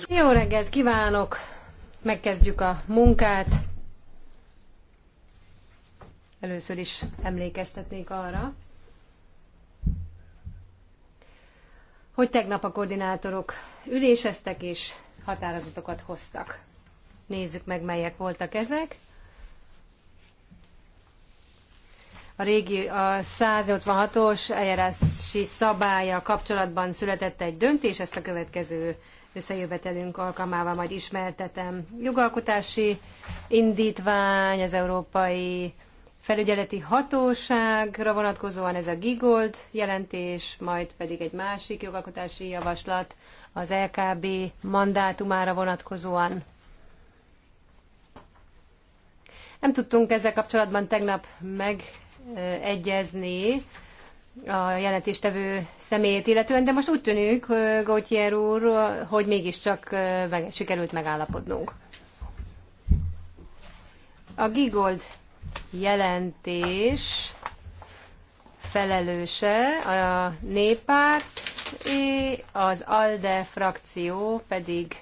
E Jó reggelt kívánok! Megkezdjük a munkát. Először is emlékeztetnék arra, hogy tegnap a koordinátorok üléseztek és határozatokat hoztak. Nézzük meg, melyek voltak ezek. a régi a 186-os eljárási szabálya kapcsolatban született egy döntés, ezt a következő összejövetelünk alkalmával majd ismertetem. Jogalkotási indítvány, az Európai Felügyeleti Hatóságra vonatkozóan ez a Gigold jelentés, majd pedig egy másik jogalkotási javaslat az LKB mandátumára vonatkozóan. Nem tudtunk ezzel kapcsolatban tegnap meg egyezni a jelentéstevő személyét illetően, de most úgy tűnik, Gautier úr, hogy mégiscsak meg, sikerült megállapodnunk. A Gigold jelentés felelőse a néppárt, az ALDE frakció pedig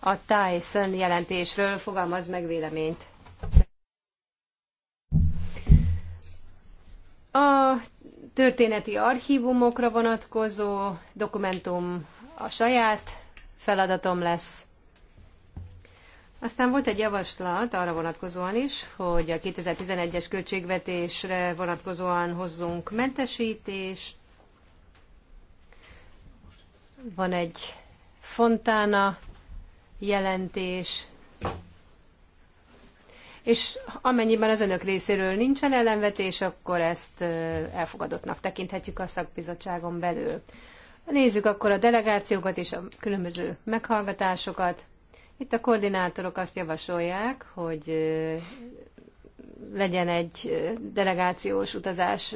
a Tyson jelentésről fogalmaz meg véleményt. A történeti archívumokra vonatkozó dokumentum a saját feladatom lesz. Aztán volt egy javaslat arra vonatkozóan is, hogy a 2011-es költségvetésre vonatkozóan hozzunk mentesítést. Van egy fontána jelentés, és amennyiben az önök részéről nincsen ellenvetés, akkor ezt elfogadottnak tekinthetjük a szakbizottságon belül. Nézzük akkor a delegációkat és a különböző meghallgatásokat. Itt a koordinátorok azt javasolják, hogy legyen egy delegációs utazás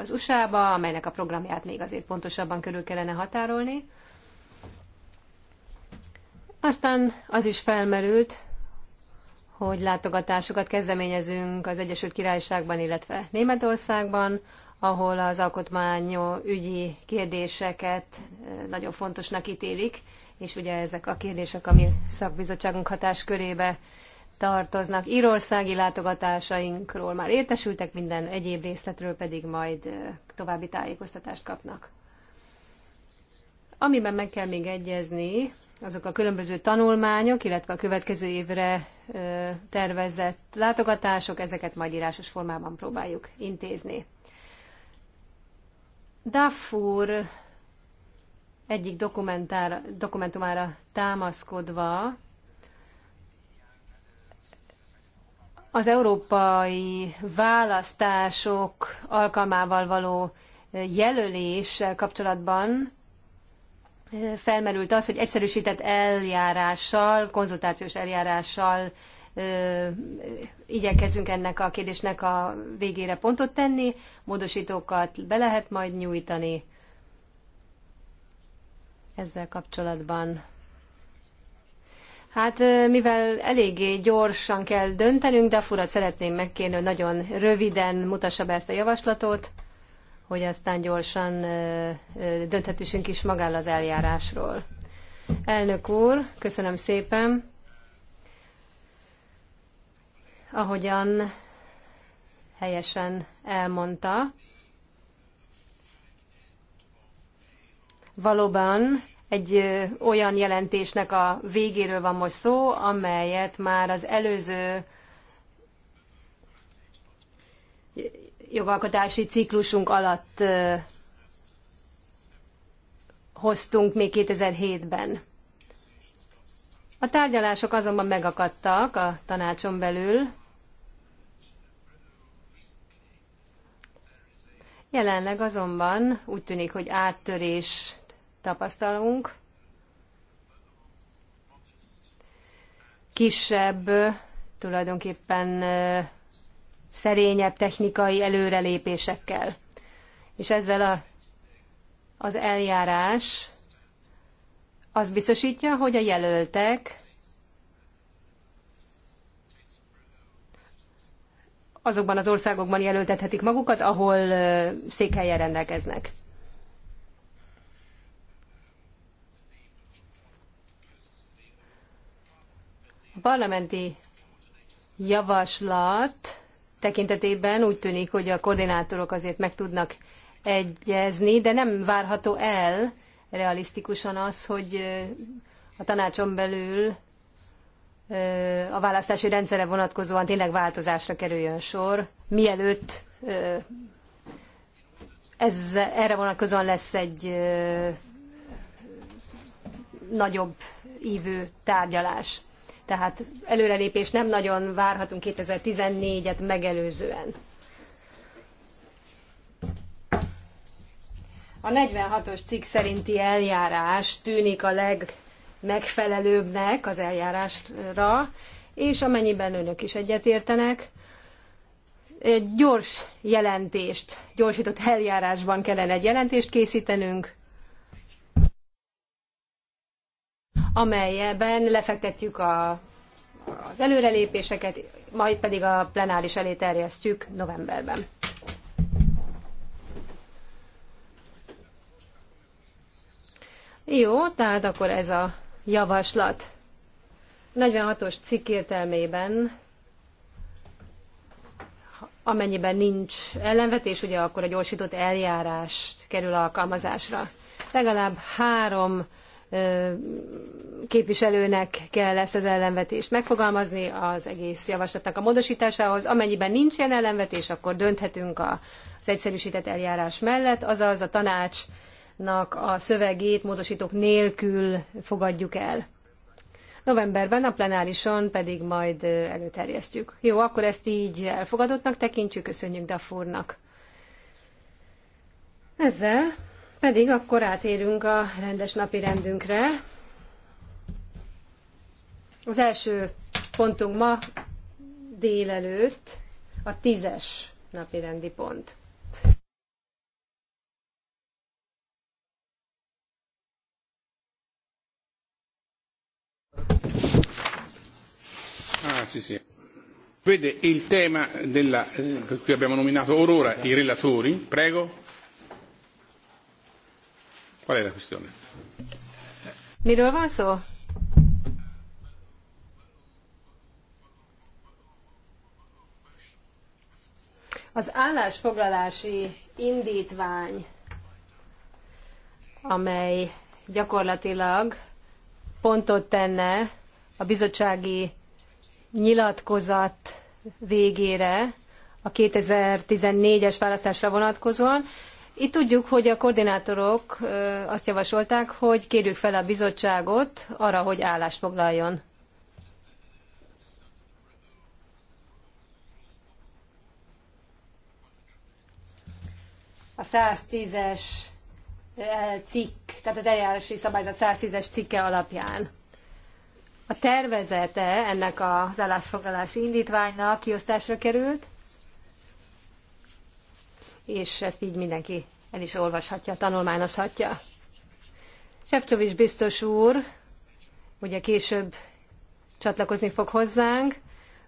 az USA-ba, amelynek a programját még azért pontosabban körül kellene határolni. Aztán az is felmerült, hogy látogatásokat kezdeményezünk az Egyesült Királyságban, illetve Németországban, ahol az ügyi kérdéseket eh, nagyon fontosnak ítélik, és ugye ezek a kérdések ami szakbizottságunk szakbizottságunk hatáskörébe tartoznak. Írországi látogatásainkról már értesültek, minden egyéb részletről pedig majd eh, további tájékoztatást kapnak. Amiben meg kell még egyezni, azok a különböző tanulmányok, illetve a következő évre tervezett látogatások, ezeket majd írásos formában próbáljuk intézni. Duffur egyik dokumentumára támaszkodva az európai választások alkalmával való jelöléssel kapcsolatban felmerült az, hogy egyszerűsített eljárással, konzultációs eljárással igyekezünk ennek a kérdésnek a végére pontot tenni, módosítókat be lehet majd nyújtani ezzel kapcsolatban. Hát mivel eléggé gyorsan kell döntenünk, de furat szeretném megkérni, hogy nagyon röviden mutassa be ezt a javaslatot hogy aztán gyorsan dönthetősünk is magáll az eljárásról. Elnök úr, köszönöm szépen. Ahogyan helyesen elmondta, valóban egy olyan jelentésnek a végéről van most szó, amelyet már az előző jogalkotási ciklusunk alatt hoztunk még 2007-ben. A tárgyalások azonban megakadtak a tanácson belül. Jelenleg azonban úgy tűnik, hogy áttörés tapasztalunk. Kisebb, tulajdonképpen szerényebb technikai előrelépésekkel. És ezzel a, az eljárás az biztosítja, hogy a jelöltek azokban az országokban jelöltethetik magukat, ahol székhelyen rendelkeznek. A parlamenti javaslat tekintetében úgy tűnik, hogy a koordinátorok azért meg tudnak egyezni, de nem várható el realisztikusan az, hogy a tanácson belül a választási rendszerre vonatkozóan tényleg változásra kerüljön sor, mielőtt ez, erre vonatkozóan lesz egy nagyobb ívő tárgyalás tehát előrelépés nem nagyon várhatunk 2014-et megelőzően. A 46-os cikk szerinti eljárás tűnik a legmegfelelőbbnek az eljárásra, és amennyiben önök is egyetértenek, egy gyors jelentést, gyorsított eljárásban kellene egy jelentést készítenünk, amelyben lefektetjük a, az előrelépéseket, majd pedig a plenáris elé terjesztjük novemberben. Jó, tehát akkor ez a javaslat. 46-os cikk értelmében, amennyiben nincs ellenvetés, ugye akkor a gyorsított eljárás kerül alkalmazásra. Legalább három képviselőnek kell ezt az ellenvetést megfogalmazni az egész javaslatnak a módosításához. Amennyiben nincs ilyen ellenvetés, akkor dönthetünk az egyszerűsített eljárás mellett, azaz a tanácsnak a szövegét módosítók nélkül fogadjuk el. Novemberben a plenárison pedig majd előterjesztjük. Jó, akkor ezt így elfogadottnak tekintjük, köszönjük Dafurnak. Ezzel pedig akkor átérünk a rendes napi rendünkre. Az első pontunk ma délelőtt a tízes napi rendi pont. Ah, sì, sì. Vede il tema della, eh, che abbiamo nominato Aurora, i relatori, prego. Qual è la questione? Miről van szó? Az állásfoglalási indítvány, amely gyakorlatilag pontot tenne a bizottsági nyilatkozat végére a 2014-es választásra vonatkozóan, itt tudjuk, hogy a koordinátorok azt javasolták, hogy kérjük fel a bizottságot arra, hogy állást foglaljon. A 110-es eh, cikk, tehát az eljárási szabályzat 110-es cikke alapján. A tervezete ennek az állásfoglalási indítványnak kiosztásra került, és ezt így mindenki el is olvashatja, tanulmányozhatja. Sefcsovics biztos úr, ugye később csatlakozni fog hozzánk,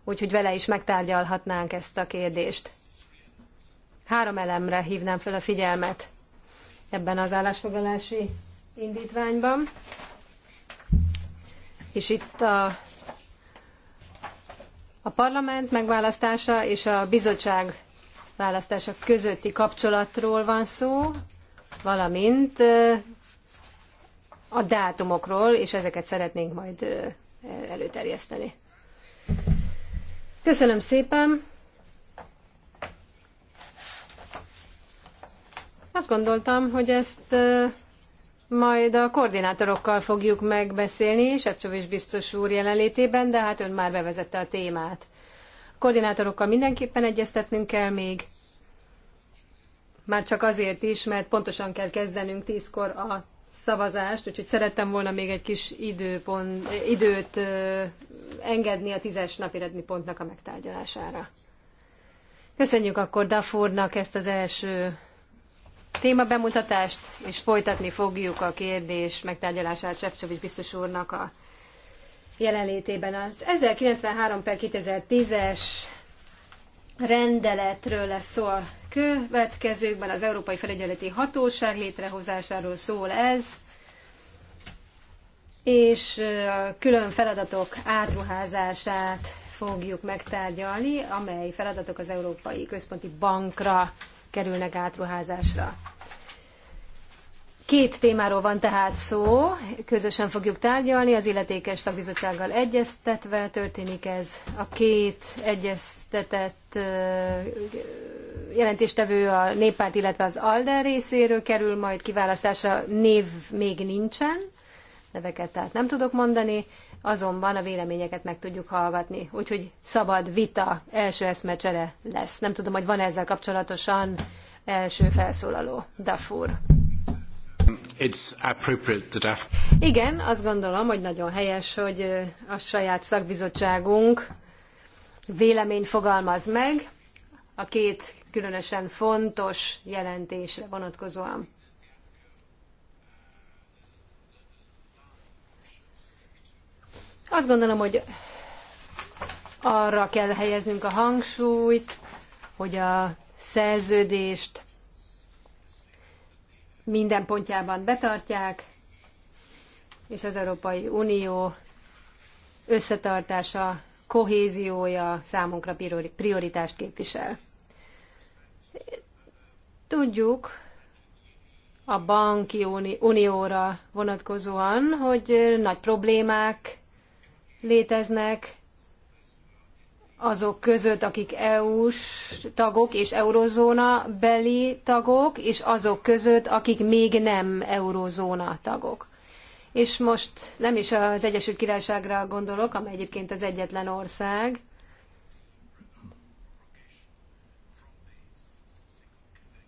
úgyhogy vele is megtárgyalhatnánk ezt a kérdést. Három elemre hívnám fel a figyelmet ebben az állásfoglalási indítványban. És itt a, a parlament megválasztása és a bizottság választások közötti kapcsolatról van szó, valamint a dátumokról, és ezeket szeretnénk majd előterjeszteni. Köszönöm szépen! Azt gondoltam, hogy ezt majd a koordinátorokkal fogjuk megbeszélni, Sepcsovics biztos úr jelenlétében, de hát ön már bevezette a témát koordinátorokkal mindenképpen egyeztetnünk kell még, már csak azért is, mert pontosan kell kezdenünk tízkor a szavazást, úgyhogy szerettem volna még egy kis időpont, időt engedni a tízes napi pontnak a megtárgyalására. Köszönjük akkor Dafurnak ezt az első témabemutatást, és folytatni fogjuk a kérdés megtárgyalását Sefcsovics biztos úrnak a jelenlétében. Az 1093 per 2010-es rendeletről lesz szó a következőkben, az Európai Felügyeleti Hatóság létrehozásáról szól ez, és külön feladatok átruházását fogjuk megtárgyalni, amely feladatok az Európai Központi Bankra kerülnek átruházásra. Két témáról van tehát szó, közösen fogjuk tárgyalni, az illetékes tagbizottsággal egyeztetve történik ez. A két egyeztetett jelentéstevő a néppárt, illetve az ALDE részéről kerül majd kiválasztása, név még nincsen, neveket tehát nem tudok mondani, azonban a véleményeket meg tudjuk hallgatni. Úgyhogy szabad vita, első eszmecsere lesz. Nem tudom, hogy van ezzel kapcsolatosan első felszólaló. Dafur. Igen, azt gondolom, hogy nagyon helyes, hogy a saját szakbizottságunk véleményt fogalmaz meg a két különösen fontos jelentésre vonatkozóan. Azt gondolom, hogy arra kell helyeznünk a hangsúlyt, hogy a szerződést minden pontjában betartják, és az Európai Unió összetartása, kohéziója számunkra prioritást képvisel. Tudjuk a banki unióra vonatkozóan, hogy nagy problémák léteznek, azok között, akik EU-s tagok és eurozóna beli tagok, és azok között, akik még nem eurozóna tagok. És most nem is az Egyesült Királyságra gondolok, amely egyébként az egyetlen ország,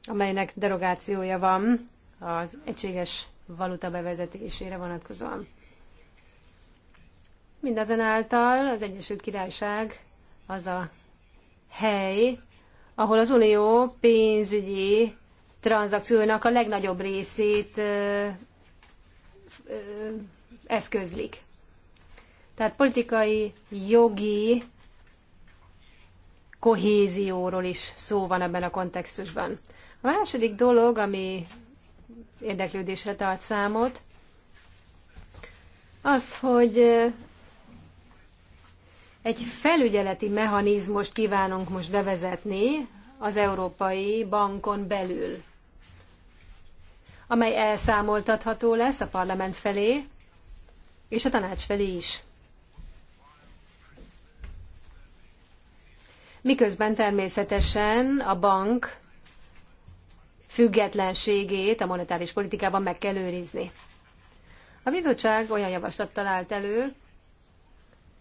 amelynek derogációja van az egységes valuta bevezetésére vonatkozóan. Mindazonáltal az Egyesült Királyság az a hely, ahol az Unió pénzügyi tranzakciónak a legnagyobb részét ö, ö, eszközlik. Tehát politikai, jogi kohézióról is szó van ebben a kontextusban. A második dolog, ami érdeklődésre tart számot, az, hogy egy felügyeleti mechanizmust kívánunk most bevezetni az Európai Bankon belül, amely elszámoltatható lesz a parlament felé és a tanács felé is. Miközben természetesen a bank függetlenségét a monetáris politikában meg kell őrizni. A bizottság olyan javaslat talált elő,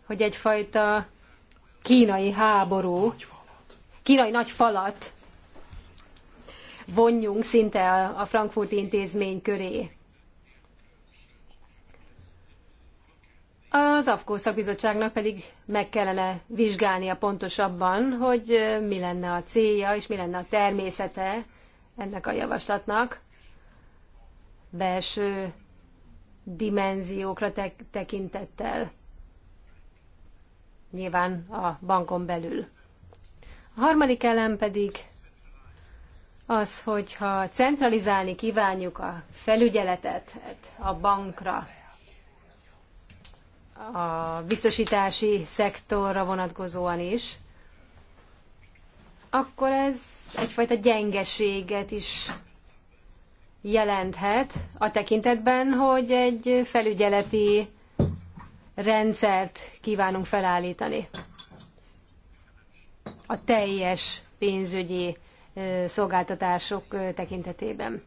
hogy egyfajta kínai háború, kínai nagy falat vonjunk szinte a Frankfurti intézmény köré. Az AFKO szakbizottságnak pedig meg kellene vizsgálnia pontosabban, hogy mi lenne a célja és mi lenne a természete ennek a javaslatnak. Belső dimenziókra tek- tekintettel nyilván a bankon belül. A harmadik elem pedig az, hogyha centralizálni kívánjuk a felügyeletet a bankra, a biztosítási szektorra vonatkozóan is, akkor ez egyfajta gyengeséget is jelenthet a tekintetben, hogy egy felügyeleti rendszert kívánunk felállítani. A teljes pénzügyi szolgáltatások tekintetében.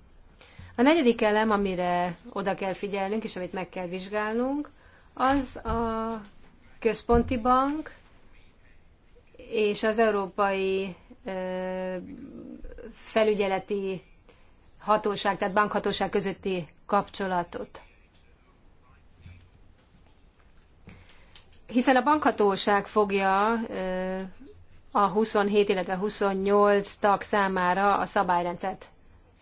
A negyedik elem, amire oda kell figyelnünk, és amit meg kell vizsgálnunk, az a központi bank és az európai felügyeleti hatóság, tehát bankhatóság közötti kapcsolatot. hiszen a bankhatóság fogja a 27, illetve 28 tag számára a szabályrendszert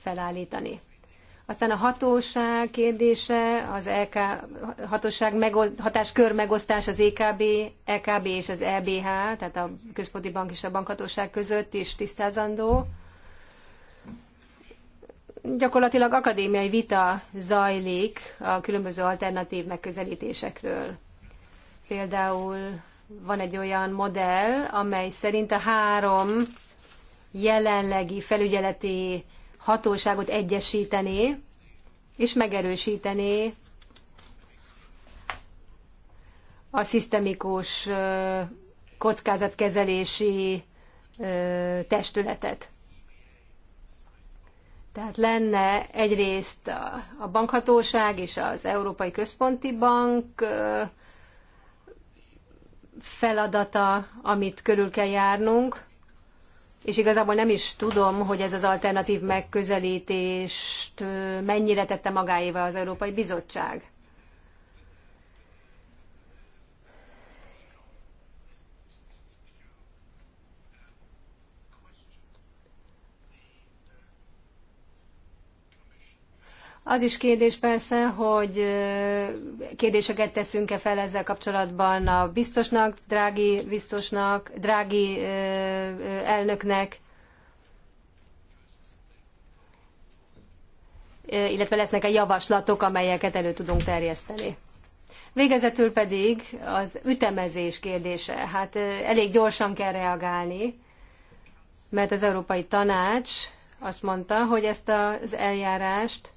felállítani. Aztán a hatóság kérdése, az LK, e hatóság megoszt, hatáskör megosztás az EKB, EKB és az EBH, tehát a központi bank és a bankhatóság között is tisztázandó. Gyakorlatilag akadémiai vita zajlik a különböző alternatív megközelítésekről. Például van egy olyan modell, amely szerint a három jelenlegi felügyeleti hatóságot egyesítené és megerősítené a szisztemikus kockázatkezelési testületet. Tehát lenne egyrészt a bankhatóság és az Európai Központi Bank feladata, amit körül kell járnunk, és igazából nem is tudom, hogy ez az alternatív megközelítést mennyire tette magáéva az Európai Bizottság. Az is kérdés persze, hogy kérdéseket teszünk-e fel ezzel kapcsolatban a biztosnak, drági biztosnak, drági elnöknek, illetve lesznek-e javaslatok, amelyeket elő tudunk terjeszteni. Végezetül pedig az ütemezés kérdése. Hát elég gyorsan kell reagálni, mert az Európai Tanács azt mondta, hogy ezt az eljárást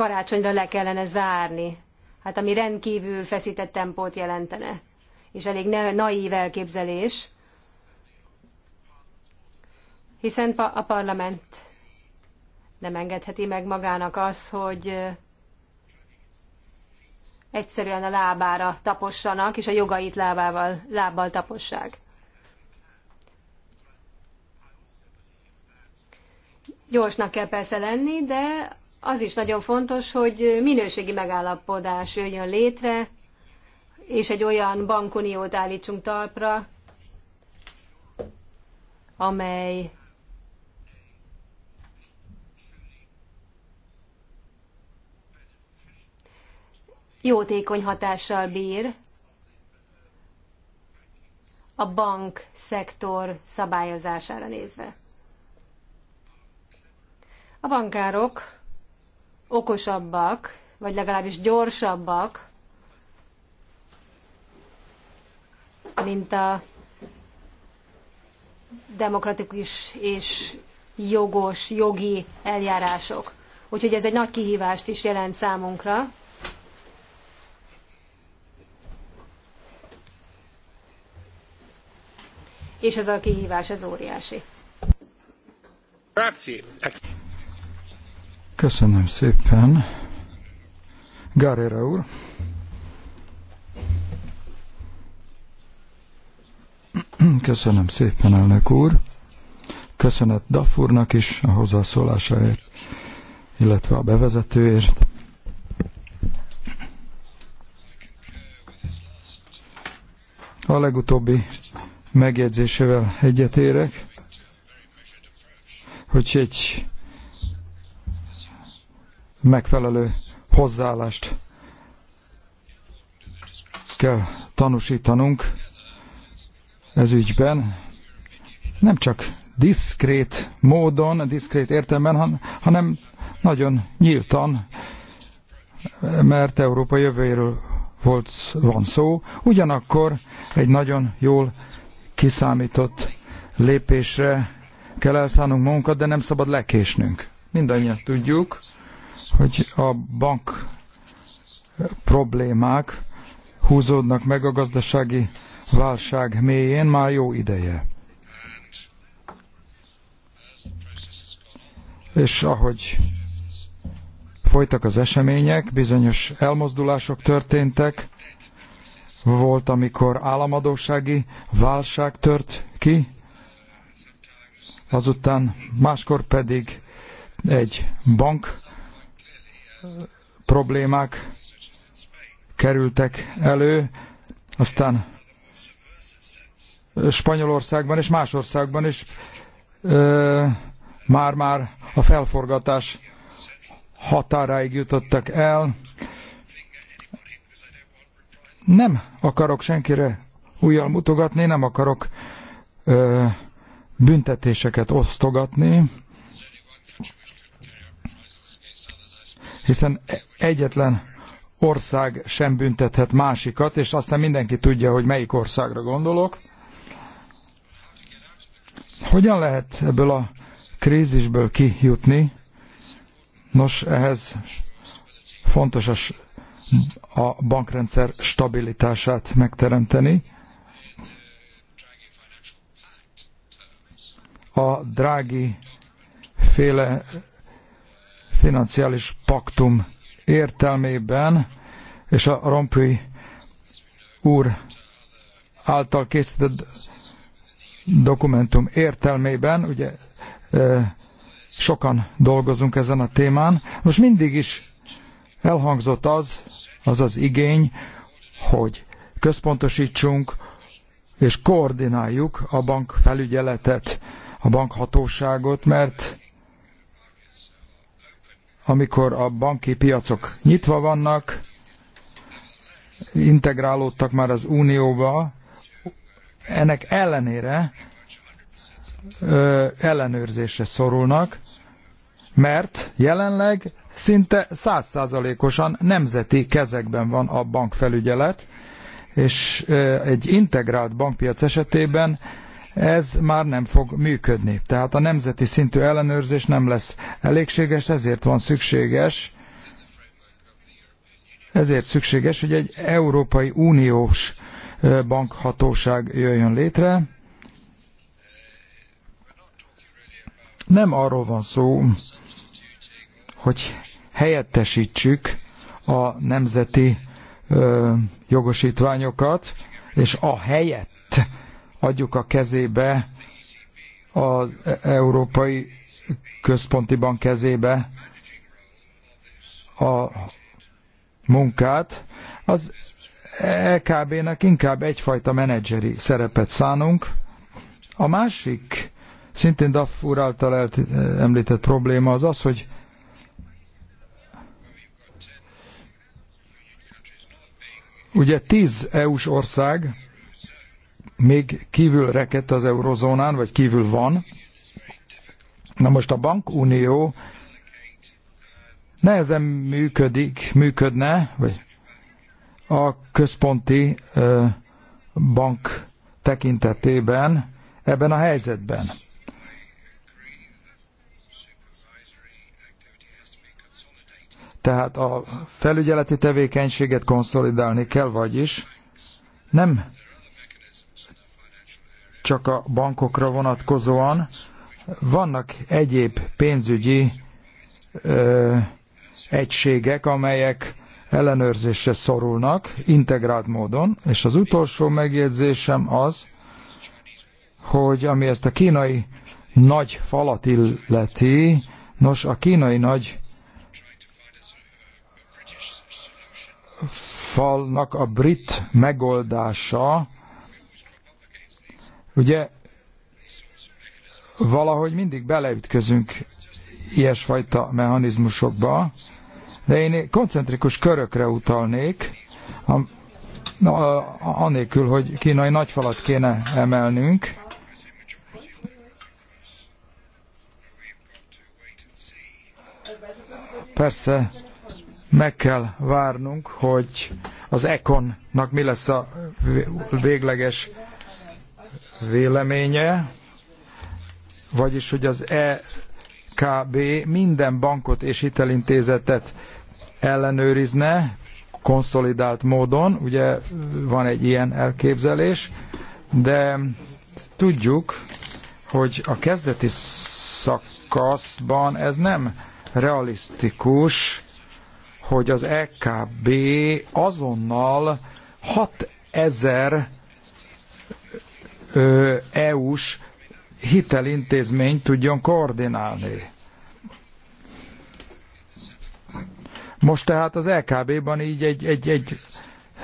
karácsonyra le kellene zárni. Hát ami rendkívül feszített tempót jelentene, és elég naív elképzelés, hiszen a parlament nem engedheti meg magának az, hogy egyszerűen a lábára tapossanak, és a jogait lábával, lábbal tapossák. Gyorsnak kell persze lenni, de az is nagyon fontos, hogy minőségi megállapodás jöjjön létre, és egy olyan bankuniót állítsunk talpra, amely jótékony hatással bír a bank szektor szabályozására nézve. A bankárok okosabbak, vagy legalábbis gyorsabbak, mint a demokratikus és jogos, jogi eljárások. Úgyhogy ez egy nagy kihívást is jelent számunkra. És ez a kihívás, ez óriási. Köszönöm szépen. Gárera úr. Köszönöm szépen, elnök úr. Köszönet Dafurnak is a hozzászólásáért, illetve a bevezetőért. A legutóbbi megjegyzésével egyetérek, hogy egy megfelelő hozzáállást kell tanúsítanunk ez ügyben. Nem csak diszkrét módon, diszkrét értelemben, hanem nagyon nyíltan, mert Európa jövőjéről volt, van szó, ugyanakkor egy nagyon jól kiszámított lépésre kell elszállnunk magunkat, de nem szabad lekésnünk. Mindannyian tudjuk, hogy a bank problémák húzódnak meg a gazdasági válság mélyén már jó ideje. És ahogy folytak az események, bizonyos elmozdulások történtek, volt, amikor államadósági válság tört ki, azután máskor pedig egy bank problémák kerültek elő, aztán Spanyolországban és más országban is már-már a felforgatás határáig jutottak el. Nem akarok senkire újjal mutogatni, nem akarok ö, büntetéseket osztogatni, hiszen egyetlen ország sem büntethet másikat, és aztán mindenki tudja, hogy melyik országra gondolok. Hogyan lehet ebből a krízisből kijutni? Nos, ehhez fontos a bankrendszer stabilitását megteremteni. A drági féle financiális paktum értelmében és a Rompuy úr által készített dokumentum értelmében, ugye e, sokan dolgozunk ezen a témán. Most mindig is elhangzott az, az az igény, hogy központosítsunk és koordináljuk a bank felügyeletet, a bankhatóságot, mert amikor a banki piacok nyitva vannak, integrálódtak már az unióba, ennek ellenére ö, ellenőrzésre szorulnak, mert jelenleg szinte százszázalékosan nemzeti kezekben van a bankfelügyelet, és egy integrált bankpiac esetében ez már nem fog működni. Tehát a nemzeti szintű ellenőrzés nem lesz elégséges, ezért van szükséges, ezért szükséges, hogy egy Európai Uniós bankhatóság jöjjön létre. Nem arról van szó, hogy helyettesítsük a nemzeti ö, jogosítványokat, és a helyet adjuk a kezébe, az Európai Központi Bank kezébe a munkát, az LKB-nek e inkább egyfajta menedzseri szerepet szánunk. A másik, szintén Duff úr által el, említett probléma az az, hogy ugye tíz EU-s ország még kívül rekedt az eurozónán, vagy kívül van. Na most a bankunió nehezen működik, működne, vagy a központi bank tekintetében ebben a helyzetben. Tehát a felügyeleti tevékenységet konszolidálni kell, vagyis nem csak a bankokra vonatkozóan, vannak egyéb pénzügyi ö, egységek, amelyek ellenőrzésre szorulnak integrált módon, és az utolsó megjegyzésem az, hogy ami ezt a kínai nagy falat illeti, nos, a kínai nagy falnak a brit megoldása Ugye valahogy mindig beleütközünk ilyesfajta mechanizmusokba, de én koncentrikus körökre utalnék, a, a, anélkül, hogy kínai nagyfalat kéne emelnünk. Persze meg kell várnunk, hogy az ekonnak mi lesz a végleges véleménye, vagyis hogy az EKB minden bankot és hitelintézetet ellenőrizne konszolidált módon, ugye van egy ilyen elképzelés, de tudjuk, hogy a kezdeti szakaszban ez nem realisztikus, hogy az EKB azonnal 6000 EU-s hitelintézmény tudjon koordinálni. Most tehát az LKB-ban így egy, egy, egy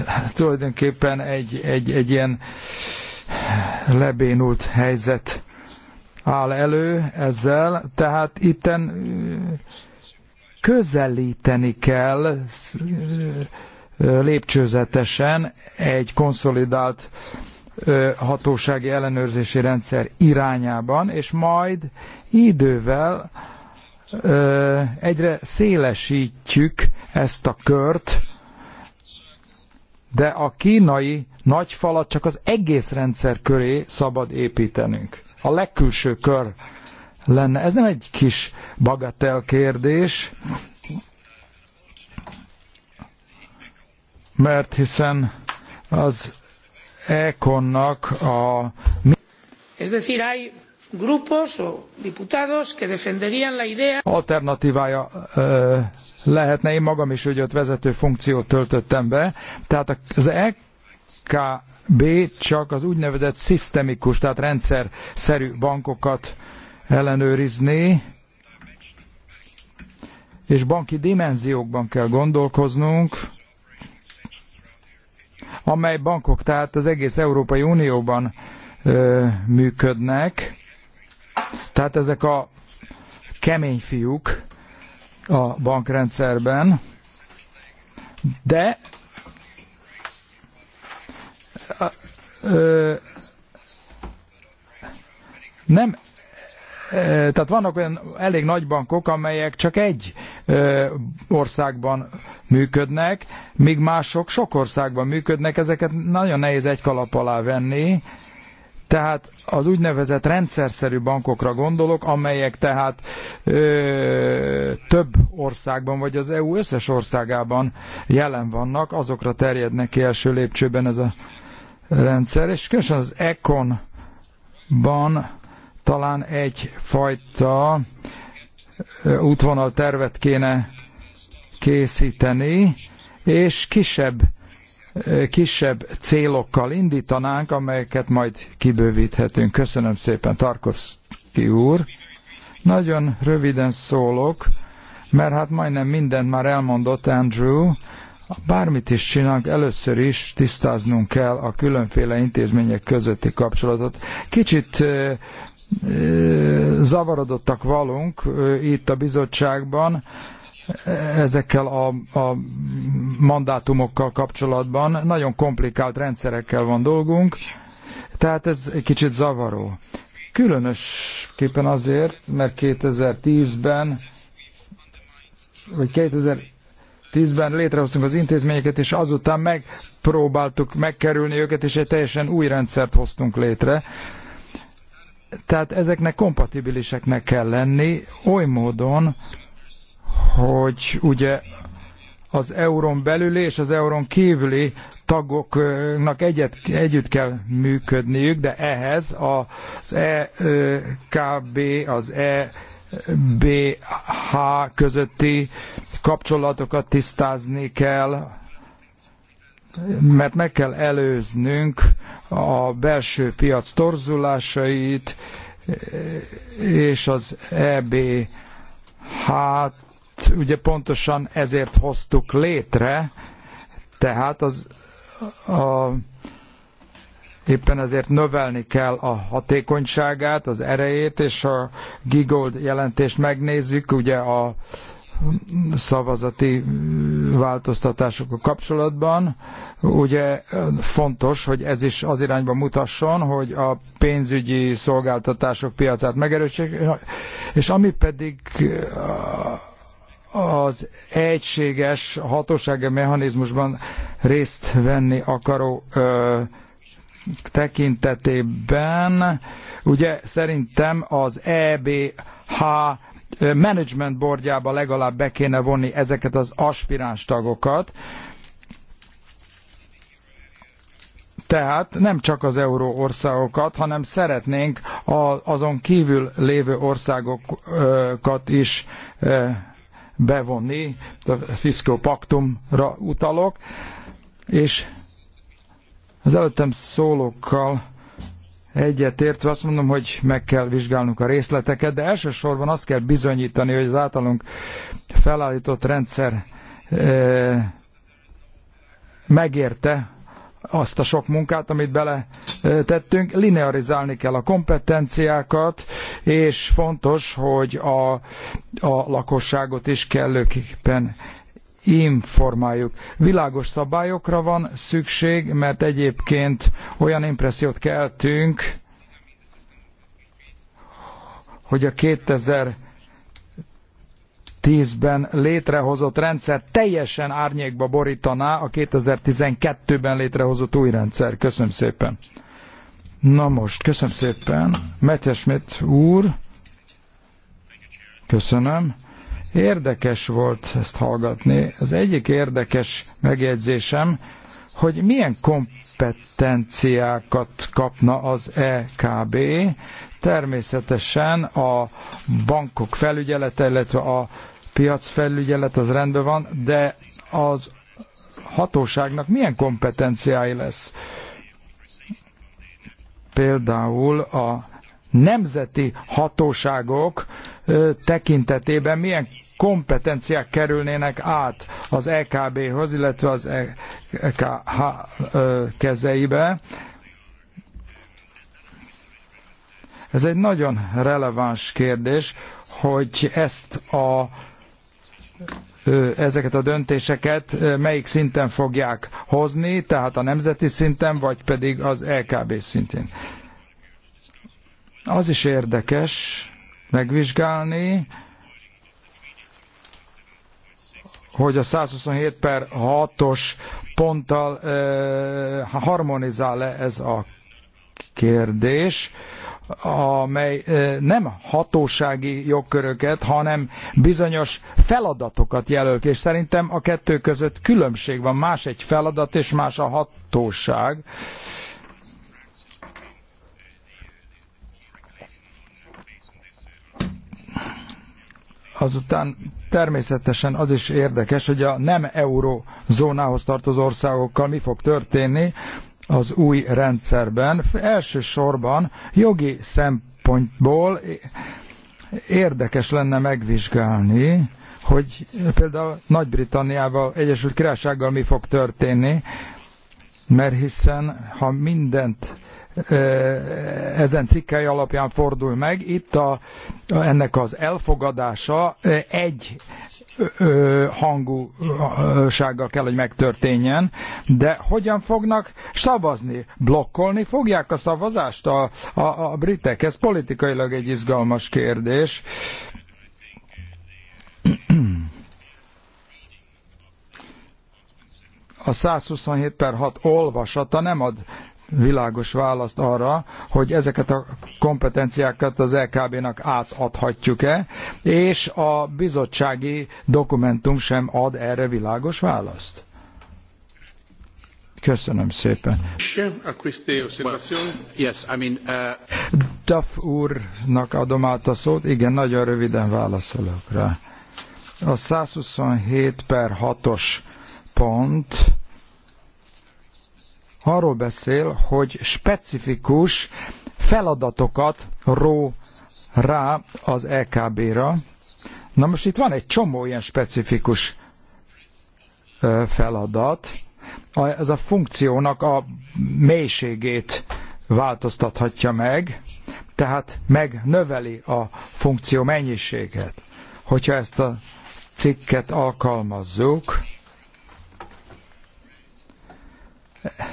hát tulajdonképpen egy, egy, egy ilyen lebénult helyzet áll elő ezzel, tehát itten közelíteni kell lépcsőzetesen egy konszolidált hatósági ellenőrzési rendszer irányában, és majd idővel egyre szélesítjük ezt a kört, de a kínai nagy falat csak az egész rendszer köré szabad építenünk. A legkülső kör lenne. Ez nem egy kis bagatel kérdés, mert hiszen az Econnak a... Es decir, hay grupos o diputados que defenderían la idea... Alternatívája lehetne, én magam is ott vezető funkciót töltöttem be, tehát az EKB csak az úgynevezett szisztemikus, tehát rendszerszerű bankokat ellenőrizni, és banki dimenziókban kell gondolkoznunk, amely bankok tehát az egész Európai Unióban ö, működnek. Tehát ezek a kemény fiúk a bankrendszerben, de ö, nem tehát vannak olyan elég nagy bankok, amelyek csak egy országban működnek, míg mások sok országban működnek, ezeket nagyon nehéz egy kalap alá venni. Tehát az úgynevezett rendszerszerű bankokra gondolok, amelyek tehát ö, több országban, vagy az EU összes országában jelen vannak, azokra terjednek ki első lépcsőben ez a rendszer, és különösen az Econ-ban talán egyfajta útvonal tervet kéne készíteni, és kisebb, kisebb célokkal indítanánk, amelyeket majd kibővíthetünk. Köszönöm szépen, Tarkovsky úr. Nagyon röviden szólok, mert hát majdnem mindent már elmondott Andrew, Bármit is csinálunk, először is tisztáznunk kell a különféle intézmények közötti kapcsolatot. Kicsit zavarodottak valunk itt a bizottságban, ezekkel a, a mandátumokkal kapcsolatban. Nagyon komplikált rendszerekkel van dolgunk, tehát ez egy kicsit zavaró. Különösképpen azért, mert 2010-ben, vagy 2010-ben létrehoztunk az intézményeket, és azután megpróbáltuk megkerülni őket, és egy teljesen új rendszert hoztunk létre. Tehát ezeknek kompatibiliseknek kell lenni, oly módon, hogy ugye az eurón belüli és az eurón kívüli tagoknak egyet, együtt kell működniük, de ehhez az EKB, az EBH közötti kapcsolatokat tisztázni kell, mert meg kell előznünk a belső piac torzulásait, és az EBH-t ugye pontosan ezért hoztuk létre, tehát az a, éppen ezért növelni kell a hatékonyságát, az erejét, és a Gigold jelentést megnézzük, ugye a szavazati változtatásokkal kapcsolatban. Ugye fontos, hogy ez is az irányba mutasson, hogy a pénzügyi szolgáltatások piacát megerősítsék, és ami pedig az egységes hatósági mechanizmusban részt venni akaró ö, tekintetében. Ugye szerintem az EBH management boardjába legalább be kéne vonni ezeket az aspiráns tagokat. Tehát nem csak az euró országokat, hanem szeretnénk azon kívül lévő országokat is bevonni, a Fiszkó Paktumra utalok, és az előttem szólókkal egyetértve azt mondom, hogy meg kell vizsgálnunk a részleteket, de elsősorban azt kell bizonyítani, hogy az általunk felállított rendszer eh, megérte azt a sok munkát, amit bele tettünk. Linearizálni kell a kompetenciákat, és fontos, hogy a, a lakosságot is kellőképpen informáljuk. Világos szabályokra van szükség, mert egyébként olyan impressziót keltünk, hogy a 2000 2010-ben létrehozott rendszer teljesen árnyékba borítaná a 2012-ben létrehozott új rendszer. Köszönöm szépen. Na most, köszönöm szépen. Metesmet úr, köszönöm. Érdekes volt ezt hallgatni. Az egyik érdekes megjegyzésem, hogy milyen kompetenciákat kapna az EKB, természetesen a bankok felügyelete, illetve a piacfelügyelet, az rendben van, de az hatóságnak milyen kompetenciái lesz? Például a nemzeti hatóságok tekintetében milyen kompetenciák kerülnének át az EKB-hoz, illetve az EKH kezeibe. Ez egy nagyon releváns kérdés, hogy ezt a ezeket a döntéseket melyik szinten fogják hozni, tehát a nemzeti szinten, vagy pedig az LKB szintén. Az is érdekes megvizsgálni, hogy a 127 per 6-os ponttal harmonizál-e ez a kérdés amely nem hatósági jogköröket, hanem bizonyos feladatokat jelöl ki, és szerintem a kettő között különbség van, más egy feladat és más a hatóság. Azután természetesen az is érdekes, hogy a nem eurozónához tartozó országokkal mi fog történni, az új rendszerben, elsősorban jogi szempontból érdekes lenne megvizsgálni, hogy például Nagy-Britanniával, Egyesült Királysággal mi fog történni, mert hiszen ha mindent ezen cikkei alapján fordul meg. Itt a, ennek az elfogadása egy hangúsággal kell, hogy megtörténjen, de hogyan fognak szavazni? Blokkolni fogják a szavazást a, a, a britek? Ez politikailag egy izgalmas kérdés. a 127 per 6 olvasata nem ad világos választ arra, hogy ezeket a kompetenciákat az LKB-nak e átadhatjuk-e, és a bizottsági dokumentum sem ad erre világos választ. Köszönöm szépen. Uh, Duff úrnak adom át a szót, igen, nagyon röviden válaszolok rá. A 127 per 6-os pont arról beszél, hogy specifikus feladatokat ró rá az EKB-ra. Na most itt van egy csomó ilyen specifikus feladat. Ez a funkciónak a mélységét változtathatja meg, tehát megnöveli a funkció mennyiséget. Hogyha ezt a cikket alkalmazzuk,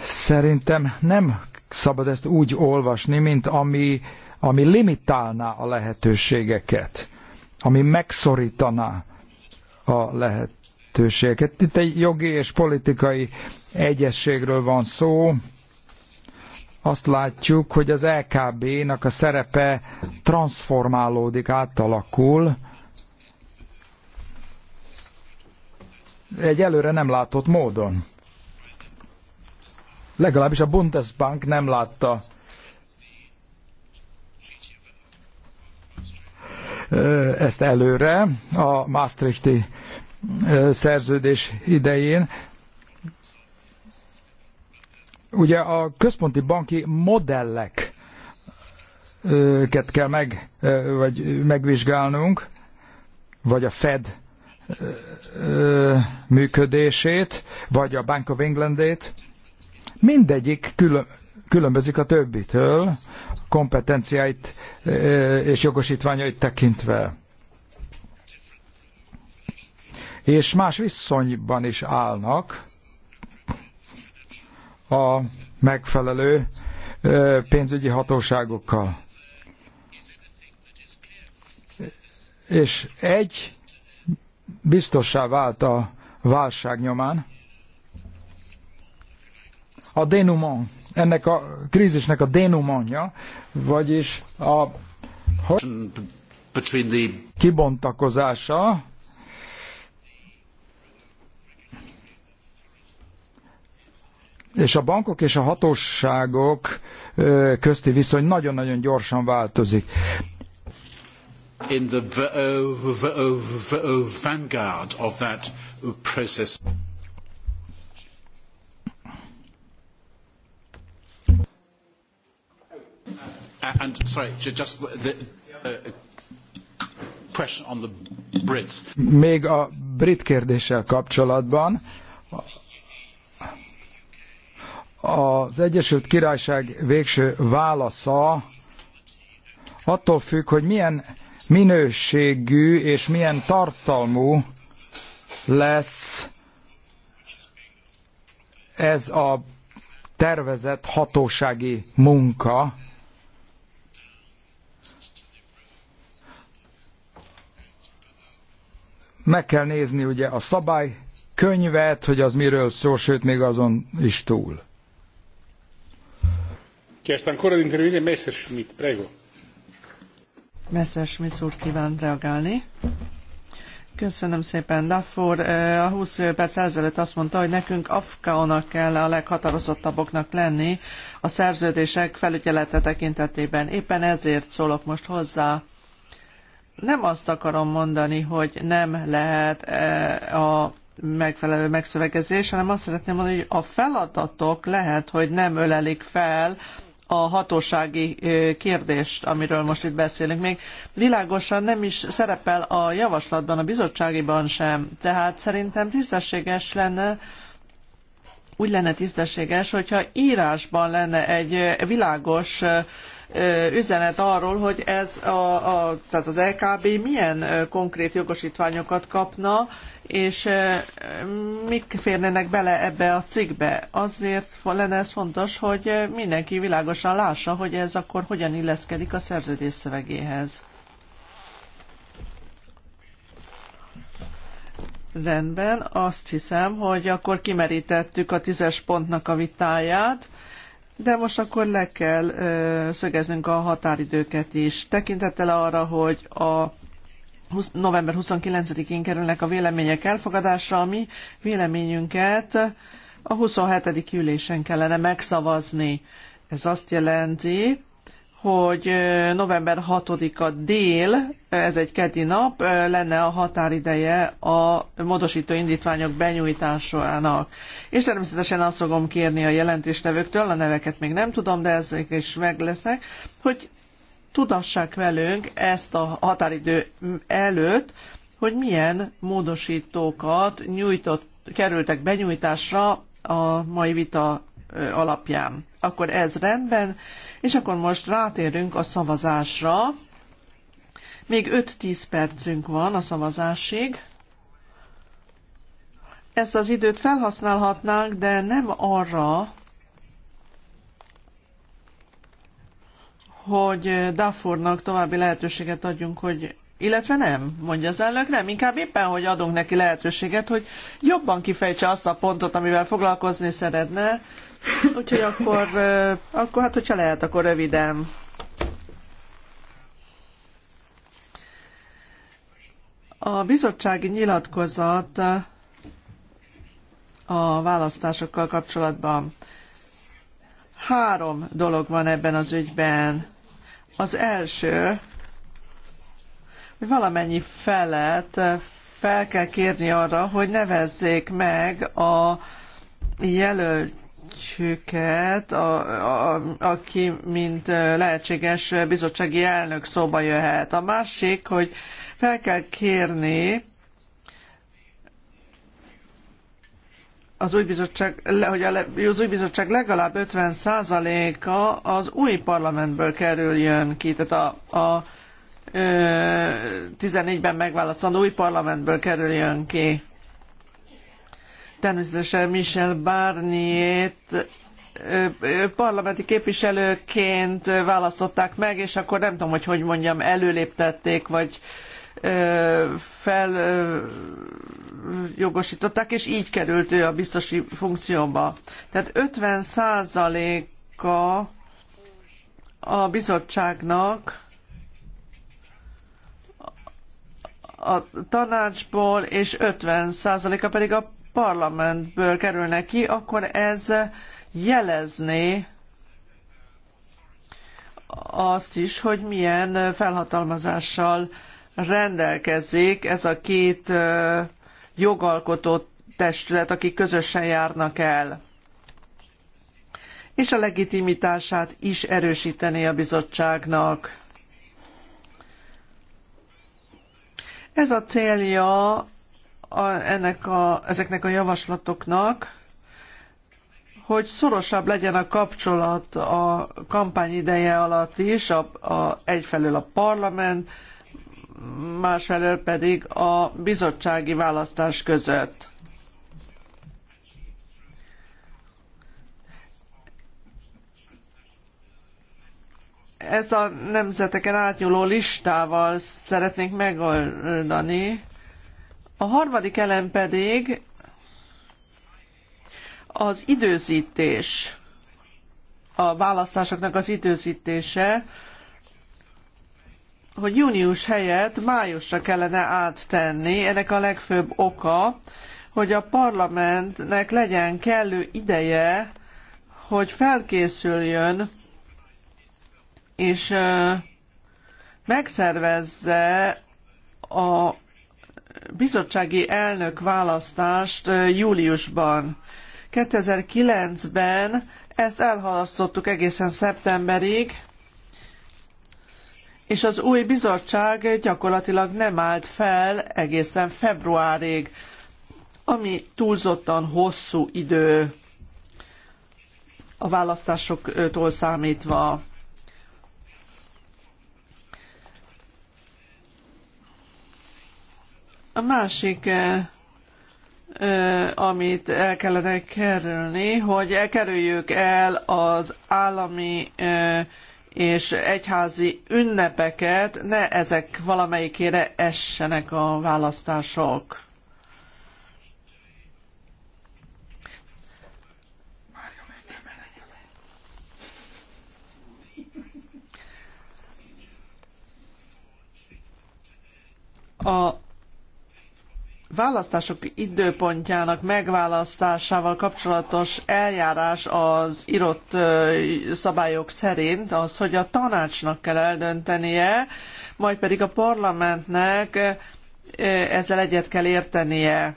Szerintem nem szabad ezt úgy olvasni, mint ami, ami limitálná a lehetőségeket, ami megszorítaná a lehetőségeket. Itt egy jogi és politikai egyességről van szó, azt látjuk, hogy az LKB-nak a szerepe transformálódik, átalakul. Egy előre nem látott módon legalábbis a Bundesbank nem látta ezt előre a Maastrichti szerződés idején. Ugye a központi banki modellek kell meg, vagy megvizsgálnunk, vagy a Fed működését, vagy a Bank of Englandét, mindegyik külön, különbözik a többitől, kompetenciáit és jogosítványait tekintve. És más viszonyban is állnak a megfelelő pénzügyi hatóságokkal. És egy biztossá vált a válság nyomán, a dénumon, ennek a krízisnek a dénumanja, vagyis a kibontakozása, és a bankok és a hatóságok közti viszony nagyon-nagyon gyorsan változik. In the vanguard of that process. And sorry, just the uh, question on the Brits. Még a brit kérdéssel kapcsolatban az Egyesült Királyság végső válasza attól függ, hogy milyen minőségű és milyen tartalmú lesz ez a tervezett hatósági munka, Meg kell nézni ugye a szabály könyvet, hogy az miről szól, sőt még azon is túl. Chiesto ancora di Messerschmidt, prego. Messerschmidt úr kíván reagálni. Köszönöm szépen. Daffur a 20 perc ezelőtt azt mondta, hogy nekünk afkaonak kell a leghatározottabbaknak lenni a szerződések felügyelete tekintetében. Éppen ezért szólok most hozzá. Nem azt akarom mondani, hogy nem lehet e, a megfelelő megszövegezés, hanem azt szeretném mondani, hogy a feladatok lehet, hogy nem ölelik fel a hatósági e, kérdést, amiről most itt beszélünk. Még világosan nem is szerepel a javaslatban, a bizottságiban sem. Tehát szerintem tisztességes lenne, úgy lenne tisztességes, hogyha írásban lenne egy világos e, üzenet arról, hogy ez a, a, tehát az LKB milyen konkrét jogosítványokat kapna, és mik férnének bele ebbe a cikkbe. Azért lenne ez fontos, hogy mindenki világosan lássa, hogy ez akkor hogyan illeszkedik a szerződés szövegéhez. Rendben, azt hiszem, hogy akkor kimerítettük a tízes pontnak a vitáját. De most akkor le kell ö, szögeznünk a határidőket is. Tekintettel arra, hogy a 20, november 29-én kerülnek a vélemények elfogadásra, ami véleményünket a 27. ülésen kellene megszavazni. Ez azt jelenti, hogy november 6-a dél, ez egy keddi nap, lenne a határideje a módosító indítványok benyújtásának. És természetesen azt fogom kérni a jelentéstevőktől, a neveket még nem tudom, de ezek is meg lesznek, hogy tudassák velünk ezt a határidő előtt, hogy milyen módosítókat nyújtott, kerültek benyújtásra a mai vita alapján. Akkor ez rendben, és akkor most rátérünk a szavazásra. Még 5-10 percünk van a szavazásig. Ezt az időt felhasználhatnánk, de nem arra, hogy Dafurnak további lehetőséget adjunk, hogy illetve nem, mondja az elnök, nem, inkább éppen, hogy adunk neki lehetőséget, hogy jobban kifejtse azt a pontot, amivel foglalkozni szeretne, Úgyhogy akkor, akkor hát, hogyha lehet, akkor röviden. A bizottsági nyilatkozat a választásokkal kapcsolatban. Három dolog van ebben az ügyben. Az első, hogy valamennyi felet fel kell kérni arra, hogy nevezzék meg a jelölt ügyhüket, a, a, aki mint lehetséges bizottsági elnök szóba jöhet. A másik, hogy fel kell kérni az új bizottság, hogy az új bizottság legalább 50%-a az új parlamentből kerüljön ki, tehát a, a 14-ben megválasztandó új parlamentből kerüljön ki természetesen Michel Barnier-t parlamenti képviselőként választották meg, és akkor nem tudom, hogy hogy mondjam, előléptették, vagy feljogosították, és így került ő a biztosi funkcióba. Tehát 50 százaléka a bizottságnak a tanácsból, és 50 százaléka pedig a parlamentből kerülne ki, akkor ez jelezné azt is, hogy milyen felhatalmazással rendelkezik ez a két jogalkotó testület, akik közösen járnak el. És a legitimitását is erősíteni a bizottságnak. Ez a célja a, ennek a, ezeknek a javaslatoknak, hogy szorosabb legyen a kapcsolat a kampány ideje alatt is, a, a, egyfelől a parlament, másfelől pedig a bizottsági választás között. Ezt a nemzeteken átnyúló listával szeretnénk megoldani, a harmadik elem pedig az időzítés, a választásoknak az időzítése, hogy június helyett májusra kellene áttenni. Ennek a legfőbb oka, hogy a parlamentnek legyen kellő ideje, hogy felkészüljön és megszervezze a bizottsági elnök választást júliusban. 2009-ben ezt elhalasztottuk egészen szeptemberig, és az új bizottság gyakorlatilag nem állt fel egészen februárig, ami túlzottan hosszú idő a választásoktól számítva. A másik eh, eh, amit el kellene kerülni, hogy kerüljük el az állami eh, és egyházi ünnepeket, ne ezek valamelyikére essenek a választások. A választások időpontjának megválasztásával kapcsolatos eljárás az írott szabályok szerint az, hogy a tanácsnak kell eldöntenie, majd pedig a parlamentnek ezzel egyet kell értenie.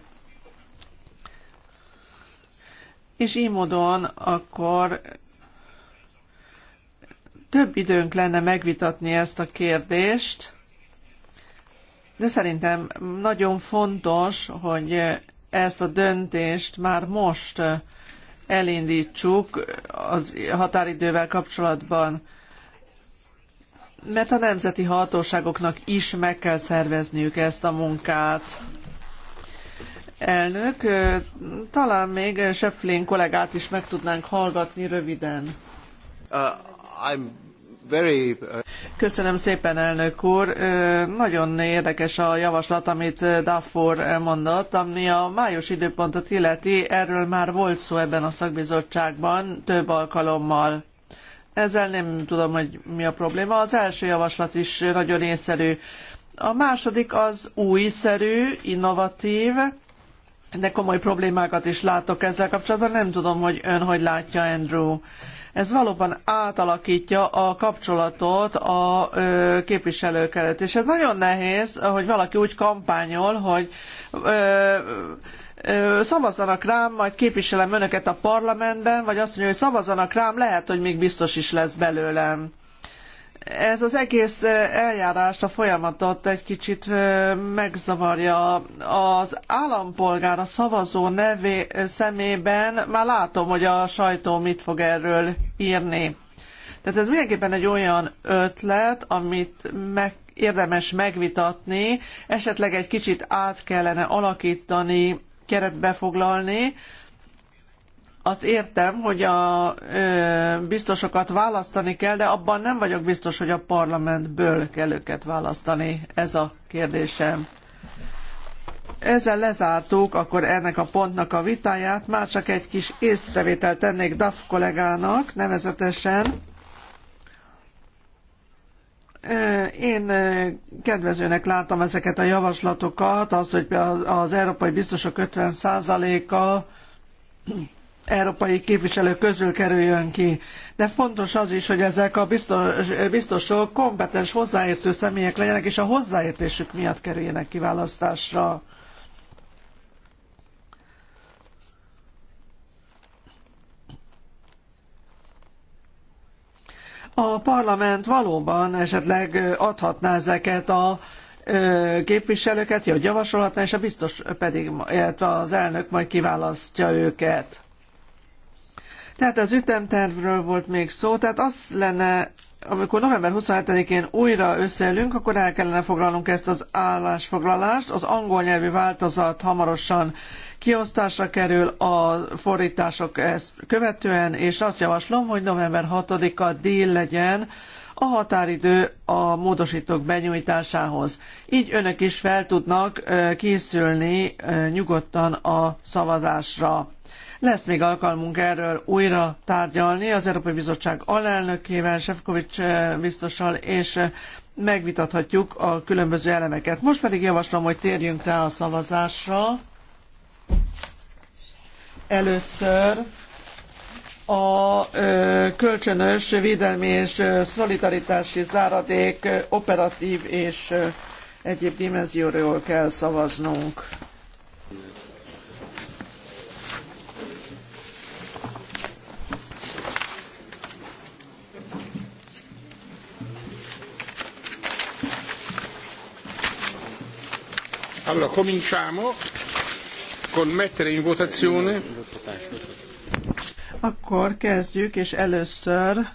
És így módon akkor több időnk lenne megvitatni ezt a kérdést, de szerintem nagyon fontos, hogy ezt a döntést már most elindítsuk az határidővel kapcsolatban, mert a nemzeti hatóságoknak is meg kell szervezniük ezt a munkát. Elnök, talán még Seflén kollégát is meg tudnánk hallgatni röviden. Uh, I'm Uh, Köszönöm szépen, elnök úr. Nagyon érdekes a javaslat, amit Daffor elmondott, ami a május időpontot illeti, erről már volt szó ebben a szakbizottságban több alkalommal. Ezzel nem tudom, hogy mi a probléma. Az első javaslat is nagyon észszerű. A második az újszerű, innovatív, de komoly problémákat is látok ezzel kapcsolatban. Nem tudom, hogy ön hogy látja, Andrew. Ez valóban átalakítja a kapcsolatot a képviselők előtt. És ez nagyon nehéz, hogy valaki úgy kampányol, hogy szavazzanak rám, majd képviselem önöket a parlamentben, vagy azt mondja, hogy szavazzanak rám, lehet, hogy még biztos is lesz belőlem ez az egész eljárást, a folyamatot egy kicsit megzavarja. Az állampolgár, a szavazó nevé, szemében már látom, hogy a sajtó mit fog erről írni. Tehát ez mindenképpen egy olyan ötlet, amit meg érdemes megvitatni, esetleg egy kicsit át kellene alakítani, keretbe foglalni, azt értem, hogy a ö, biztosokat választani kell, de abban nem vagyok biztos, hogy a parlamentből kell őket választani. Ez a kérdésem. Ezzel lezártuk akkor ennek a pontnak a vitáját. Már csak egy kis észrevételt tennék DAF kollégának, nevezetesen. Én kedvezőnek látom ezeket a javaslatokat, az, hogy az európai biztosok 50%-a európai képviselő közül kerüljön ki. De fontos az is, hogy ezek a biztos, biztosok kompetens hozzáértő személyek legyenek, és a hozzáértésük miatt kerüljenek kiválasztásra. A parlament valóban esetleg adhatná ezeket a képviselőket, hogy javasolhatná, és a biztos pedig, illetve az elnök majd kiválasztja őket. Tehát az ütemtervről volt még szó, tehát az lenne, amikor november 27-én újra összeülünk, akkor el kellene foglalnunk ezt az állásfoglalást. Az angol nyelvű változat hamarosan kiosztásra kerül a fordítások ezt követően, és azt javaslom, hogy november 6-a dél legyen, a határidő a módosítók benyújtásához. Így önök is fel tudnak készülni nyugodtan a szavazásra. Lesz még alkalmunk erről újra tárgyalni az Európai Bizottság alelnökével, Sefkovics eh, biztossal, és eh, megvitathatjuk a különböző elemeket. Most pedig javaslom, hogy térjünk rá a szavazásra. Először a eh, kölcsönös védelmi és szolidaritási záradék operatív és egyéb dimenzióról kell szavaznunk. Allora cominciamo con mettere in votazione. Akkor kezdjük, és először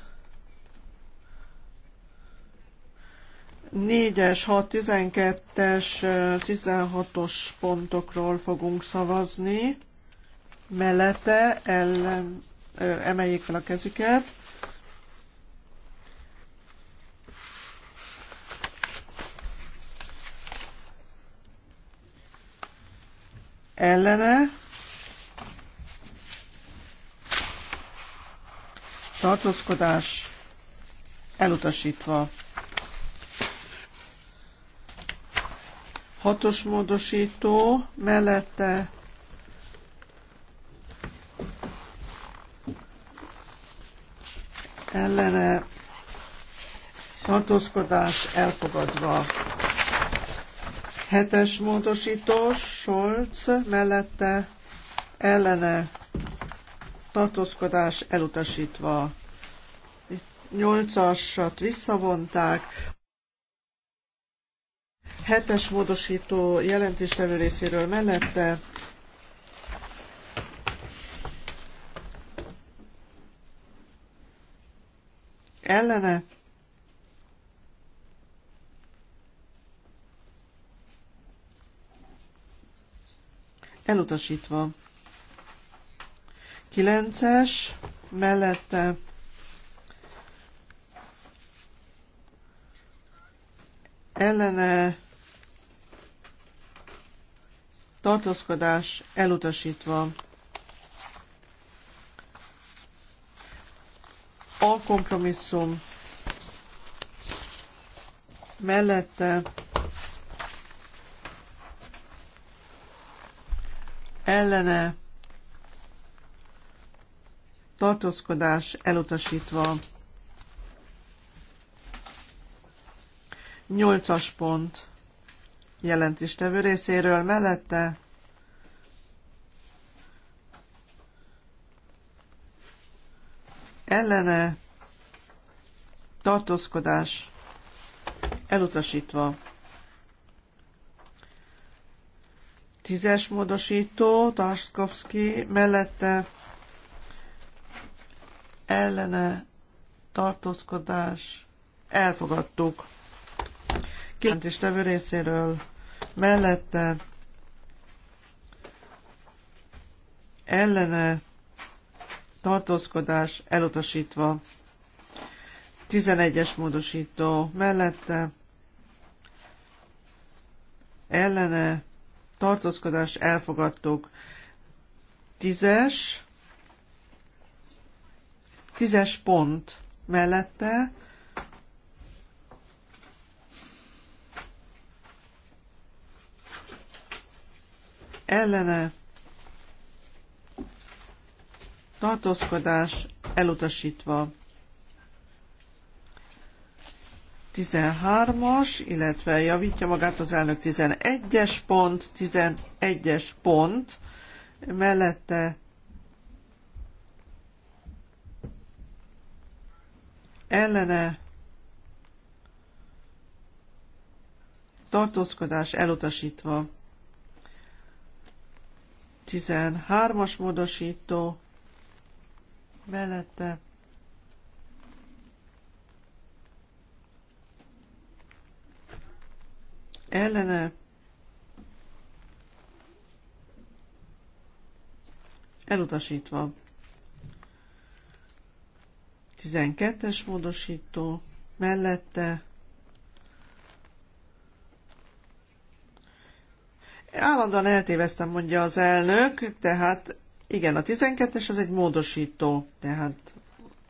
4-es, 6-12-es, 16-os pontokról fogunk szavazni. Mellette ellen, ö, emeljék fel a kezüket. ellene tartózkodás elutasítva. Hatos módosító mellette ellene tartózkodás elfogadva. Hetes módosító, Scholz mellette ellene tartózkodás elutasítva. Nyolcasat visszavonták. Hetes módosító jelentéstevő részéről mellette ellene elutasítva. 9-es mellette ellene tartózkodás elutasítva. A kompromisszum mellette ellene tartózkodás elutasítva. Nyolcas pont jelentéstevő részéről mellette ellene tartózkodás elutasítva. Tízes módosító, Tarskovski mellette ellene tartózkodás. Elfogadtuk. tevő részéről mellette ellene tartózkodás elutasítva. 11-es módosító mellette ellene tartózkodás elfogadtuk. Tízes, tízes pont mellette, ellene tartózkodás elutasítva. 13-as, illetve javítja magát az elnök 11-es pont, 11-es pont, mellette ellene tartózkodás elutasítva. 13-as módosító mellette ellene elutasítva. 12-es módosító mellette Állandóan eltéveztem, mondja az elnök, tehát igen, a 12-es az egy módosító, tehát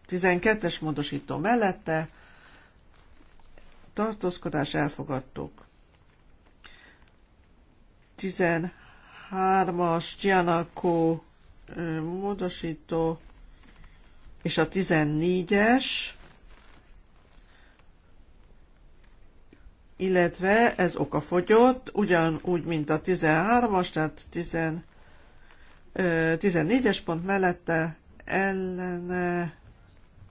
12-es módosító mellette tartózkodás elfogadtuk. 13-as Gianakó módosító és a 14-es, illetve ez okafogyott, ugyanúgy, mint a 13-as, tehát 14-es pont mellette ellene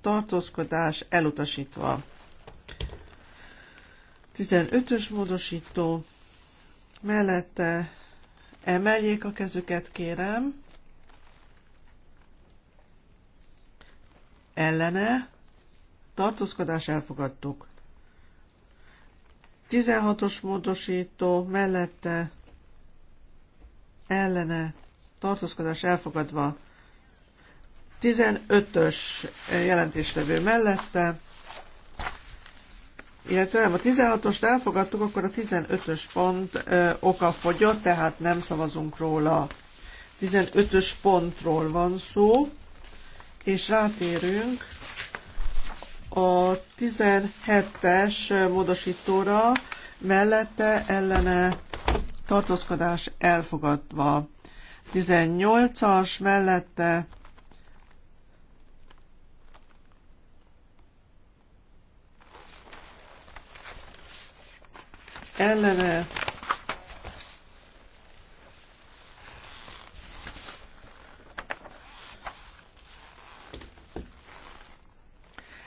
tartózkodás elutasítva. 15-ös módosító mellette emeljék a kezüket, kérem. Ellene tartózkodás elfogadtuk. 16-os módosító mellette ellene tartózkodás elfogadva. 15-ös jelentéstevő mellette illetve nem, a 16-ost elfogadtuk, akkor a 15-ös pont ö, oka fogyott, tehát nem szavazunk róla. 15-ös pontról van szó, és rátérünk a 17-es módosítóra, mellette ellene tartózkodás elfogadva. 18-as mellette ellene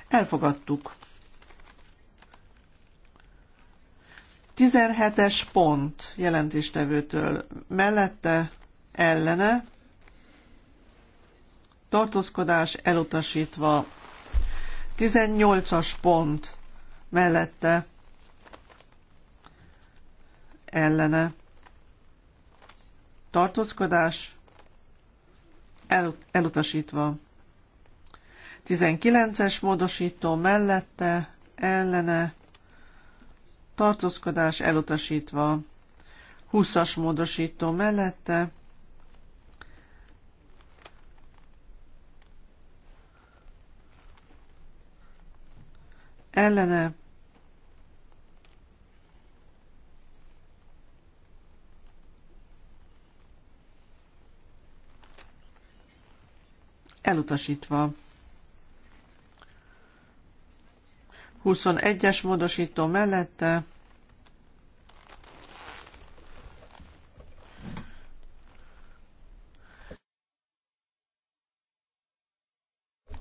elfogadtuk. 17-es pont jelentéstevőtől mellette ellene tartózkodás elutasítva. 18-as pont mellette ellene tartózkodás el, elutasítva. 19-es módosító mellette ellene tartózkodás elutasítva. 20-as módosító mellette ellene elutasítva. 21-es módosító mellette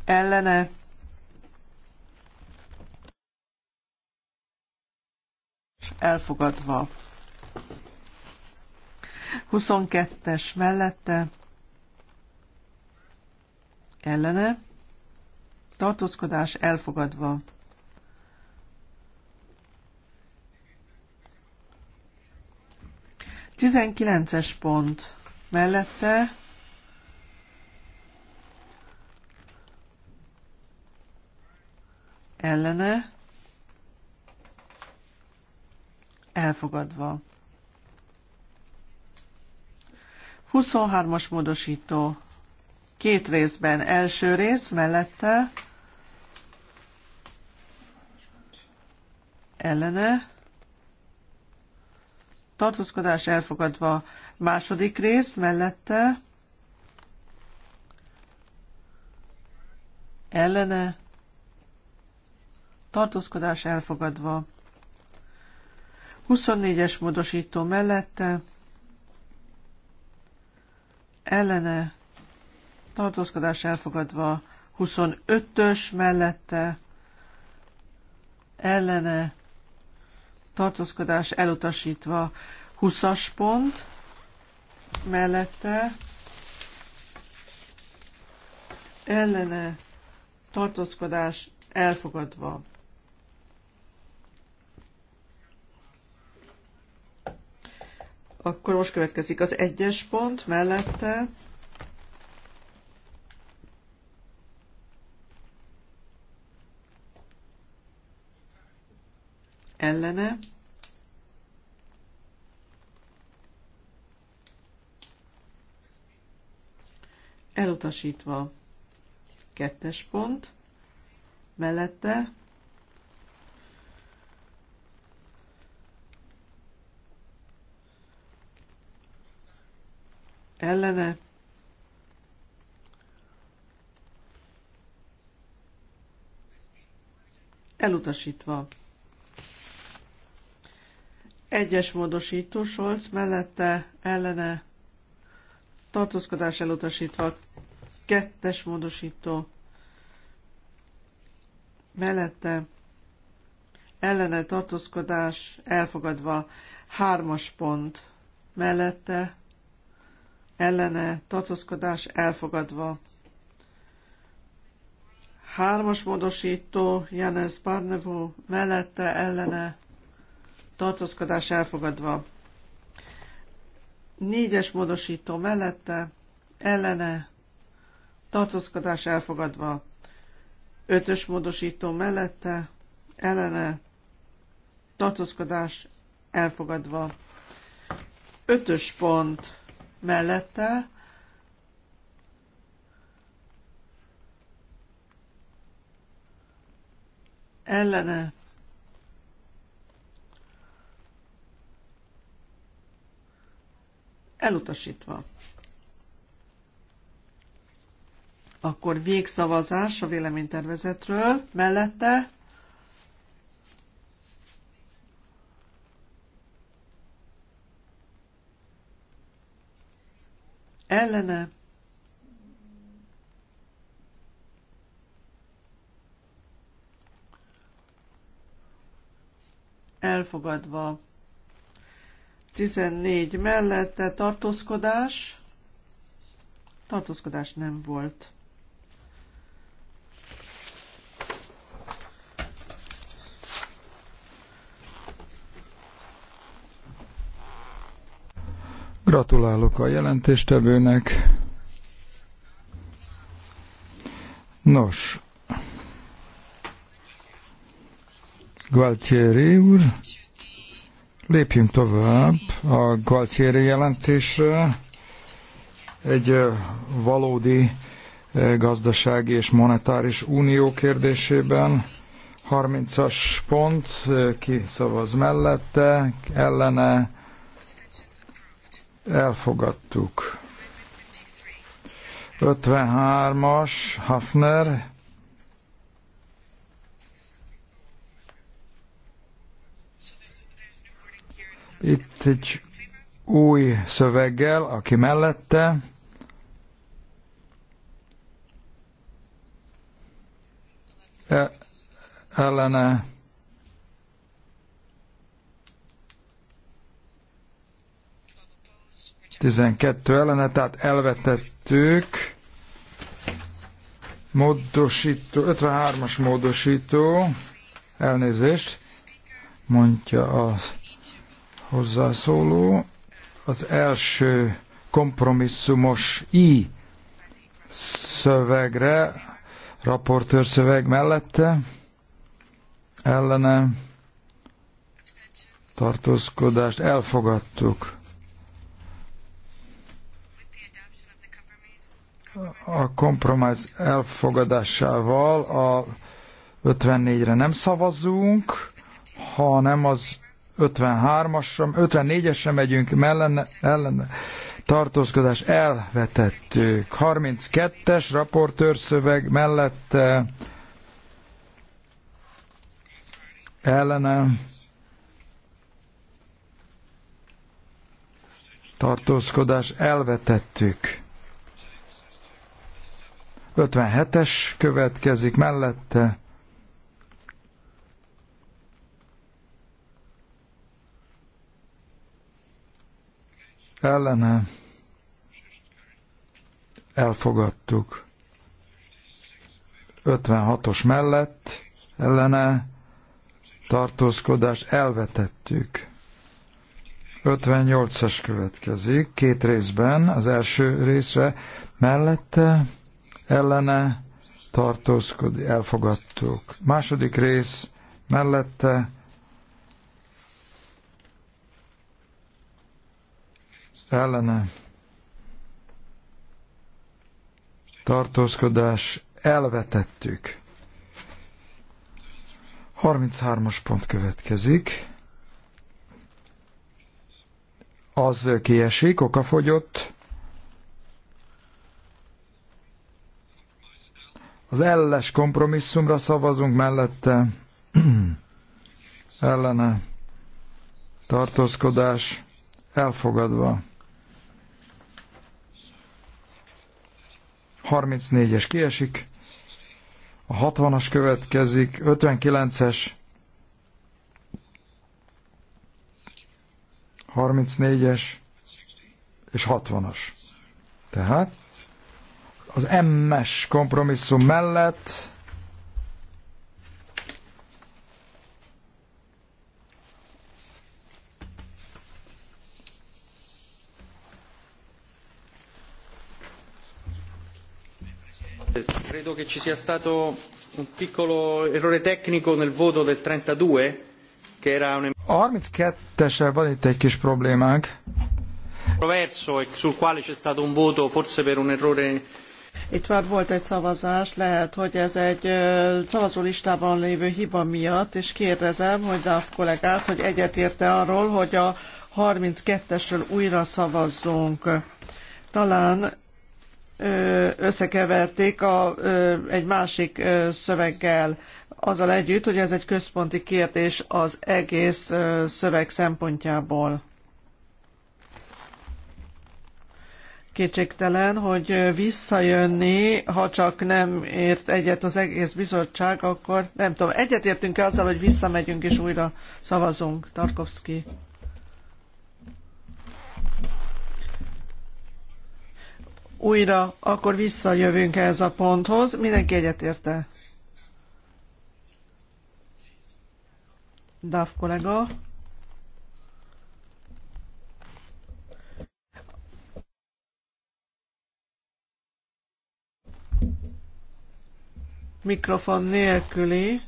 ellene és elfogadva. 22-es mellette ellene, tartózkodás elfogadva. Tizenkilences pont mellette ellene elfogadva. 23-as módosító két részben. Első rész mellette ellene tartózkodás elfogadva. Második rész mellette ellene tartózkodás elfogadva. 24-es módosító mellette ellene tartózkodás elfogadva 25-ös mellette ellene tartózkodás elutasítva 20-as pont mellette ellene tartózkodás elfogadva. Akkor most következik az egyes pont mellette ellene. Elutasítva kettes pont, mellette ellene elutasítva. Egyes módosító Scholz mellette ellene tartózkodás elutasítva. Kettes módosító mellette ellene tartózkodás elfogadva. Hármas pont mellette ellene tartózkodás elfogadva. Hármas módosító Janez Barnevó mellette ellene tartózkodás elfogadva. Négyes módosító mellette, ellene, tartózkodás elfogadva. Ötös módosító mellette, ellene, tartózkodás elfogadva. Ötös pont mellette, ellene elutasítva. Akkor végszavazás a véleménytervezetről, mellette ellene elfogadva 14 mellette tartózkodás. Tartózkodás nem volt. Gratulálok a jelentéstevőnek. Nos, Gualtieri úr, Lépjünk tovább a Galtieri jelentésre. Egy valódi gazdasági és monetáris unió kérdésében. 30-as pont, ki szavaz mellette, ellene, elfogadtuk. 53-as, Hafner, Itt egy új szöveggel, aki mellette, e, ellene tizenkettő ellene, tehát elvetettük módosító, 53-as módosító elnézést, mondja az hozzászóló. Az első kompromisszumos I szövegre, raportőr szöveg mellette, ellene tartózkodást elfogadtuk. A kompromisz elfogadásával a 54-re nem szavazunk, hanem az 53-asra, 54-esre megyünk, mellenne, ellenne tartózkodás elvetettük. 32-es raportőrszöveg mellette ellene tartózkodás elvetettük. 57-es következik mellette ellene elfogadtuk. 56-os mellett ellene tartózkodást elvetettük. 58-as következik, két részben, az első részre mellette ellene tartózkodni elfogadtuk. Második rész mellette ellene tartózkodás elvetettük. 33-as pont következik. Az kiesik, okafogyott. Az elles kompromisszumra szavazunk mellette. Ellene tartózkodás elfogadva. 34-es kiesik, a 60-as következik, 59-es, 34-es és 60-as. Tehát az MS kompromisszum mellett Credo che ci sia stato un piccolo errore tecnico nel voto del 32, che era un... 32-essel van itt egy kis problémánk. Proverso e sul quale c'è stato un voto forse per un errore itt már volt egy szavazás, lehet, hogy ez egy szavazólistában lévő hiba miatt, és kérdezem, hogy Dáv kollégát, hogy egyetérte arról, hogy a 32-esről újra szavazzunk. Talán összekeverték a, egy másik szöveggel azzal együtt, hogy ez egy központi kérdés az egész szöveg szempontjából. Kétségtelen, hogy visszajönni, ha csak nem ért egyet az egész bizottság, akkor nem tudom, egyetértünk-e azzal, hogy visszamegyünk és újra szavazunk, Tarkovsky újra, akkor visszajövünk ehhez a ponthoz. Mindenki egyetérte? Dáv kollega. Mikrofon nélküli.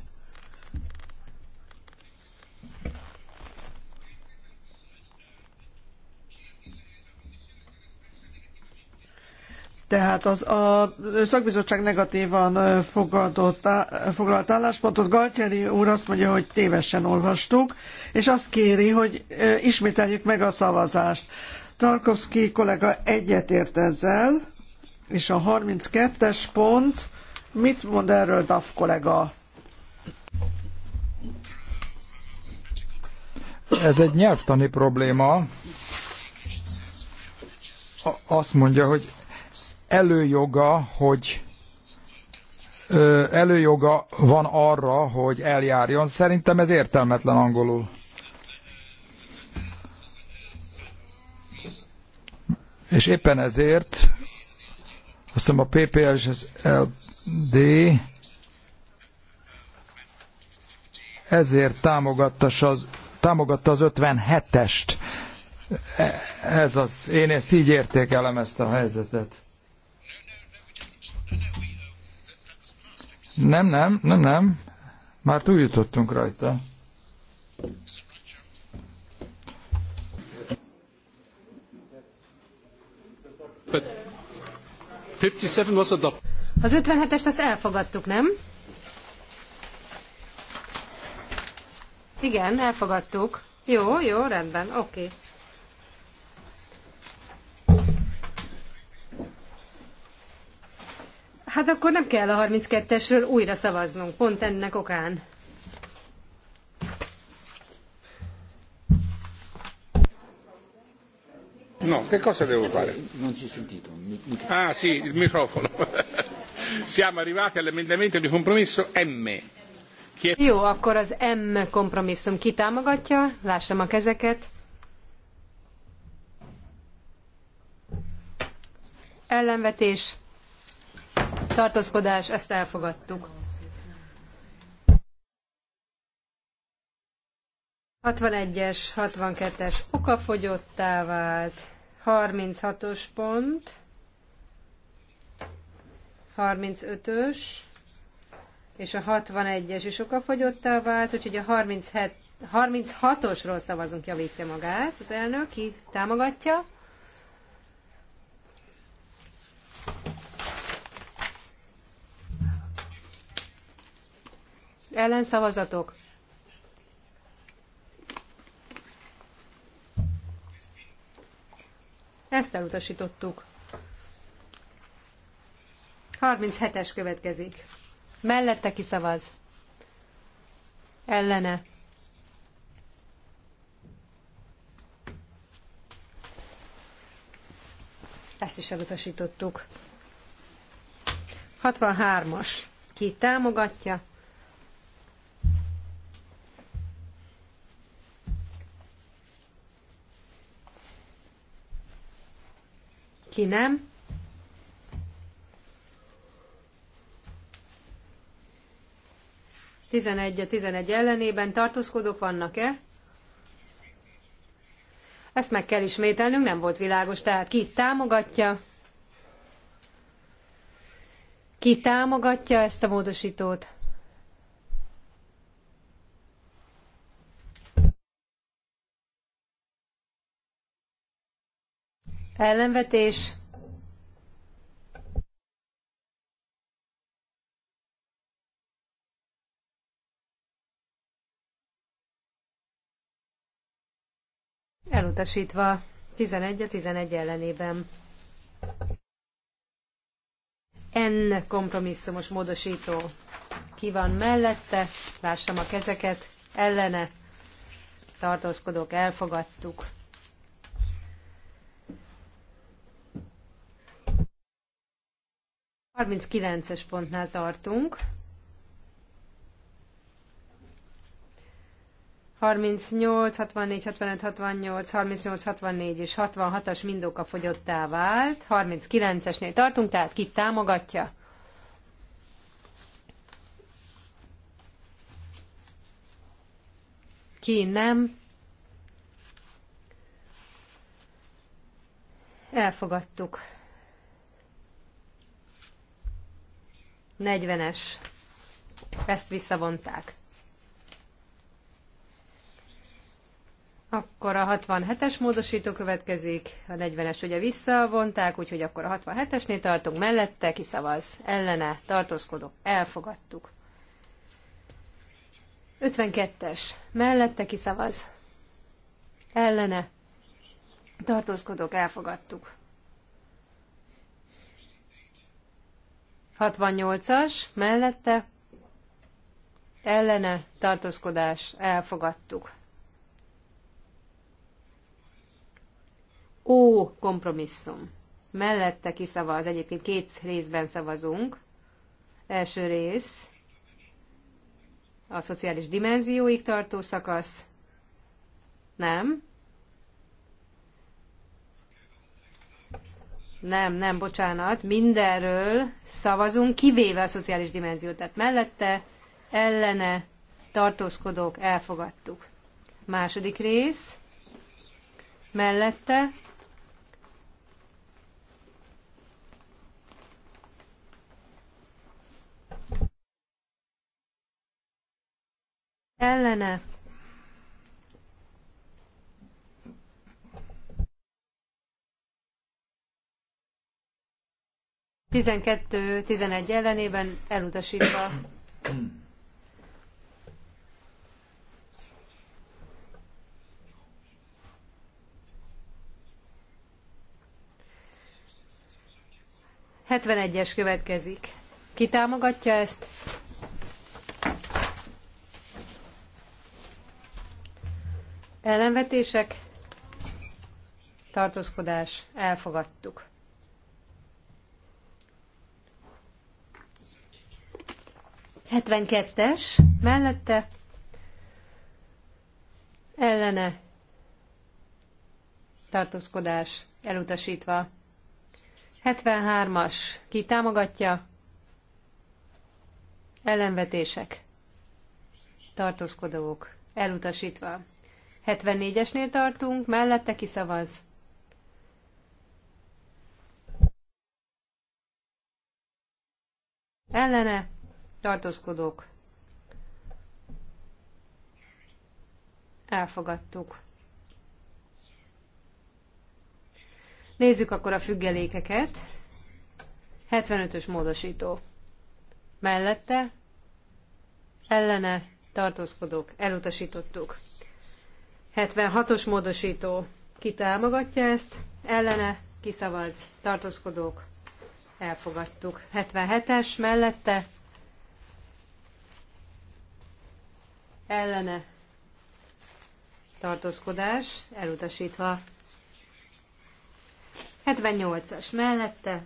Tehát az, a szakbizottság negatívan fogadott, foglalt álláspontot. Galtieri úr azt mondja, hogy tévesen olvastuk, és azt kéri, hogy ismételjük meg a szavazást. Tarkovsky kollega egyetért ezzel, és a 32-es pont, mit mond erről DAF kollega? Ez egy nyelvtani probléma. Azt mondja, hogy előjoga, hogy előjoga van arra, hogy eljárjon. Szerintem ez értelmetlen angolul. És éppen ezért azt hiszem a PPL és az LD ezért támogatta az, támogatta az 57-est. E, ez az, én ezt így értékelem ezt a helyzetet. Nem, nem, nem, nem. Már túljutottunk rajta. Az 57-est azt elfogadtuk, nem? Igen, elfogadtuk. Jó, jó, rendben, oké. Okay. Hát akkor nem kell a 32-esről újra szavaznunk, pont ennek okán. No, che cosa devo fare? Non si è sentito. Ah sì, il microfono. Siamo arrivati all'emendamento di compromesso M. Chi è... Jó, akkor az M kompromisszum ki támogatja? Lássam a kezeket. Ellenvetés tartózkodás, ezt elfogadtuk. 61-es, 62-es okafogyottá vált, 36-os pont, 35-ös, és a 61-es is okafogyottá vált, úgyhogy a 37, 36-osról szavazunk, javítja magát az elnök, ki támogatja, Ellenszavazatok? Ezt elutasítottuk. 37-es következik. Mellette kiszavaz. Ellene. Ezt is elutasítottuk. 63-as. Ki támogatja? ki nem. Tizenegy a tizenegy ellenében tartózkodók vannak-e? Ezt meg kell ismételnünk, nem volt világos, tehát ki támogatja? Ki támogatja ezt a módosítót? Ellenvetés. Elutasítva 11-11 ellenében. N kompromisszumos módosító. Ki van mellette? Lássam a kezeket. Ellene. Tartózkodók elfogadtuk. 39-es pontnál tartunk. 38, 64, 65, 68, 38, 64 és 66-as mindóka fogyottá vált. 39-esnél tartunk, tehát ki támogatja? Ki nem? Elfogadtuk. 40-es. Ezt visszavonták. Akkor a 67-es módosító következik, a 40-es ugye visszavonták, úgyhogy akkor a 67-esnél tartunk mellette, kiszavaz, ellene, tartózkodok, elfogadtuk. 52-es, mellette kiszavaz, ellene, tartózkodok, elfogadtuk. 68-as mellette ellene tartózkodás elfogadtuk. Ó, kompromisszum. Mellette kiszavaz, egyébként két részben szavazunk. Első rész a szociális dimenzióig tartó szakasz. Nem, nem, nem, bocsánat, mindenről szavazunk, kivéve a szociális dimenziót. Tehát mellette, ellene, tartózkodók, elfogadtuk. Második rész, mellette, ellene, 12-11 ellenében elutasítva. 71-es következik. Ki támogatja ezt? Ellenvetések? Tartózkodás? Elfogadtuk. 72-es mellette ellene tartózkodás elutasítva. 73-as ki támogatja ellenvetések tartózkodók elutasítva. 74-esnél tartunk, mellette kiszavaz. Ellene tartózkodók, elfogadtuk. Nézzük akkor a függelékeket. 75-ös módosító. Mellette, ellene, tartózkodók, elutasítottuk. 76-os módosító. Ki támogatja ezt? Ellene, kiszavaz, tartózkodók, elfogadtuk. 77-es mellette, ellene tartózkodás elutasítva. 78-as mellette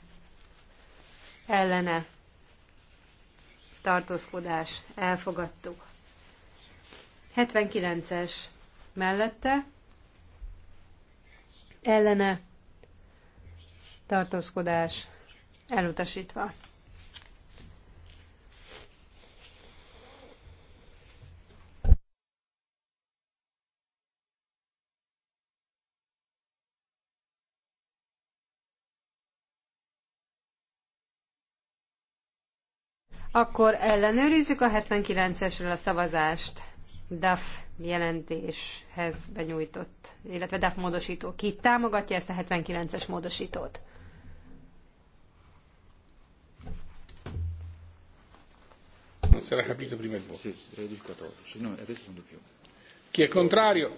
ellene tartózkodás elfogadtuk. 79-es mellette ellene tartózkodás elutasítva. Akkor ellenőrizzük a 79-esről a szavazást. DAF jelentéshez benyújtott, illetve DAF módosító. Ki támogatja ezt a 79-es módosítót? Ki a capito prima Sì, No, adesso più. Chi è contrario?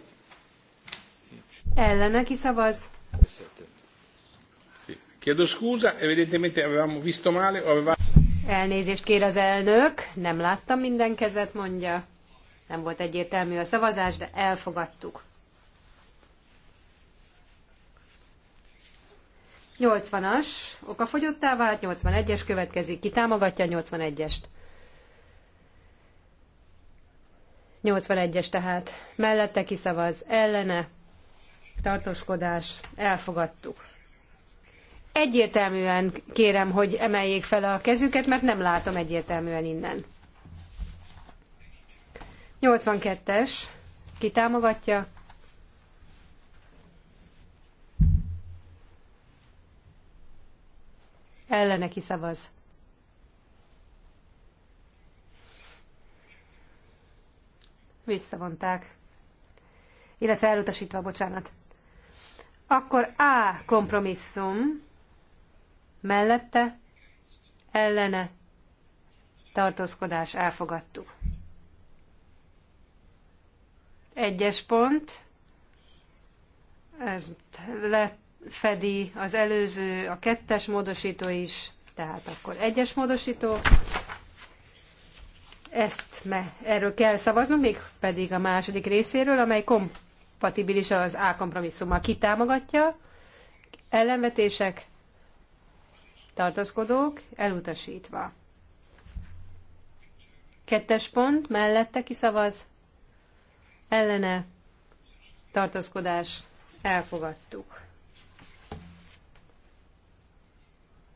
Ellene ki szavaz? Chiedo scusa, evidentemente avevamo visto male o avevamo... Elnézést kér az elnök, nem láttam minden kezet, mondja. Nem volt egyértelmű a szavazás, de elfogadtuk. 80-as, okafogyottá vált, 81-es következik, ki támogatja 81-est? 81-es tehát. Mellette kiszavaz, ellene, tartózkodás, elfogadtuk. Egyértelműen kérem, hogy emeljék fel a kezüket, mert nem látom egyértelműen innen. 82-es. Ki támogatja? Ellene ki szavaz. Visszavonták. Illetve elutasítva, bocsánat. Akkor A kompromisszum mellette, ellene, tartózkodás elfogadtuk. Egyes pont, ez lefedi az előző, a kettes módosító is, tehát akkor egyes módosító, ezt me, erről kell szavaznunk, még pedig a második részéről, amely kompatibilis az A kompromisszummal kitámogatja. Ellenvetések tartózkodók elutasítva. Kettes pont, mellette kiszavaz, ellene tartózkodás elfogadtuk.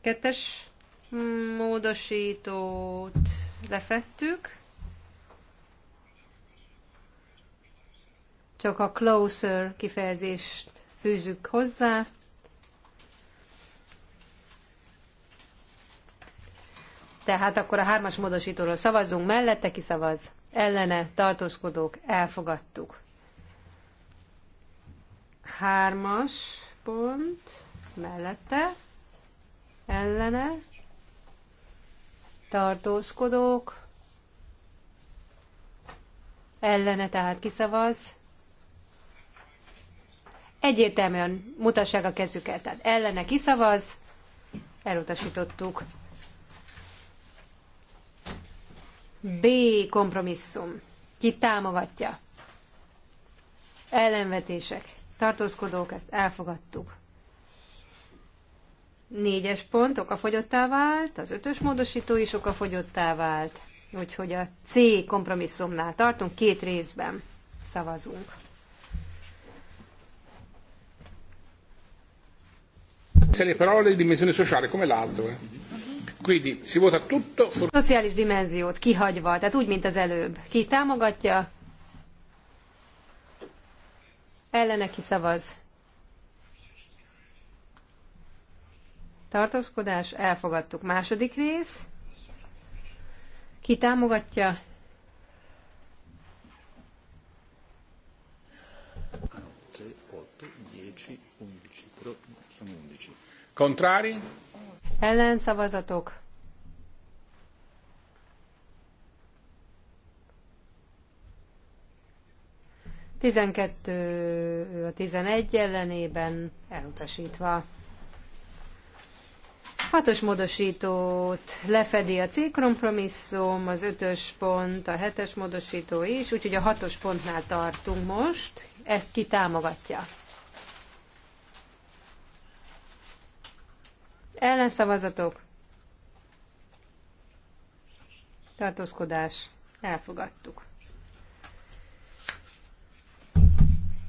Kettes módosítót lefettük. Csak a closer kifejezést fűzzük hozzá. Tehát akkor a hármas módosítóról szavazzunk, mellette kiszavaz, ellene tartózkodók, elfogadtuk. Hármas pont, mellette, ellene, tartózkodók, ellene tehát kiszavaz. Egyértelműen mutassák a kezüket, tehát ellene kiszavaz, elutasítottuk. B kompromisszum. Ki támogatja? Ellenvetések. Tartózkodók, ezt elfogadtuk. Négyes pont okafogyottá vált, az ötös módosító is okafogyottá vált. Úgyhogy a C kompromisszumnál tartunk, két részben szavazunk. Se le parole di dimensione sociale come l'altro. Eh. Szociális dimenziót kihagyva, tehát úgy, mint az előbb. Ki támogatja? Ellene ki szavaz? Tartózkodás, elfogadtuk. Második rész. Ki támogatja? Contrari? Ellenszavazatok. Tizenkettő a tizenegy ellenében elutasítva. Hatos módosítót lefedi a célkompromisszum, az ötös pont, a hetes módosító is, úgyhogy a hatos pontnál tartunk most. Ezt ki támogatja? Ellenszavazatok. Tartózkodás. Elfogadtuk.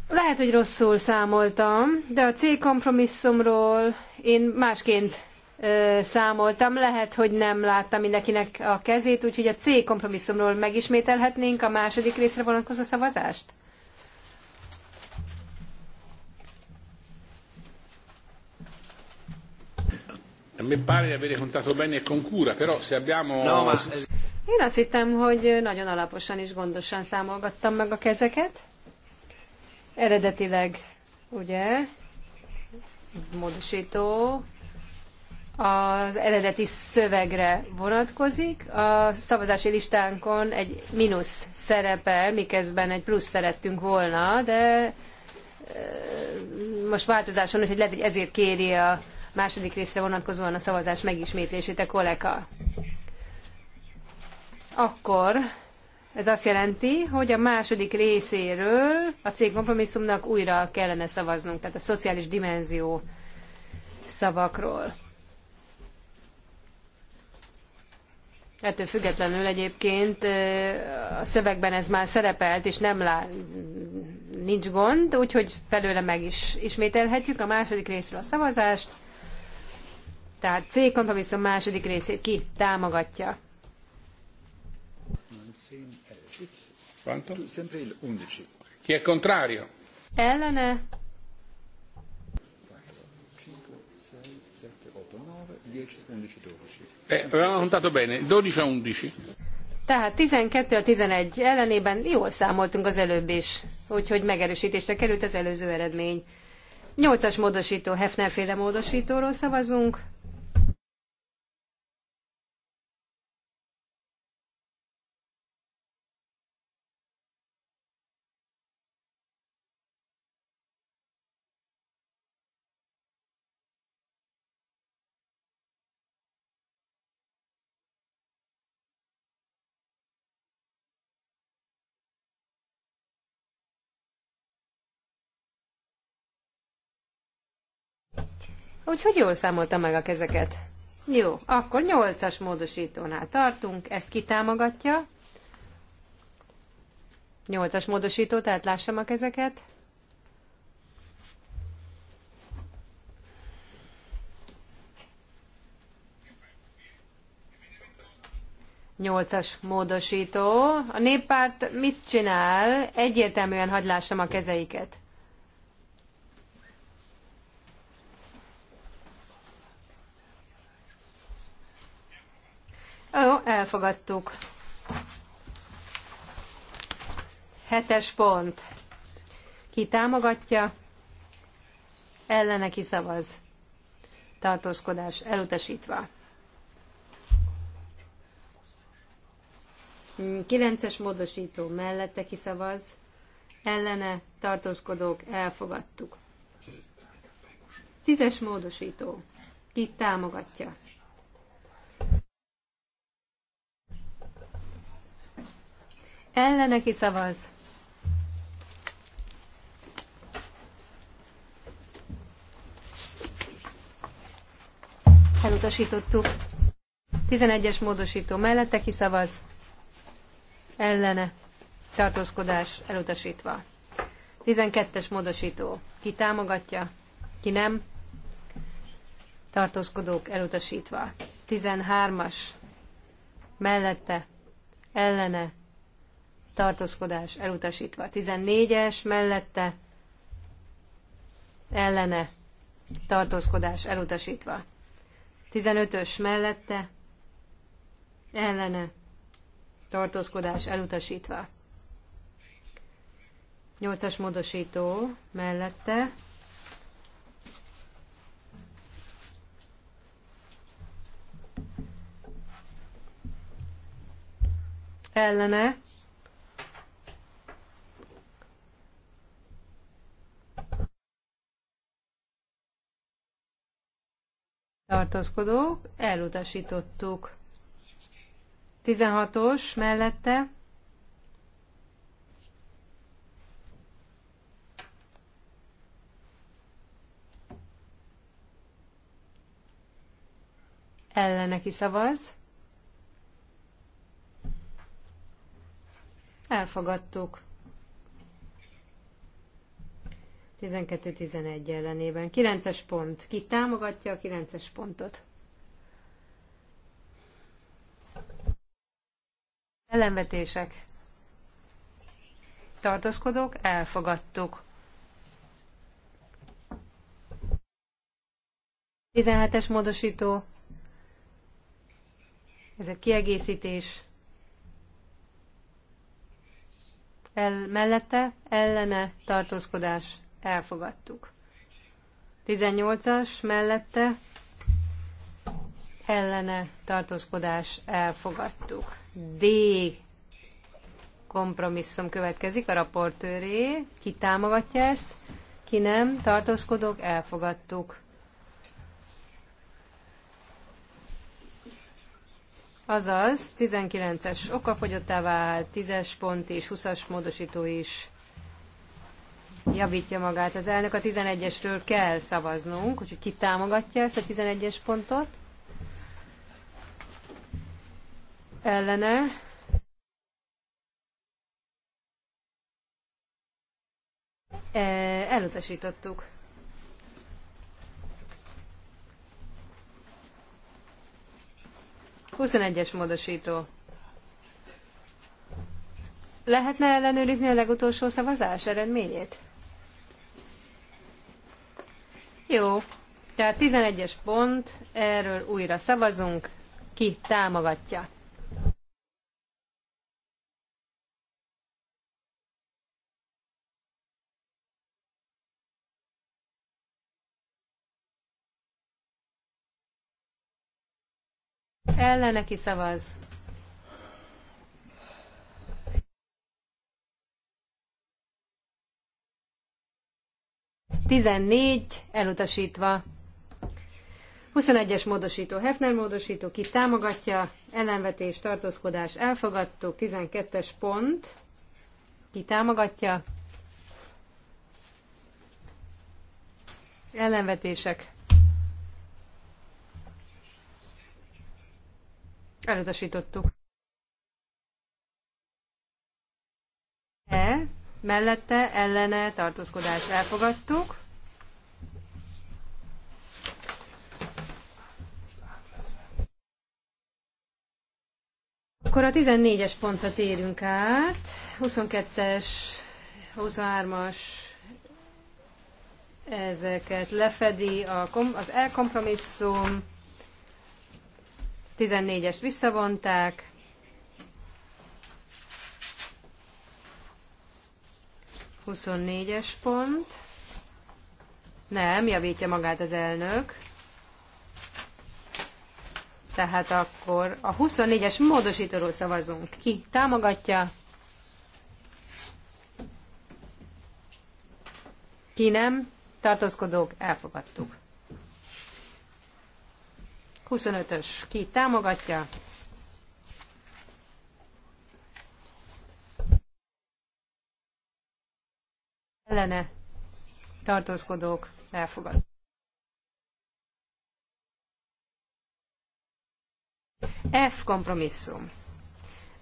Lehet, hogy rosszul számoltam, de a C kompromisszumról én másként ö, számoltam. Lehet, hogy nem láttam mindenkinek a kezét, úgyhogy a C kompromisszumról megismételhetnénk a második részre vonatkozó szavazást? A pare di contato bene e con cura, però se abbiamo... No, ma... Én azt hittem, hogy nagyon alaposan és gondosan számolgattam meg a kezeket. Eredetileg, ugye, módosító az eredeti szövegre vonatkozik. A szavazási listánkon egy mínusz szerepel, miközben egy plusz szerettünk volna, de most változáson, úgyhogy lehet, hogy ezért kéri a második részre vonatkozóan a szavazás megismétlését a kollega. Akkor ez azt jelenti, hogy a második részéről a cég kompromisszumnak újra kellene szavaznunk, tehát a szociális dimenzió szavakról. Ettől függetlenül egyébként a szövegben ez már szerepelt, és nem lá... nincs gond, úgyhogy felőle meg is ismételhetjük a második részről a szavazást. Tehát C kompromisszum második részét ki támogatja? Ki Sempre il 11. Chi è contrario? Ellene. 10, 11, 12. Eh, 12 Tehát 12 a 11 ellenében jól számoltunk az előbb is, úgyhogy megerősítésre került az előző eredmény. 8-as módosító, Hefner féle módosítóról szavazunk. Úgyhogy jól számolta meg a kezeket. Jó, akkor 8 módosítónál tartunk, ezt kitámogatja. 8 módosító, tehát lássam a kezeket. Nyolcas módosító. A néppárt mit csinál? Egyértelműen hagylássam a kezeiket. Ó, elfogadtuk. Hetes pont. Ki támogatja, ellene szavaz? Tartózkodás elutasítva. Kilences módosító mellette kiszavaz, ellene tartózkodók elfogadtuk. Tízes módosító. Ki támogatja? ellene szavaz. Elutasítottuk. 11-es módosító mellette kiszavaz. Ellene. Tartózkodás elutasítva. 12-es módosító. Ki támogatja, ki nem. Tartózkodók elutasítva. 13-as. Mellette. Ellene tartózkodás elutasítva. 14-es mellette ellene tartózkodás elutasítva. 15-ös mellette ellene tartózkodás elutasítva. 8-as módosító mellette ellene tartózkodók, elutasítottuk. 16-os mellette ellene kiszavaz. Elfogadtuk. 12-11 ellenében. 9-es pont. Ki támogatja a 9-es pontot? Ellenvetések. Tartózkodók, elfogadtuk. 17-es módosító. Ez egy kiegészítés. El, mellette ellene tartózkodás elfogadtuk. 18-as mellette ellene tartózkodás elfogadtuk. D kompromisszum következik a raportőré. Ki támogatja ezt? Ki nem? Tartózkodók? Elfogadtuk. Azaz, 19-es okafogyottá vált, 10-es pont és 20-as módosító is javítja magát az elnök. A 11-esről kell szavaznunk, úgyhogy ki támogatja ezt a 11-es pontot? Ellene. E, elutasítottuk. Huszonegyes módosító. Lehetne ellenőrizni a legutolsó szavazás eredményét? Jó, tehát 11-es pont, erről újra szavazunk, ki támogatja. Ellene ki szavaz. 14 elutasítva. 21-es módosító, Hefner módosító, ki támogatja, ellenvetés, tartózkodás, elfogadtuk, 12-es pont, ki támogatja, ellenvetések, elutasítottuk. E, mellette ellene tartózkodás elfogadtuk. Akkor a 14-es pontra térünk át. 22-es, 23-as, ezeket lefedi a, az elkompromisszum. 14-est visszavonták. 24-es pont. Nem, javítja magát az elnök. Tehát akkor a 24-es módosítóról szavazunk. Ki támogatja? Ki nem? Tartózkodók, elfogadtuk. 25-ös. Ki támogatja? ellene tartózkodók elfogad. F kompromisszum.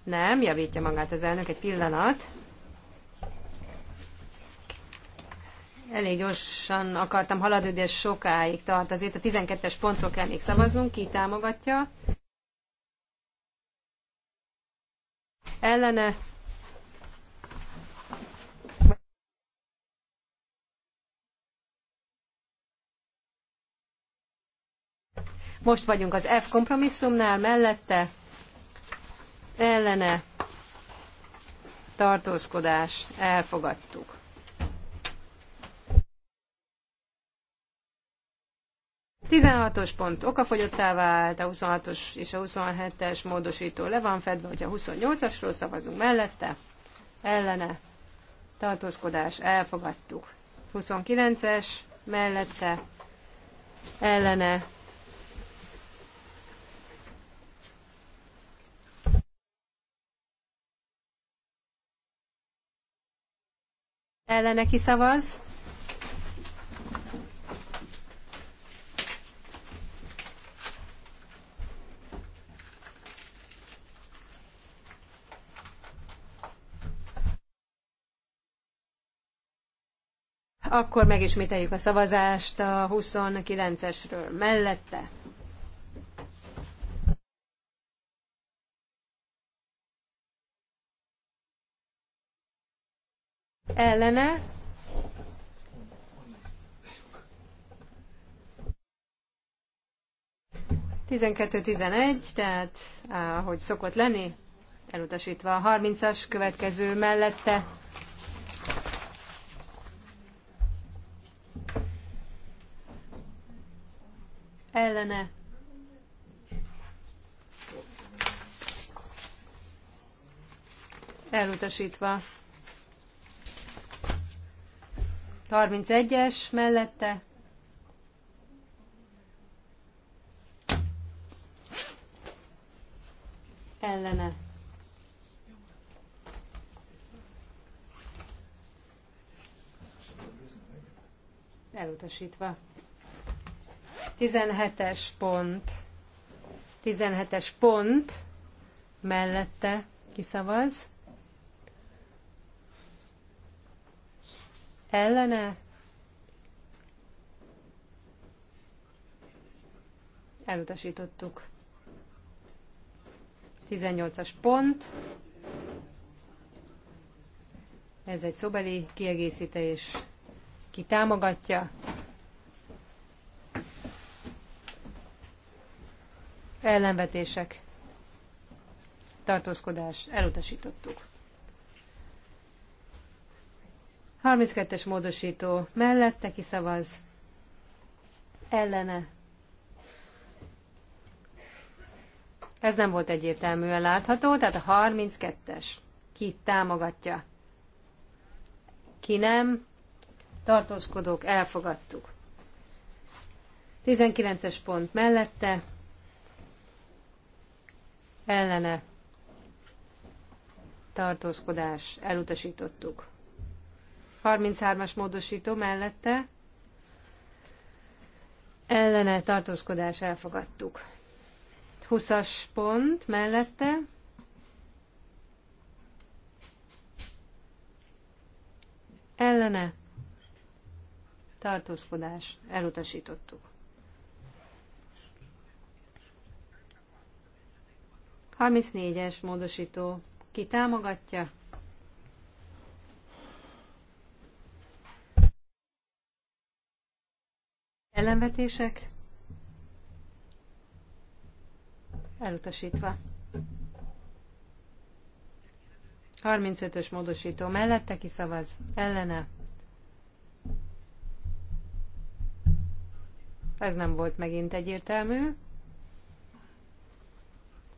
Nem, javítja magát az elnök egy pillanat. Elég gyorsan akartam haladni, de sokáig tart. Azért a 12-es pontról kell még szavaznunk. Ki támogatja? Ellene Most vagyunk az F kompromisszumnál, mellette ellene tartózkodás elfogadtuk. Tizenhatos pont okafogyottá vált, a 26-os és a 27-es módosító le van fedve, hogyha 28-asról szavazunk mellette, ellene tartózkodás elfogadtuk. 29-es mellette ellene Ellene kiszavaz. Akkor megismételjük a szavazást a 29-esről mellette. ellene, Tizenkettő tizenegy, tehát ahogy szokott lenni, elutasítva a harmincas következő mellette. Ellene. Elutasítva. 31-es mellette. Ellene. Elutasítva. 17-es pont. 17-es pont mellette kiszavaz. ellene elutasítottuk. 18-as pont. Ez egy szobeli kiegészítés. Ki támogatja? Ellenvetések. Tartózkodás. Elutasítottuk. 32-es módosító mellette kiszavaz, ellene. Ez nem volt egyértelműen látható, tehát a 32-es. Ki támogatja? Ki nem? Tartózkodók, elfogadtuk. 19-es pont mellette, ellene, tartózkodás, elutasítottuk. 33-as módosító mellette ellene tartózkodás elfogadtuk. 20-as pont mellette ellene tartózkodás elutasítottuk. 34-es módosító kitámogatja. támogatja? Ellenvetések? Elutasítva. 35-ös módosító mellette kiszavaz, ellene. Ez nem volt megint egyértelmű.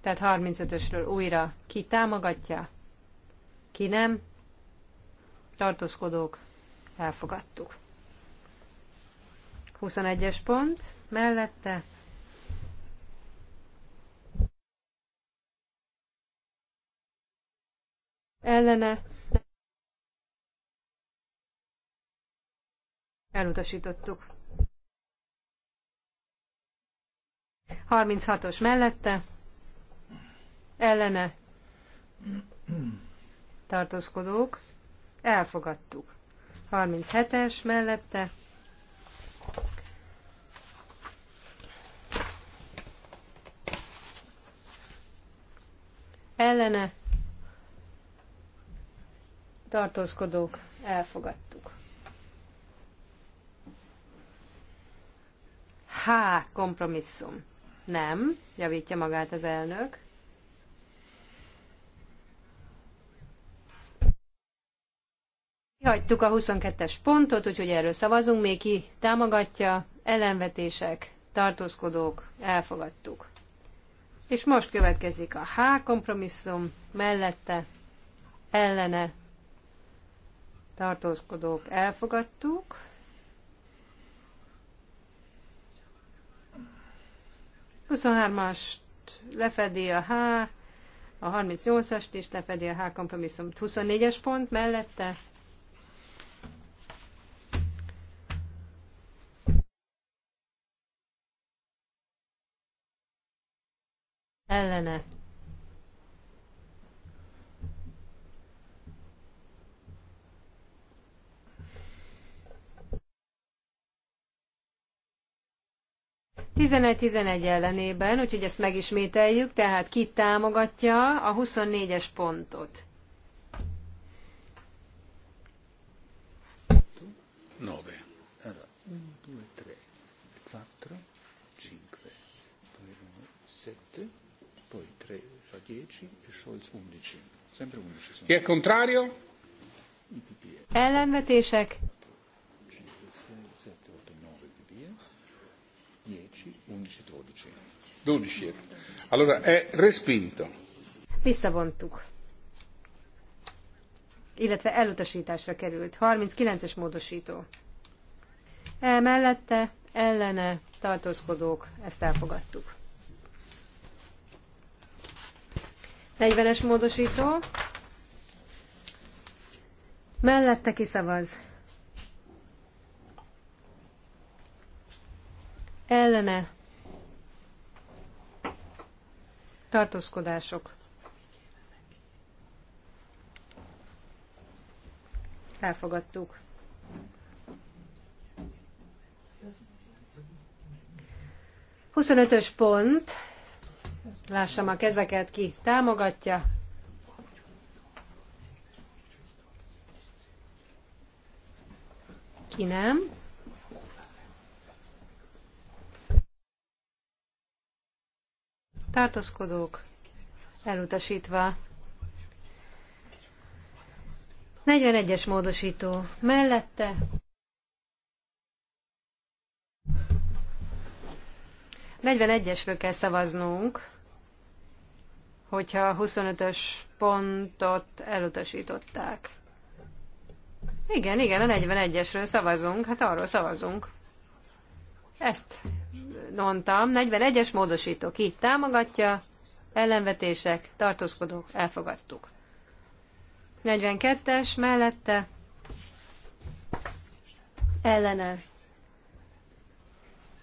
Tehát 35-ösről újra ki támogatja, ki nem. Tartózkodók, elfogadtuk. 21-es pont, mellette ellene elutasítottuk. 36-os mellette ellene tartózkodók elfogadtuk. 37-es mellette ellene tartózkodók elfogadtuk. Há, Kompromisszum. Nem, javítja magát az elnök. Kihagytuk a 22-es pontot, úgyhogy erről szavazunk. Még ki támogatja, ellenvetések, tartózkodók, elfogadtuk. És most következik a H kompromisszum, mellette, ellene, tartózkodók elfogadtuk. Huszonhármast lefedi a H, a 38-ast is lefedi a H kompromisszum. 24-es pont mellette, ellene Tizenegy-tizenegy ellenében, úgyhogy ezt megismételjük, tehát ki támogatja a 24-es pontot. No, 10 e Scholz 11. Sempre 11 sono. Chi è contrario? Ellenvetések? 10, 11, 12. 12. Allora è respinto. Visszavontuk. Illetve elutasításra került. 39-es módosító. Emellette ellene tartózkodók, ezt elfogadtuk. 40-es módosító. Mellette kiszavaz. Ellene. Tartózkodások. Elfogadtuk. Huszonötös pont. Lássam a kezeket, ki támogatja. Ki nem. Tartózkodók elutasítva. 41-es módosító mellette. Negyvenegyesről kell szavaznunk hogyha a 25-ös pontot elutasították. Igen, igen, a 41-esről szavazunk, hát arról szavazunk. Ezt mondtam, 41-es módosító ki támogatja, ellenvetések, tartózkodók, elfogadtuk. 42-es mellette ellene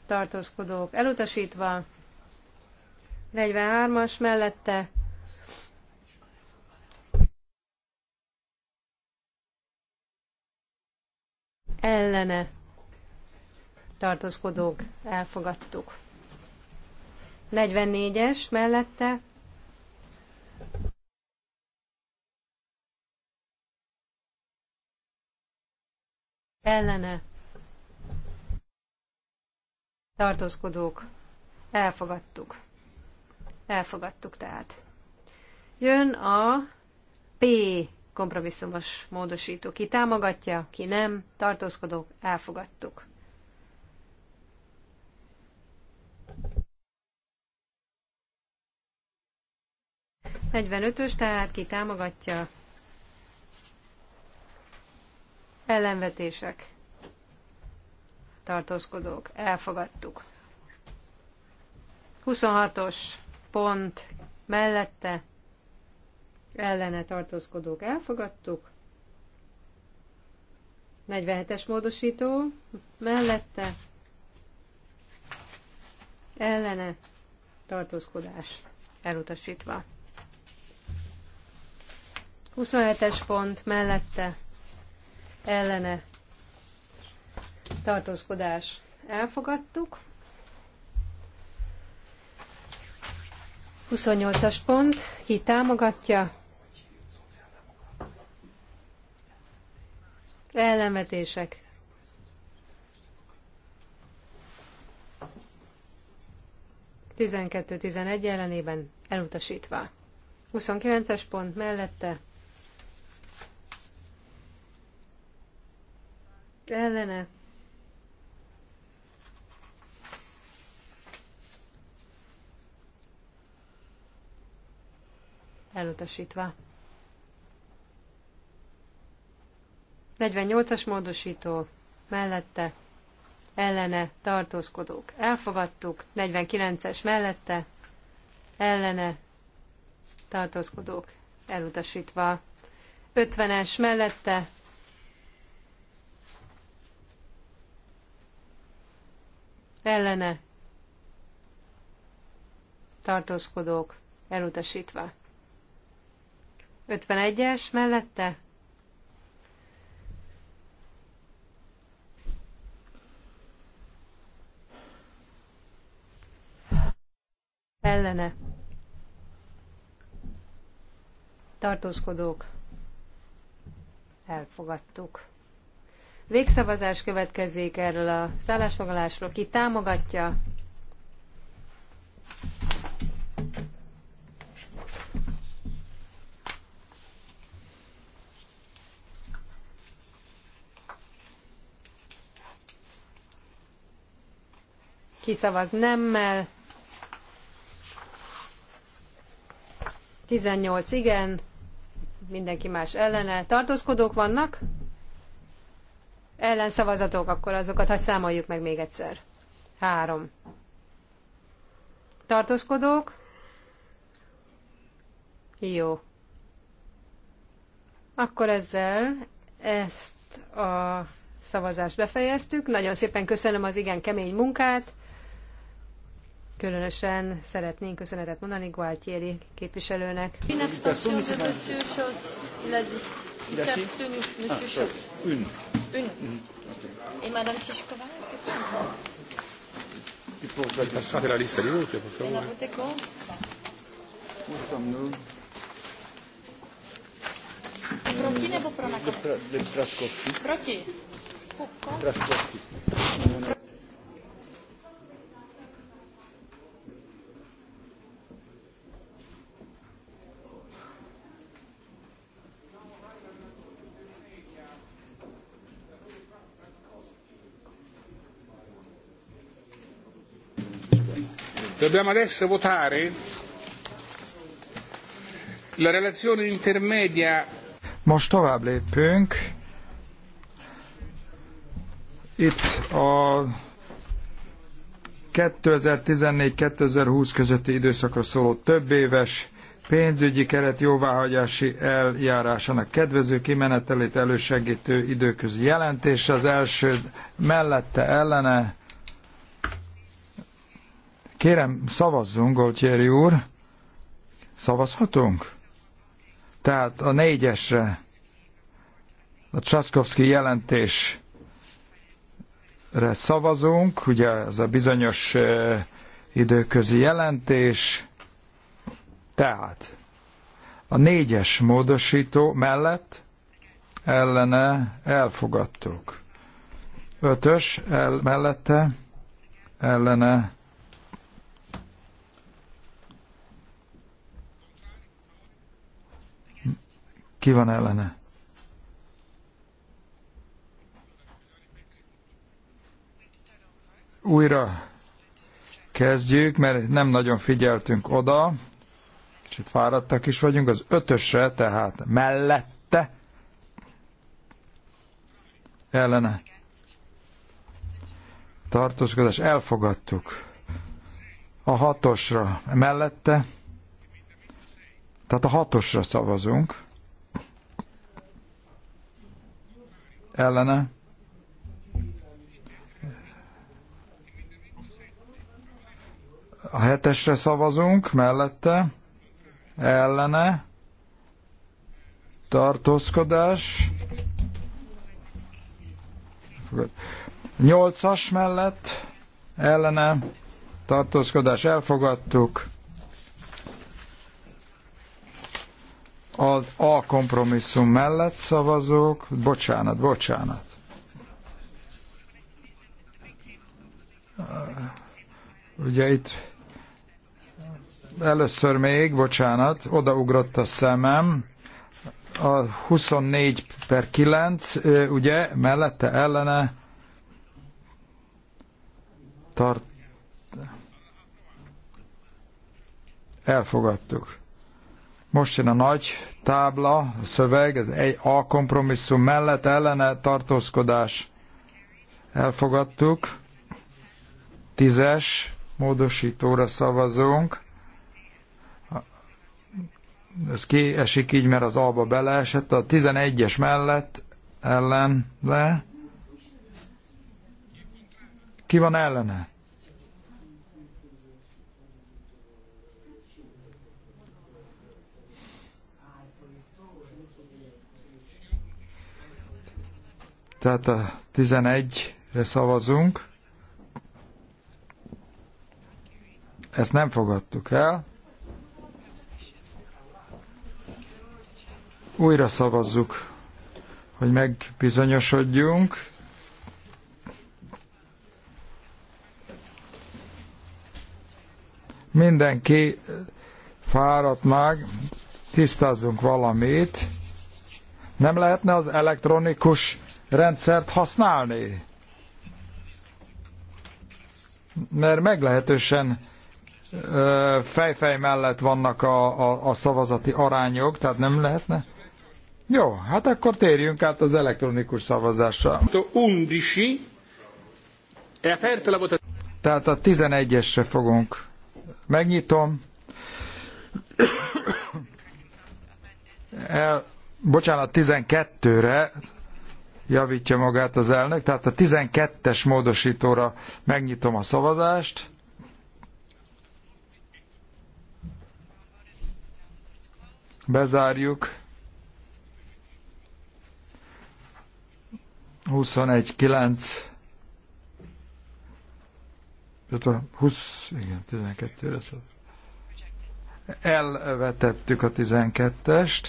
tartózkodók elutasítva, 43-as mellette ellene tartózkodók elfogadtuk. 44-es mellette ellene tartózkodók elfogadtuk. Elfogadtuk tehát. Jön a P kompromisszumos módosító. Ki támogatja, ki nem, tartózkodók, elfogadtuk. Negyvenötös, tehát ki támogatja, ellenvetések, tartózkodók, elfogadtuk. 26-os pont mellette ellene tartózkodók elfogadtuk. 47-es módosító mellette ellene tartózkodás elutasítva. 27-es pont mellette ellene tartózkodás elfogadtuk. 28-as pont, ki támogatja, ellenvetések. Tizenkettő tizenegy ellenében elutasítva. 29-es pont mellette ellene elutasítva. 48-as módosító mellette ellene tartózkodók. Elfogadtuk. 49-es mellette ellene tartózkodók elutasítva. 50-es mellette ellene tartózkodók elutasítva. 51-es mellette ellene tartózkodók elfogadtuk. Végszavazás következik erről a szállásfoglalásról. Ki támogatja? Ki szavaz nemmel? 18 igen, mindenki más ellene. Tartózkodók vannak? Ellenszavazatok, akkor azokat hát számoljuk meg még egyszer. Három. Tartózkodók? Jó. Akkor ezzel ezt a szavazást befejeztük. Nagyon szépen köszönöm az igen kemény munkát. Különösen szeretnénk köszönetet mondani Gualtieri képviselőnek. Proti nebo pro Proti. Proti. Dobbiamo adesso votare la relazione intermedia. Most tovább lépünk. Itt a 2014-2020 közötti időszakra szóló többéves pénzügyi keret jóváhagyási eljárásának kedvező kimenetelét elősegítő időközi jelentés. Az első mellette ellene Kérem, szavazzunk, Goltieri úr. Szavazhatunk? Tehát a négyesre, a Csaszkowski jelentésre szavazunk, ugye ez a bizonyos időközi jelentés. Tehát a négyes módosító mellett ellene elfogadtuk. Ötös el, mellette ellene Ki van ellene? Újra kezdjük, mert nem nagyon figyeltünk oda. Kicsit fáradtak is vagyunk. Az ötösre, tehát mellette. Ellene. Tartózkodás. Elfogadtuk. A hatosra mellette. Tehát a hatosra szavazunk. ellene. A hetesre szavazunk, mellette, ellene, tartózkodás, nyolcas mellett, ellene, tartózkodás elfogadtuk, Az A kompromisszum mellett szavazók, bocsánat, bocsánat. Ugye itt először még, bocsánat, odaugrott a szemem, a 24 per 9, ugye, mellette ellene tart elfogadtuk. Most jön a nagy tábla, a szöveg, az egy A kompromisszum mellett ellene tartózkodás. Elfogadtuk. Tízes módosítóra szavazunk. Ez kiesik így, mert az alba beleesett. A 11-es mellett ellen le. Ki van ellene? Tehát a 11-re szavazunk. Ezt nem fogadtuk el. Újra szavazzuk, hogy megbizonyosodjunk. Mindenki fáradt meg, tisztázzunk valamit. Nem lehetne az elektronikus rendszert használni. Mert meglehetősen fejfej mellett vannak a, a, a szavazati arányok, tehát nem lehetne. Jó, hát akkor térjünk át az elektronikus szavazásra. Tehát a 11-esre fogunk. Megnyitom. El, bocsánat, 12-re javítja magát az elnök. Tehát a 12-es módosítóra megnyitom a szavazást. Bezárjuk. 21-9. 20, igen, 12 lesz. Elvetettük a 12-est.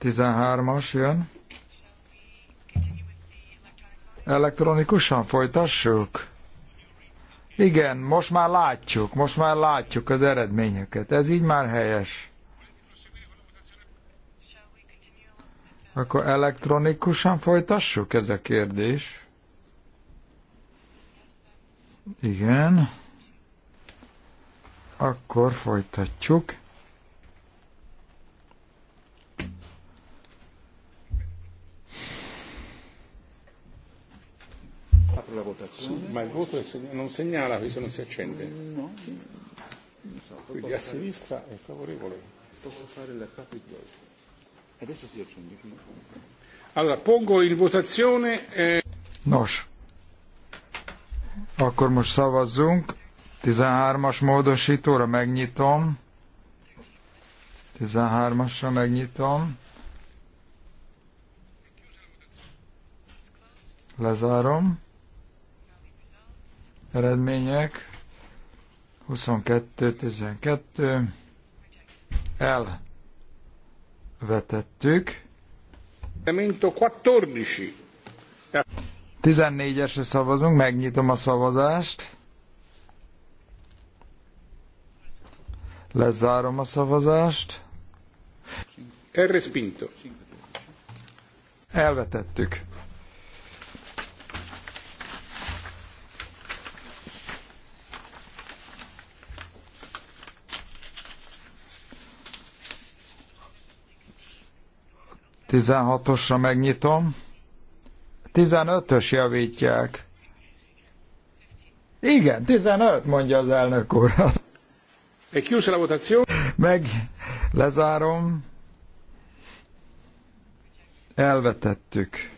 13-as jön. Elektronikusan folytassuk? Igen, most már látjuk, most már látjuk az eredményeket. Ez így már helyes. Akkor elektronikusan folytassuk? Ez a kérdés. Igen. Akkor folytatjuk. la votazione. Sì, ma il voto non segnala, se non si accende. No. So, Quindi a fare... sinistra è favorevole. Posso fare la capitolo. Adesso si accende. Allora, pongo in votazione... Eh... Nos, akkor most szavazzunk. 13-as módosítóra megnyitom. 13-asra megnyitom. Lezárom eredmények. 22-12 elvetettük. 14-esre szavazunk, megnyitom a szavazást. Lezárom a szavazást. Elvetettük. 16-osra megnyitom. 15-ös javítják. Igen, 15, mondja az elnök úr. E Meg lezárom. Elvetettük.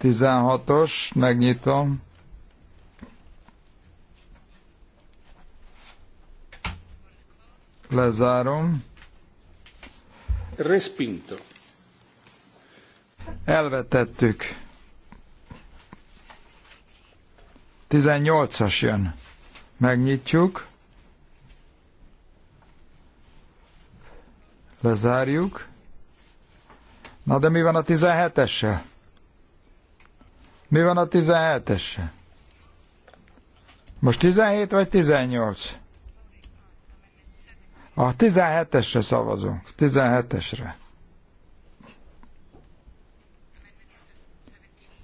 16-os, megnyitom. Lezárom. Respinto. Elvetettük. 18-as jön. Megnyitjuk. Lezárjuk. Na de mi van a 17-essel? Mi van a 17-essel? Most 17 vagy 18? A 17-esre szavazunk. 17-esre.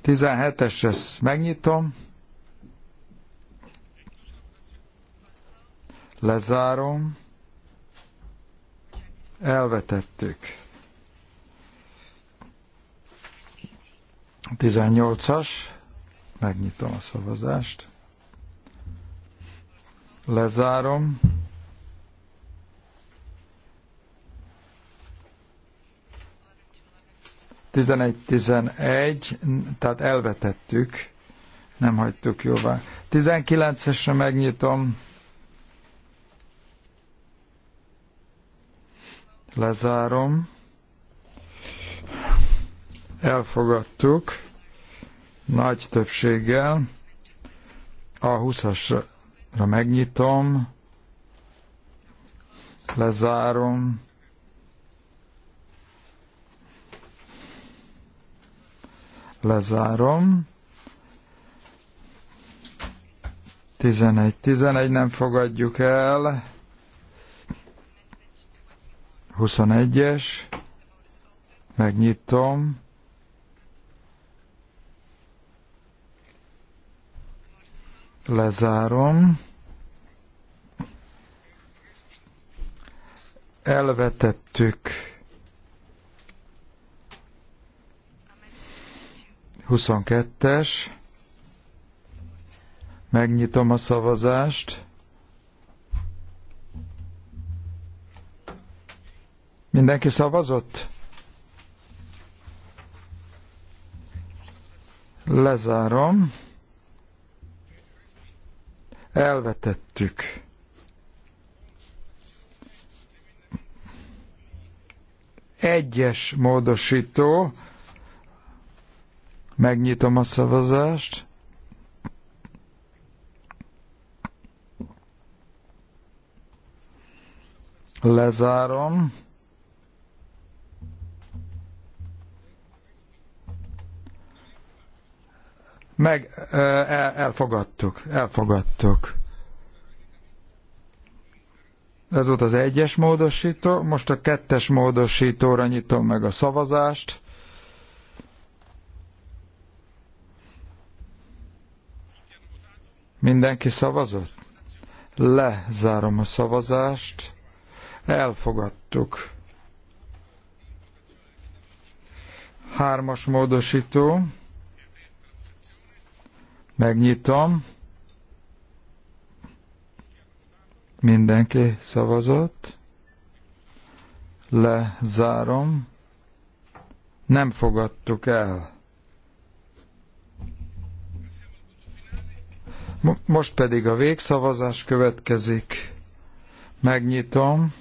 17-esre megnyitom. Lezárom. Elvetettük. 18-as. Megnyitom a szavazást. Lezárom. 11-11, tehát elvetettük, nem hagytuk jóvá. 19-esre megnyitom. Lezárom. Elfogadtuk nagy többséggel. A 20-asra megnyitom, lezárom, Lezárom. 11-11 nem fogadjuk el. 21-es. Megnyitom. Lezárom. Elvetettük. 22-es. Megnyitom a szavazást. Mindenki szavazott? Lezárom. Elvetettük. Egyes módosító Megnyitom a szavazást. Lezárom. Meg el, elfogadtuk, elfogadtuk. Ez volt az egyes módosító, most a kettes módosítóra nyitom meg a szavazást. Mindenki szavazott? Lezárom a szavazást. Elfogadtuk. Hármas módosító. Megnyitom. Mindenki szavazott. Lezárom. Nem fogadtuk el. Most pedig a végszavazás következik. Megnyitom,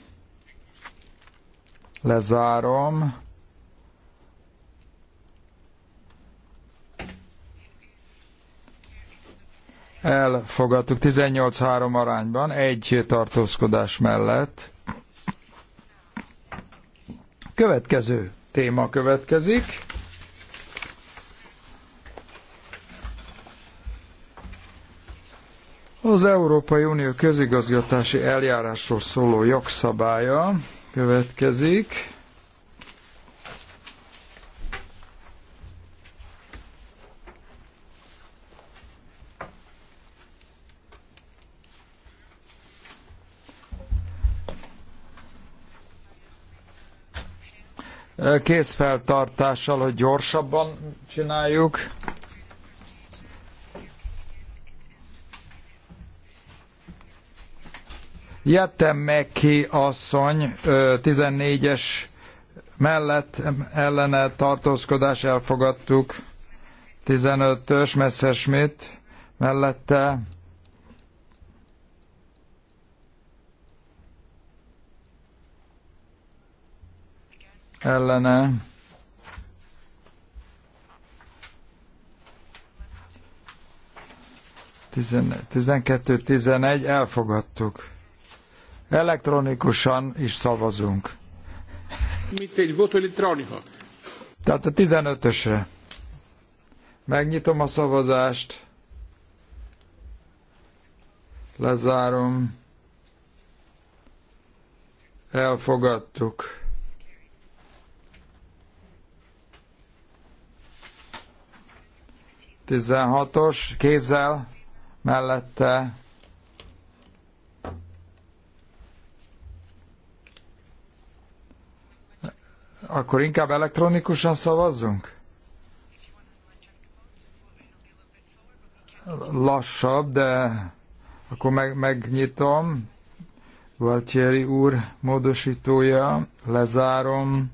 lezárom, elfogadtuk 18-3 arányban, egy tartózkodás mellett. Következő téma következik. Az Európai Unió közigazgatási eljárásról szóló jogszabálya következik. készfeltartással, hogy gyorsabban csináljuk. ki asszony 14-es mellett ellene tartózkodás elfogadtuk. 15-ös Messerschmitt mellette ellene tizenkettő tizenegy elfogadtuk. Elektronikusan is szavazunk. Mint egy voto elektronico. Tehát a 15-ösre. Megnyitom a szavazást. Lezárom. Elfogadtuk. Tizenhatos, kézzel, mellette Akkor inkább elektronikusan szavazzunk? Lassabb, de akkor meg, megnyitom. Valtieri úr módosítója, lezárom.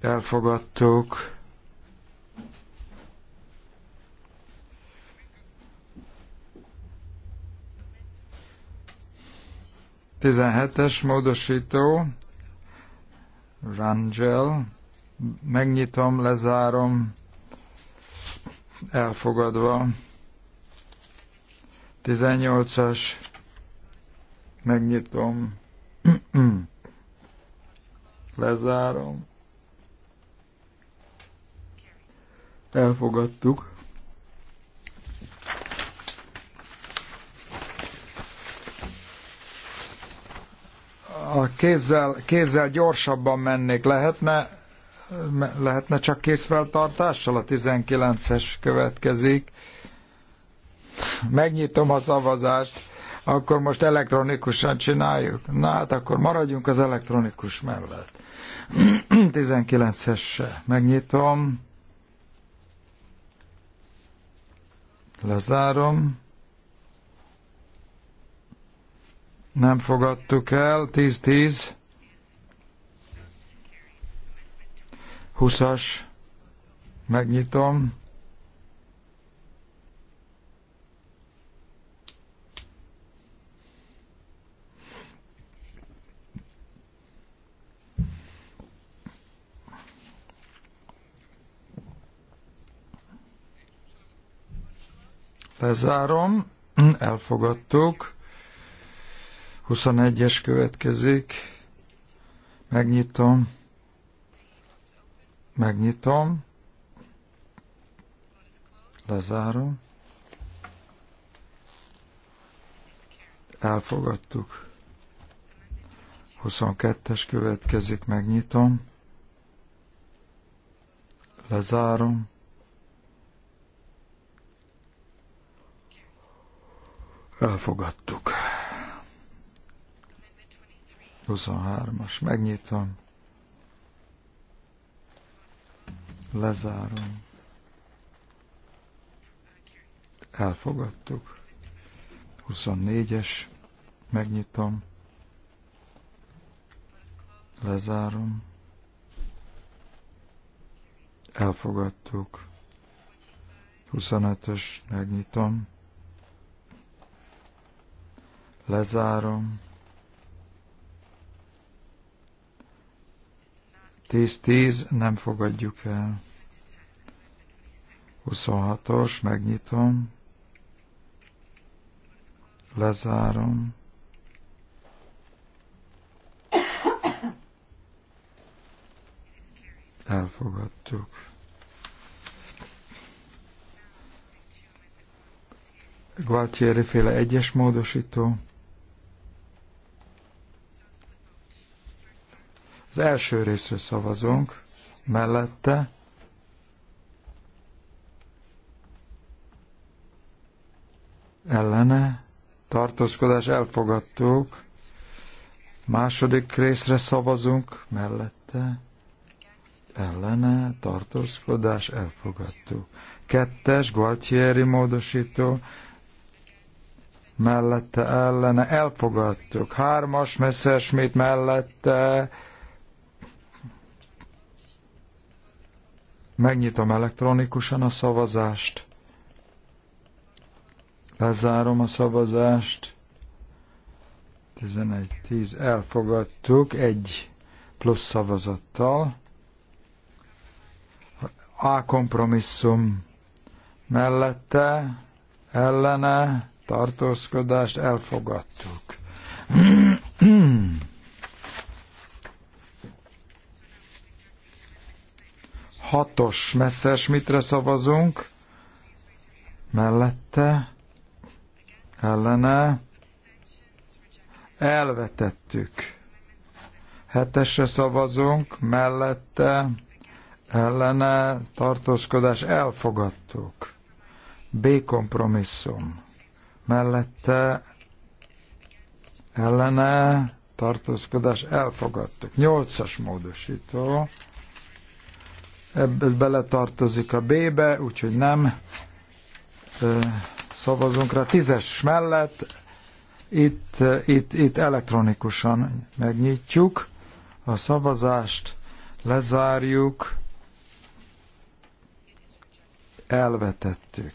Elfogadtuk. 17-es módosító, Rangel, megnyitom, lezárom, elfogadva. 18-as, megnyitom, lezárom. Elfogadtuk. a kézzel, kézzel gyorsabban mennék. Lehetne, lehetne csak készfeltartással? A 19-es következik. Megnyitom a szavazást, akkor most elektronikusan csináljuk. Na hát akkor maradjunk az elektronikus mellett. 19-es megnyitom. Lezárom. nem fogadtuk el, 10-10, 20-as, megnyitom, lezárom, elfogadtuk, 21-es következik. Megnyitom. Megnyitom. Lezárom. Elfogadtuk. 22-es következik, megnyitom. Lezárom. Elfogadtuk. 23-as. Megnyitom. Lezárom. Elfogadtuk. 24-es. Megnyitom. Lezárom. Elfogadtuk. 25-ös. Megnyitom. Lezárom 10-10 nem fogadjuk el. 26-os, megnyitom, lezárom. Elfogadtuk. Gualtieri féle egyes módosító. Az első részre szavazunk, mellette ellene tartózkodás elfogadtuk. Második részre szavazunk, mellette ellene tartózkodás elfogadtuk. Kettes, Gualtieri módosító, mellette ellene elfogadtuk. Hármas, Messerschmitt mellette Megnyitom elektronikusan a szavazást. Lezárom a szavazást. 11-10 elfogadtuk egy plusz szavazattal. A kompromisszum mellette, ellene, tartózkodást elfogadtuk. Hmm. hatos mitre szavazunk, mellette, ellene, elvetettük. Hetesre szavazunk, mellette, ellene, tartózkodás, elfogadtuk. B kompromisszum. Mellette, ellene, tartózkodás, elfogadtuk. Nyolcas módosító ez beletartozik a B-be, úgyhogy nem szavazunk rá. Tízes mellett itt, itt, itt elektronikusan megnyitjuk a szavazást, lezárjuk, elvetettük.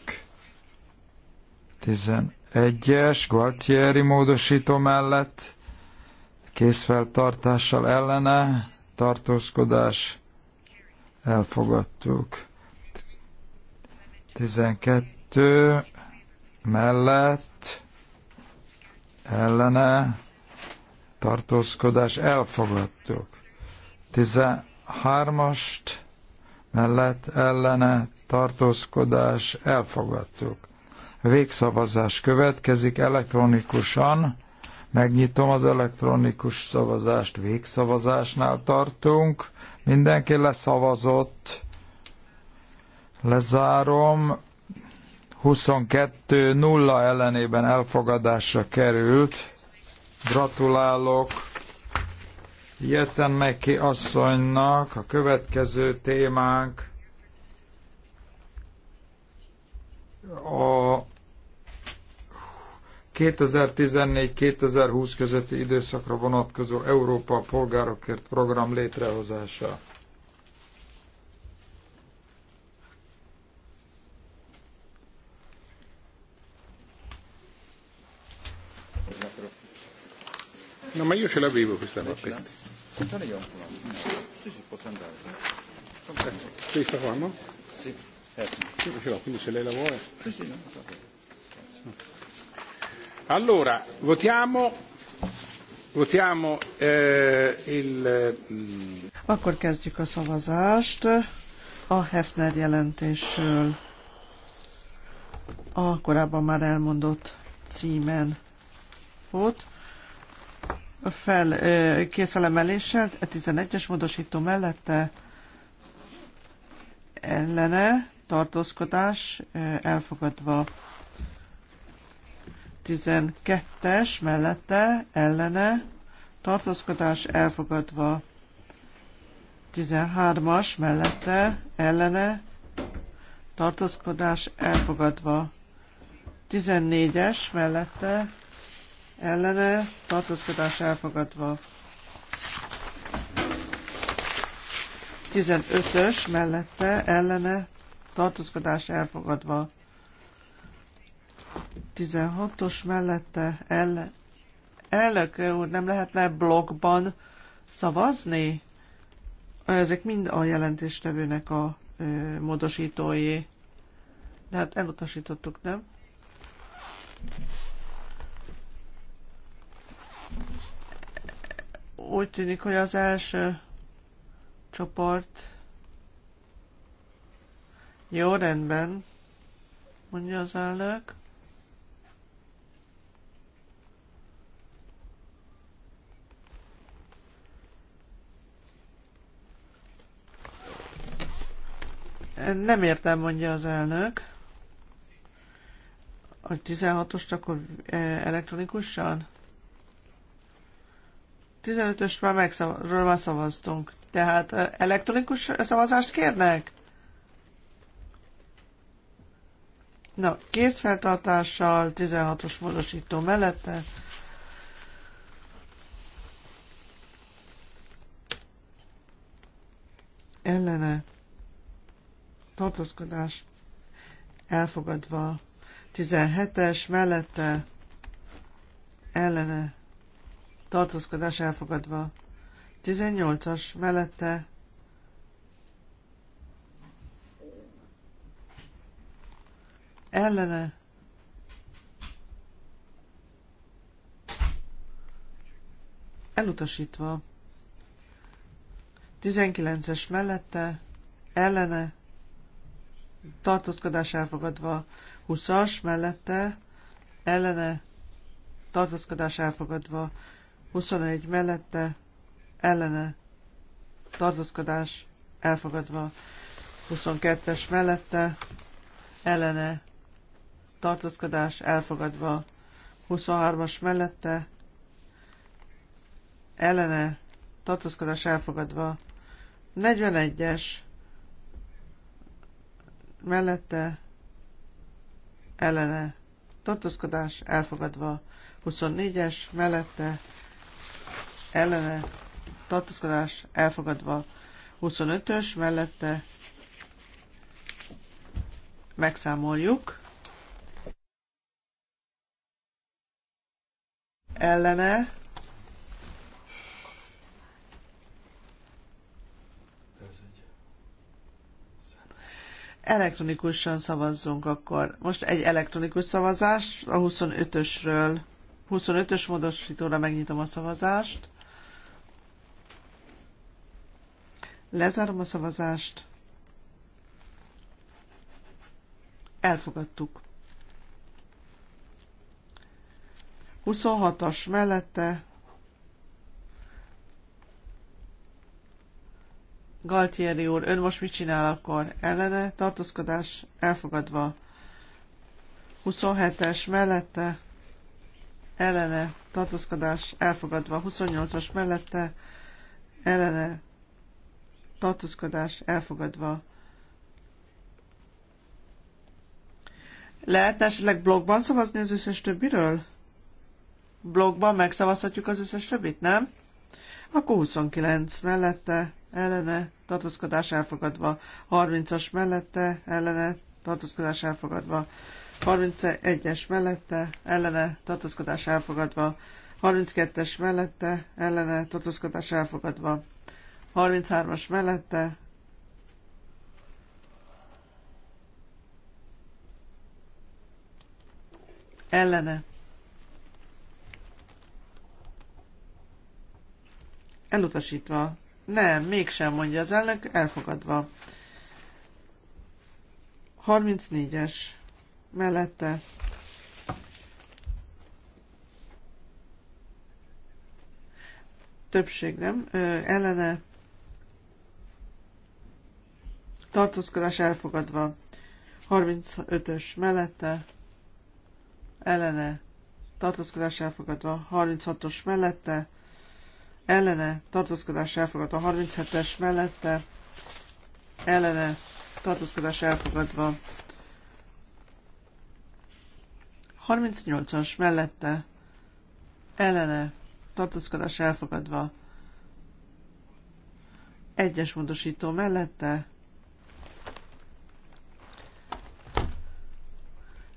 11-es Gualtieri módosító mellett készfeltartással ellene tartózkodás elfogadtuk. 12 mellett ellene tartózkodás elfogadtuk. 13-ast mellett ellene tartózkodás elfogadtuk. Végszavazás következik elektronikusan. Megnyitom az elektronikus szavazást, végszavazásnál tartunk. Mindenki leszavazott. Lezárom. 22 nulla ellenében elfogadásra került. Gratulálok Jeten Meki asszonynak. A következő témánk a 2014-2020 közötti időszakra vonatkozó Európa polgárokért program létrehozása. No, ma io ce l'avevo questa mappetta. Questa qua, no? Sì, certo. Ce l'ho, quindi se lei la vuole. Sì, sì, no, Allora, votiamo, votiamo eh, il... Mm. Akkor kezdjük a szavazást a Hefner jelentésről. A korábban már elmondott címen volt. Fel, eh, készfelemeléssel, 11-es módosító mellette ellene tartózkodás elfogadva 12-es mellette ellene tartózkodás elfogadva. 13-as mellette ellene tartózkodás elfogadva. 14-es mellette ellene tartózkodás elfogadva. 15-ös mellette ellene tartózkodás elfogadva. 16-os mellette el, elnök úr, nem lehetne blogban szavazni? Ezek mind a jelentéstevőnek a ö, módosítói. De hát elutasítottuk, nem? Úgy tűnik, hogy az első csoport. Jó, rendben, mondja az elnök. Nem értem, mondja az elnök. A 16 os akkor e, elektronikusan? 15-ös már megszavaztunk, már szavaztunk. Tehát e, elektronikus szavazást kérnek? Na, kézfeltartással, 16-os módosító mellette. Ellene tartózkodás elfogadva. 17-es mellette ellene tartózkodás elfogadva. 18-as mellette ellene elutasítva. 19-es mellette ellene tartózkodás elfogadva 20-as mellette, ellene tartózkodás elfogadva 21 mellette, ellene tartózkodás elfogadva 22-es mellette, ellene tartózkodás elfogadva 23-as mellette, ellene tartózkodás elfogadva 41-es mellette ellene tartózkodás elfogadva. 24-es mellette ellene tartózkodás elfogadva. 25-ös mellette megszámoljuk. Ellene Elektronikusan szavazzunk akkor. Most egy elektronikus szavazás a 25-ösről. 25-ös módosítóra megnyitom a szavazást. Lezárom a szavazást. Elfogadtuk. 26-as mellette Galtieri úr, ön most mit csinál akkor? Ellene tartózkodás elfogadva. 27-es mellette ellene tartózkodás elfogadva. 28-as mellette ellene tartózkodás elfogadva. Lehetne esetleg blogban szavazni az összes többiről? Blogban megszavazhatjuk az összes többit, nem? Akkor 29 mellette ellene tartózkodás elfogadva, 30-as mellette ellene tartózkodás elfogadva, 31-es mellette ellene tartózkodás elfogadva, 32-es mellette ellene tartózkodás elfogadva, 33-as mellette ellene elutasítva nem, mégsem mondja az elnök, elfogadva. 34-es mellette. Többség nem, ö, ellene. Tartózkodás elfogadva. 35-ös mellette. Ellene. Tartózkodás elfogadva. 36-os mellette ellene tartózkodás elfogadva, 37-es mellette ellene tartózkodás elfogadva, 38-as mellette ellene tartózkodás elfogadva, egyes módosító mellette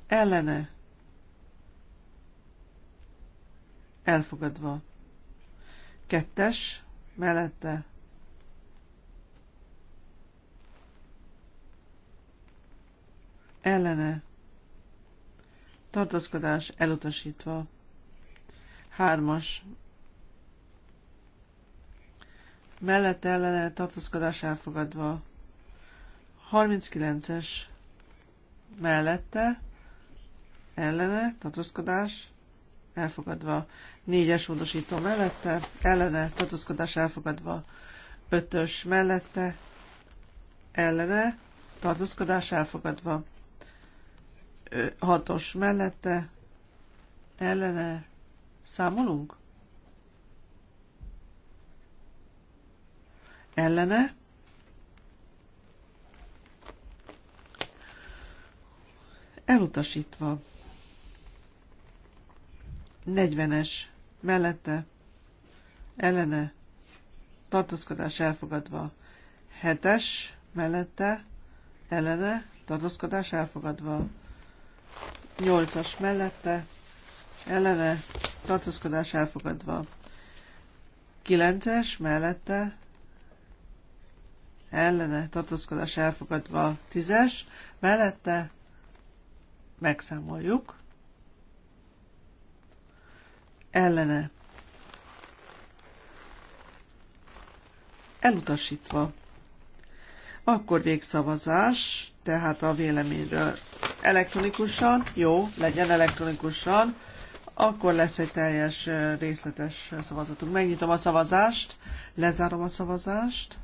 ellene elfogadva. Kettes mellette. Ellene. tartozkodás elutasítva. Hármas. Mellette ellene tartozkodás elfogadva. 39-es mellette ellene tartozkodás elfogadva. Négyes módosító mellette, ellene, tartózkodás elfogadva. Ötös mellette, ellene, tartózkodás elfogadva. Hatos mellette, ellene, számolunk? Ellene, elutasítva. 40-es mellette ellene tartózkodás elfogadva. 7-es mellette ellene tartózkodás elfogadva. 8-as mellette ellene tartózkodás elfogadva. 9-es mellette ellene tartózkodás elfogadva. 10-es mellette megszámoljuk ellene elutasítva. Akkor végszavazás, tehát a véleményről elektronikusan, jó, legyen elektronikusan, akkor lesz egy teljes részletes szavazatunk. Megnyitom a szavazást, lezárom a szavazást.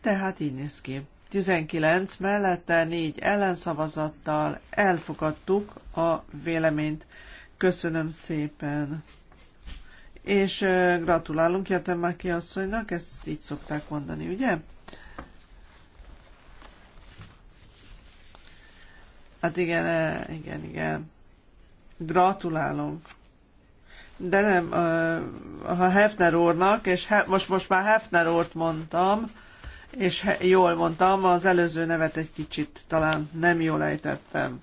Tehát így néz ki. 19 mellette, 4 ellenszavazattal elfogadtuk a véleményt. Köszönöm szépen! És gratulálunk Jatemaki asszonynak, ezt így szokták mondani, ugye? Hát igen, igen, igen. Gratulálunk. De nem, a Hefner úrnak, és most, most már Hefner úrt mondtam, és jól mondtam, az előző nevet egy kicsit talán nem jól ejtettem.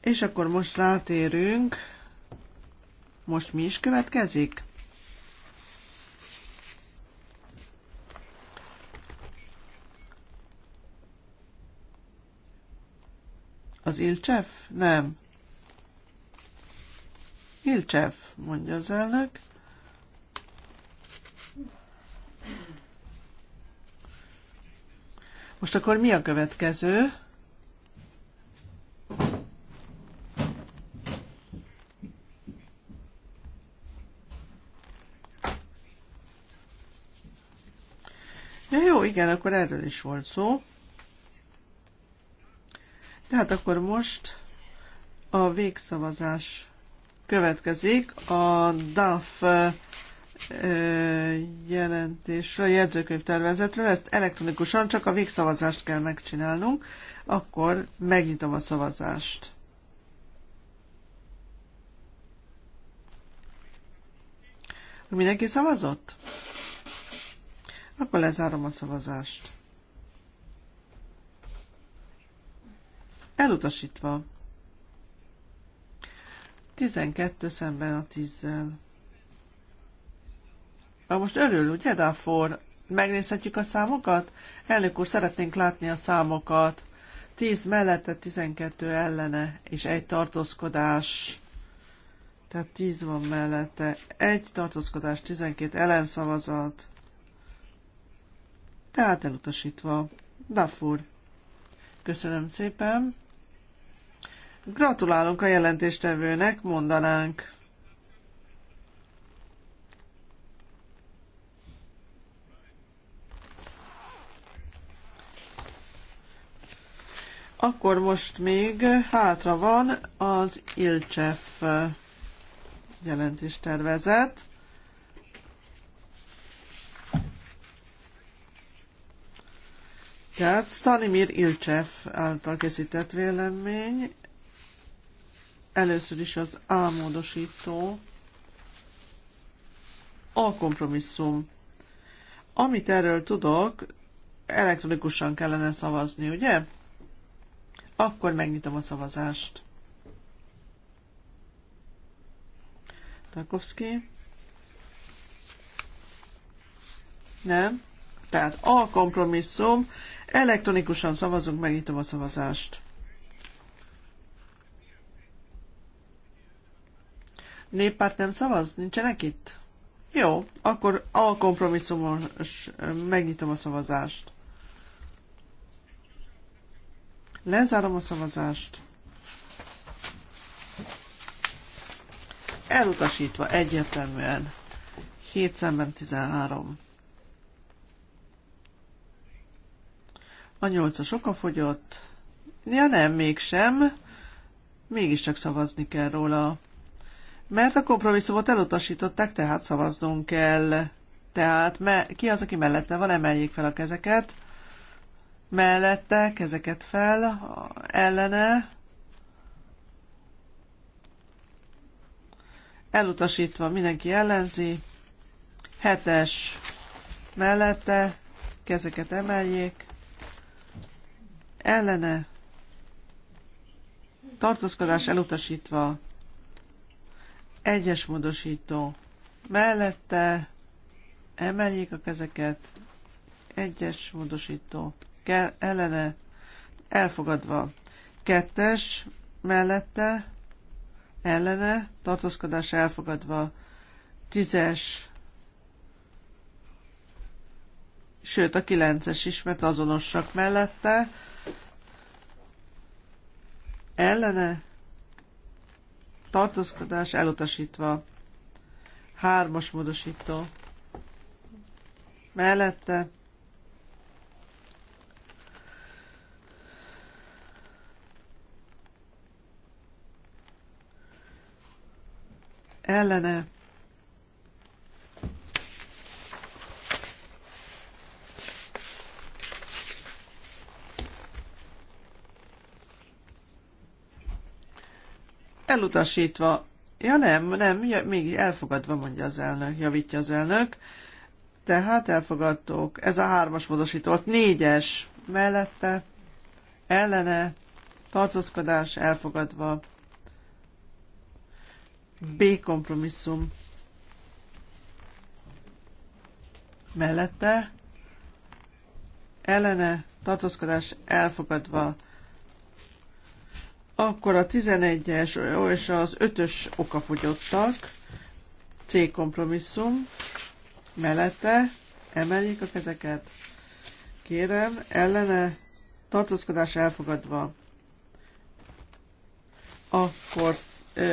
És akkor most rátérünk. Most mi is következik? Az Ilcsef? Nem. Ilcsef, mondja az elnök. Most akkor mi a következő? Ja, jó, igen, akkor erről is volt szó. Tehát akkor most a végszavazás következik a DAF jelentésről, jegyzőkönyvtervezetről, ezt elektronikusan csak a végszavazást kell megcsinálnunk, akkor megnyitom a szavazást. Mindenki szavazott? Akkor lezárom a szavazást. Elutasítva. 12 szemben a 10-zel. Na most örül, ugye, Dafor? Megnézhetjük a számokat? Elnök úr, szeretnénk látni a számokat. 10 mellette, 12 ellene, és egy tartózkodás. Tehát 10 van mellette. Egy tartózkodás, 12 ellenszavazat. Tehát elutasítva. Dafur. Köszönöm szépen. Gratulálunk a jelentéstevőnek, mondanánk. Akkor most még hátra van az Ilcsef tervezet. Tehát Stanimir Ilcsef által készített vélemény. Először is az álmodosító a kompromisszum. Amit erről tudok, elektronikusan kellene szavazni, ugye? Akkor megnyitom a szavazást. Tarkovsky. Nem. Tehát a kompromisszum. Elektronikusan szavazunk, megnyitom a szavazást. Néppárt nem szavaz? Nincsenek itt? Jó, akkor a kompromisszumos megnyitom a szavazást. Lezárom a szavazást. Elutasítva egyértelműen. 7 szemben 13. A 8 soka fogyott. Ja nem, mégsem. Mégiscsak szavazni kell róla. Mert a kompromisszumot elutasították, tehát szavaznunk kell. Tehát me- ki az, aki mellette van, emeljék fel a kezeket mellette, kezeket fel, ellene, elutasítva, mindenki ellenzi, hetes mellette, kezeket emeljék, ellene, tartózkodás elutasítva, egyes módosító, mellette, emeljék a kezeket, egyes módosító, ellene elfogadva. Kettes mellette ellene tartózkodás elfogadva. Tízes sőt a kilences is, mert azonosak mellette ellene tartózkodás elutasítva. Hármas módosító. Mellette ellene Elutasítva. Ja nem, nem, még elfogadva, mondja az elnök, javítja az elnök. Tehát elfogadtok. Ez a hármas módosított. Négyes mellette, ellene, tartózkodás elfogadva. B kompromisszum mellette ellene tartózkodás elfogadva. Akkor a 11-es és az 5-ös fogyottak. C kompromisszum mellette emeljék a kezeket. Kérem, ellene tartózkodás elfogadva. Akkor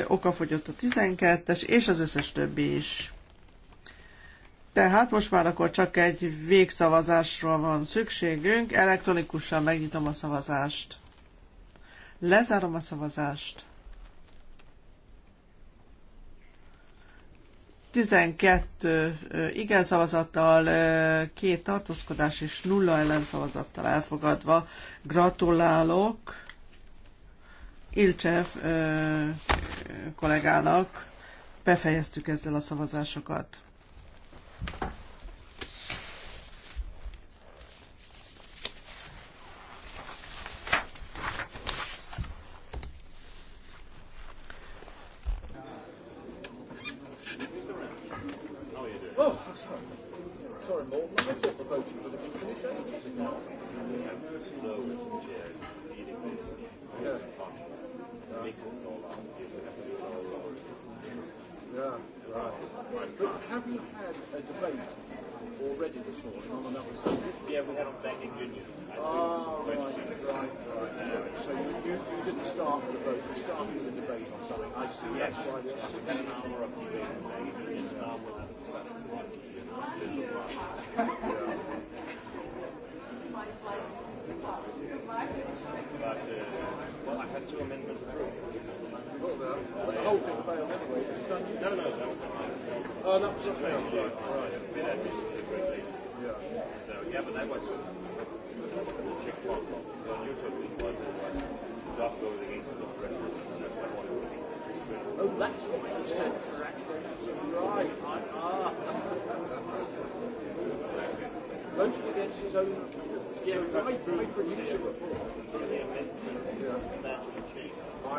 okafogyott a 12-es, és az összes többi is. Tehát most már akkor csak egy végszavazásra van szükségünk. Elektronikusan megnyitom a szavazást. Lezárom a szavazást. 12 igen szavazattal, két tartózkodás és nulla ellen szavazattal elfogadva. Gratulálok! Ilcsev kollégának. Befejeztük ezzel a szavazásokat. tudom menni.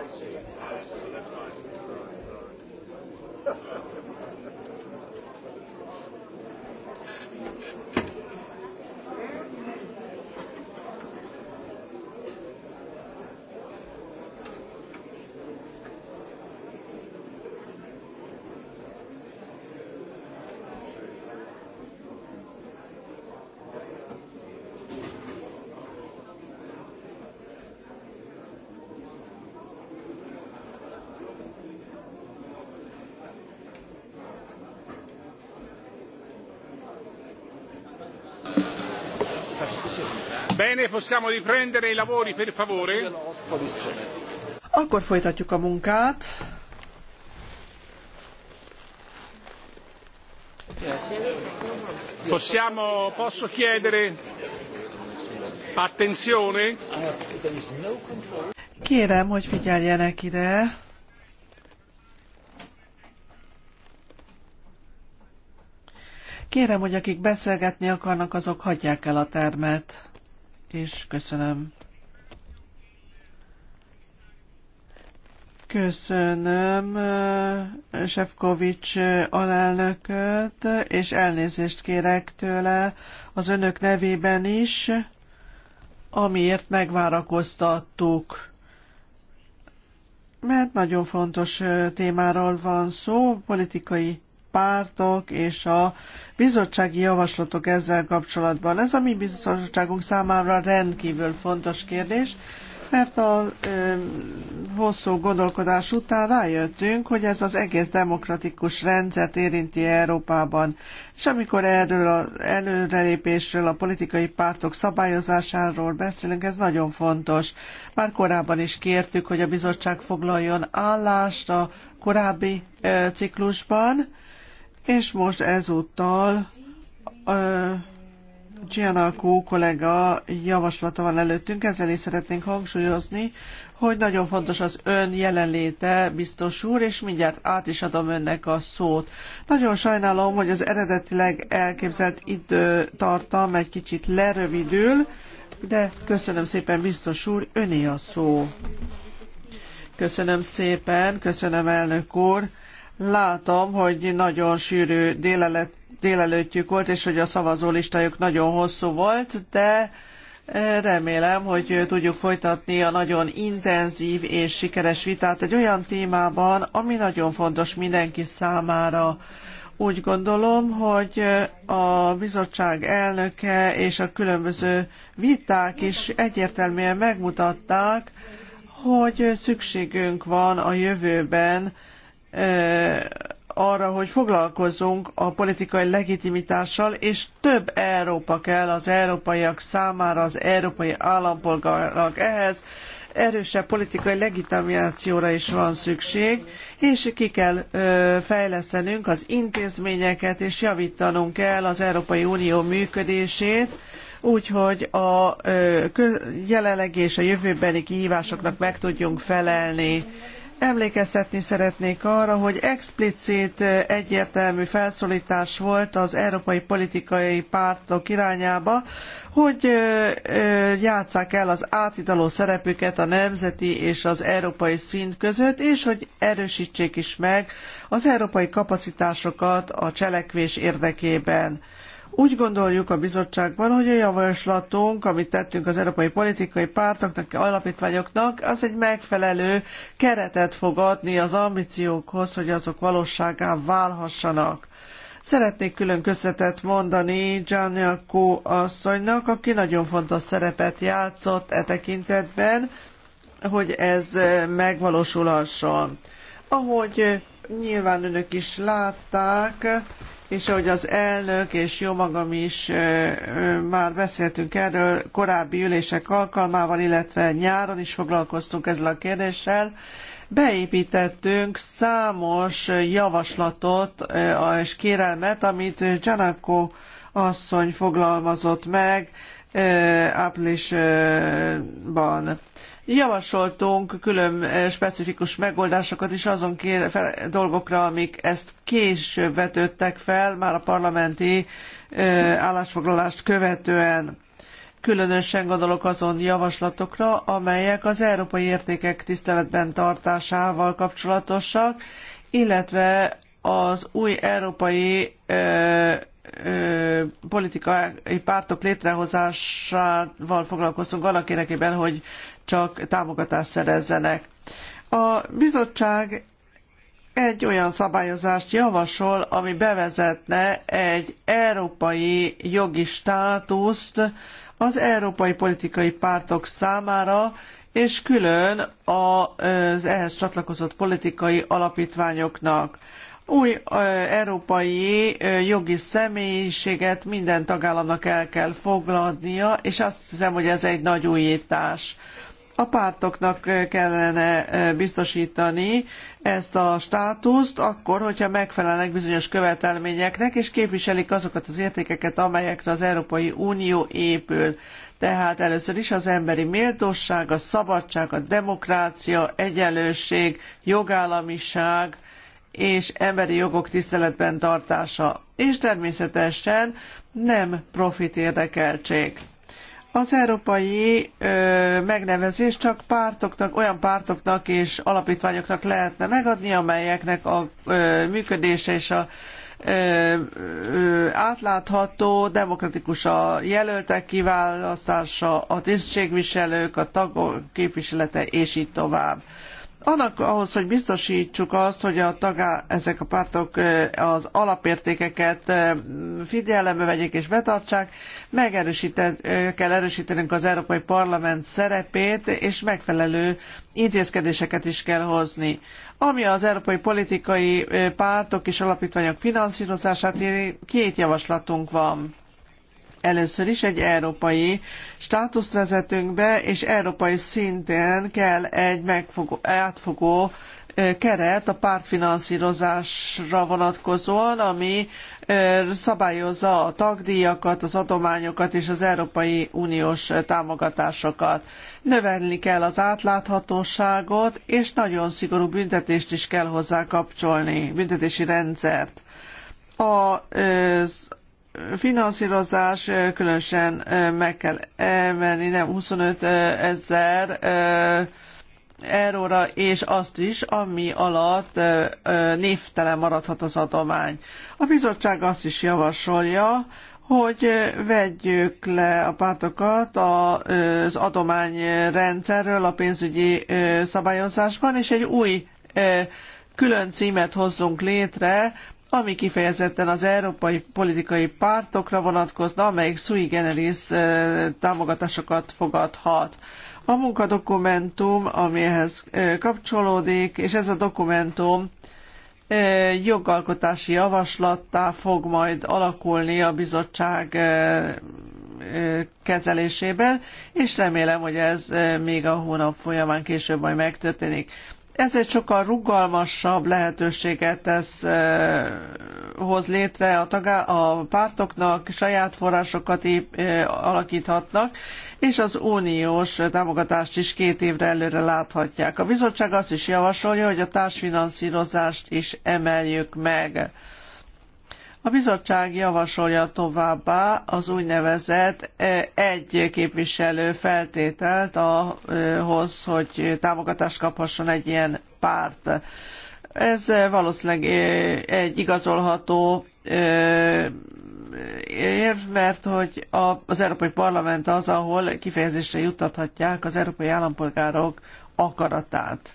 I see. I see. That's fine. Bene, possiamo riprendere i lavori, per favore. Akkor folytatjuk a munkát. Possiamo, posso chiedere attenzione? Kérem, hogy figyeljenek ide. Kérem, hogy akik beszélgetni akarnak, azok hagyják el a termet és köszönöm. Köszönöm eh, Sefkovics eh, alelnököt, és elnézést kérek tőle az önök nevében is, amiért megvárakoztattuk. Mert nagyon fontos eh, témáról van szó, politikai pártok és a bizottsági javaslatok ezzel kapcsolatban. Ez a mi bizottságunk számára rendkívül fontos kérdés, mert a ö, hosszú gondolkodás után rájöttünk, hogy ez az egész demokratikus rendszert érinti Európában. És amikor erről az előrelépésről, a politikai pártok szabályozásáról beszélünk, ez nagyon fontos. Már korábban is kértük, hogy a bizottság foglaljon állást a korábbi ö, eh, ciklusban, és most ezúttal ö, Gianakó kollega javaslata van előttünk, ezzel is szeretnénk hangsúlyozni, hogy nagyon fontos az ön jelenléte, biztos úr, és mindjárt át is adom önnek a szót. Nagyon sajnálom, hogy az eredetileg elképzelt időtartam egy kicsit lerövidül, de köszönöm szépen, biztos úr, öné a szó. Köszönöm szépen, köszönöm elnök úr. Látom, hogy nagyon sűrű délelet, délelőttjük volt, és hogy a szavazólistájuk nagyon hosszú volt, de e, remélem, hogy tudjuk folytatni a nagyon intenzív és sikeres vitát egy olyan témában, ami nagyon fontos mindenki számára. Úgy gondolom, hogy a bizottság elnöke és a különböző viták is egyértelműen megmutatták, hogy szükségünk van a jövőben arra, hogy foglalkozzunk a politikai legitimitással, és több Európa kell az európaiak számára, az európai állampolgárnak ehhez, erősebb politikai legitimációra is van szükség, és ki kell fejlesztenünk az intézményeket, és javítanunk kell az Európai Unió működését, úgyhogy a jelenlegi és a jövőbeni kihívásoknak meg tudjunk felelni Emlékeztetni szeretnék arra, hogy explicit eh, egyértelmű felszólítás volt az európai politikai pártok irányába, hogy eh, eh, játsszák el az átidaló szerepüket a nemzeti és az európai szint között, és hogy erősítsék is meg az európai kapacitásokat a cselekvés érdekében. Úgy gondoljuk a bizottságban, hogy a javaslatunk, amit tettünk az európai politikai pártoknak, alapítványoknak, az egy megfelelő keretet fog adni az ambíciókhoz, hogy azok valóságá válhassanak. Szeretnék külön köszönetet mondani Gianniaco asszonynak, aki nagyon fontos szerepet játszott e tekintetben, hogy ez megvalósulhasson. Ahogy nyilván önök is látták, és ahogy az elnök és jó magam is már beszéltünk erről korábbi ülések alkalmával, illetve nyáron is foglalkoztunk ezzel a kérdéssel, beépítettünk számos javaslatot és kérelmet, amit Gianakko asszony foglalmazott meg áprilisban. Javasoltunk külön eh, specifikus megoldásokat is azon kér, fel, dolgokra, amik ezt később vetődtek fel, már a parlamenti ö, eh, állásfoglalást követően. Különösen gondolok azon javaslatokra, amelyek az európai értékek tiszteletben tartásával kapcsolatosak, illetve az új európai ö, eh, ö, politikai pártok létrehozásával foglalkoztunk annak érdekében, hogy csak támogatást szerezzenek. A bizottság egy olyan szabályozást javasol, ami bevezetne egy európai jogi státuszt az európai politikai pártok számára, és külön az ehhez csatlakozott politikai alapítványoknak. Új európai jogi személyiséget minden tagállamnak el kell foglalnia, és azt hiszem, hogy ez egy nagy újítás a pártoknak kellene biztosítani ezt a státuszt akkor, hogyha megfelelnek bizonyos követelményeknek, és képviselik azokat az értékeket, amelyekre az Európai Unió épül. Tehát először is az emberi méltóság, a szabadság, a demokrácia, egyenlőség, jogállamiság, és emberi jogok tiszteletben tartása, és természetesen nem profit érdekeltség. Az európai ö, megnevezés csak pártoknak, olyan pártoknak és alapítványoknak lehetne megadni, amelyeknek a ö, működése és a átlátható, demokratikus a jelöltek kiválasztása, a tisztségviselők, a tagok képviselete, és így tovább. Annak ahhoz, hogy biztosítsuk azt, hogy a tagá, ezek a pártok az alapértékeket figyelembe vegyék és betartsák, kell erősítenünk az Európai Parlament szerepét, és megfelelő intézkedéseket is kell hozni. Ami az európai politikai pártok és alapítványok finanszírozását éri, két javaslatunk van először is egy európai státuszt vezetünk be, és európai szinten kell egy megfogó, átfogó keret a pártfinanszírozásra vonatkozóan, ami szabályozza a tagdíjakat, az adományokat és az Európai Uniós támogatásokat. Növelni kell az átláthatóságot, és nagyon szigorú büntetést is kell hozzá kapcsolni, büntetési rendszert. Az finanszírozás különösen meg kell emelni, nem 25 ezer euróra, és azt is, ami alatt névtelen maradhat az adomány. A bizottság azt is javasolja, hogy vegyük le a pártokat az adományrendszerről a pénzügyi szabályozásban, és egy új külön címet hozzunk létre, ami kifejezetten az európai politikai pártokra vonatkozna, amelyik sui generis támogatásokat fogadhat. A munkadokumentum, ami ehhez kapcsolódik, és ez a dokumentum jogalkotási javaslattá fog majd alakulni a bizottság kezelésében, és remélem, hogy ez még a hónap folyamán később majd megtörténik. Ez egy sokkal rugalmasabb lehetőséget ez eh, hoz létre a, tagá- a pártoknak, saját forrásokat épp, eh, alakíthatnak, és az uniós támogatást is két évre előre láthatják. A bizottság azt is javasolja, hogy a társfinanszírozást is emeljük meg. Eh, a bizottság javasolja továbbá az úgynevezett e, egy képviselő feltételt ahhoz, hogy támogatást kaphasson egy ilyen párt. Ez valószínűleg e, egy igazolható e, érv, mert hogy az Európai Parlament az, ahol kifejezésre juttathatják az európai állampolgárok akaratát.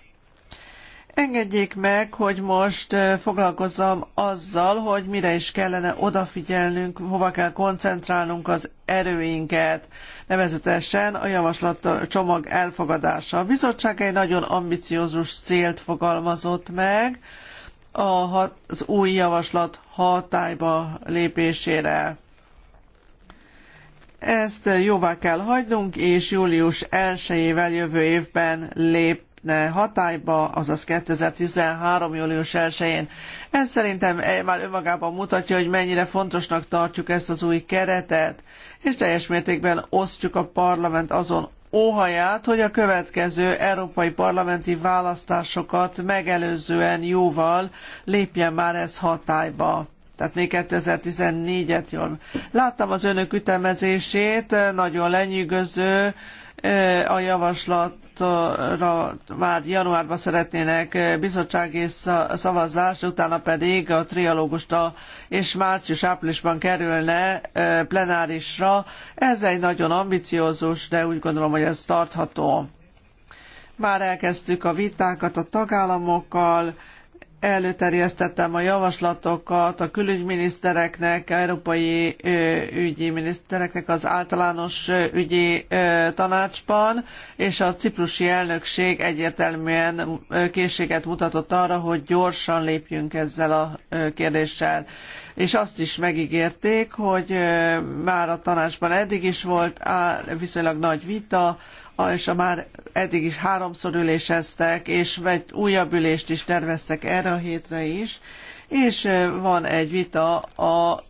Engedjék meg, hogy most foglalkozzam azzal, hogy mire is kellene odafigyelnünk, hova kell koncentrálnunk az erőinket, nevezetesen a javaslat csomag elfogadása. A bizottság egy nagyon ambiciózus célt fogalmazott meg az új javaslat hatályba lépésére. Ezt jóvá kell hagynunk, és július 1-ével jövő évben lép lépne hatályba, azaz 2013. július 1-én. Ez szerintem eh, már önmagában mutatja, hogy mennyire fontosnak tartjuk ezt az új keretet, és teljes mértékben osztjuk a parlament azon óhaját, hogy a következő európai parlamenti választásokat megelőzően jóval lépjen már ez hatályba tehát még 2014-et jól. Láttam az önök ütemezését, nagyon lenyűgöző, E, a javaslatra már januárban szeretnének e, bizottsági szavazást, utána pedig a trialógusta és március-áprilisban kerülne e, plenárisra. Ez egy nagyon ambiciózus, de úgy gondolom, hogy ez tartható. Már elkezdtük a vitákat a tagállamokkal, előterjesztettem a javaslatokat a külügyminisztereknek, a európai ügyi minisztereknek az általános ügyi tanácsban, és a ciprusi elnökség egyértelműen készséget mutatott arra, hogy gyorsan lépjünk ezzel a kérdéssel. És azt is megígérték, hogy már a tanácsban eddig is volt viszonylag nagy vita, és a már eddig is háromszor üléseztek, és egy újabb ülést is terveztek erre a hétre is, és van egy vita a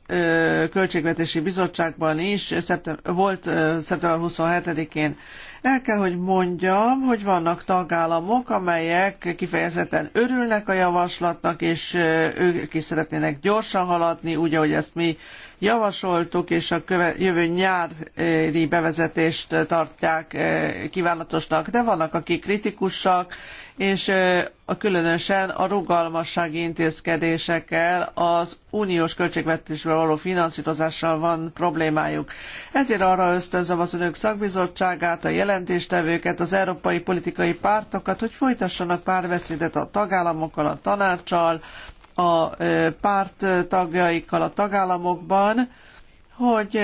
Költségvetési Bizottságban is, szeptem, volt szeptember 27-én el kell, hogy mondjam, hogy vannak tagállamok, amelyek kifejezetten örülnek a javaslatnak, és ők is szeretnének gyorsan haladni, úgy, ahogy ezt mi javasoltuk, és a köve- jövő nyári bevezetést tartják kívánatosnak, de vannak, akik kritikusak, és a különösen a rugalmassági intézkedésekkel az uniós költségvetésből való finanszírozással van problémájuk. Ezért arra ösztönzöm az önök szakbizottságát, a jelentéstevőket, az európai politikai pártokat, hogy folytassanak párbeszédet a tagállamokkal, a tanácssal, a párt tagjaikkal a tagállamokban, hogy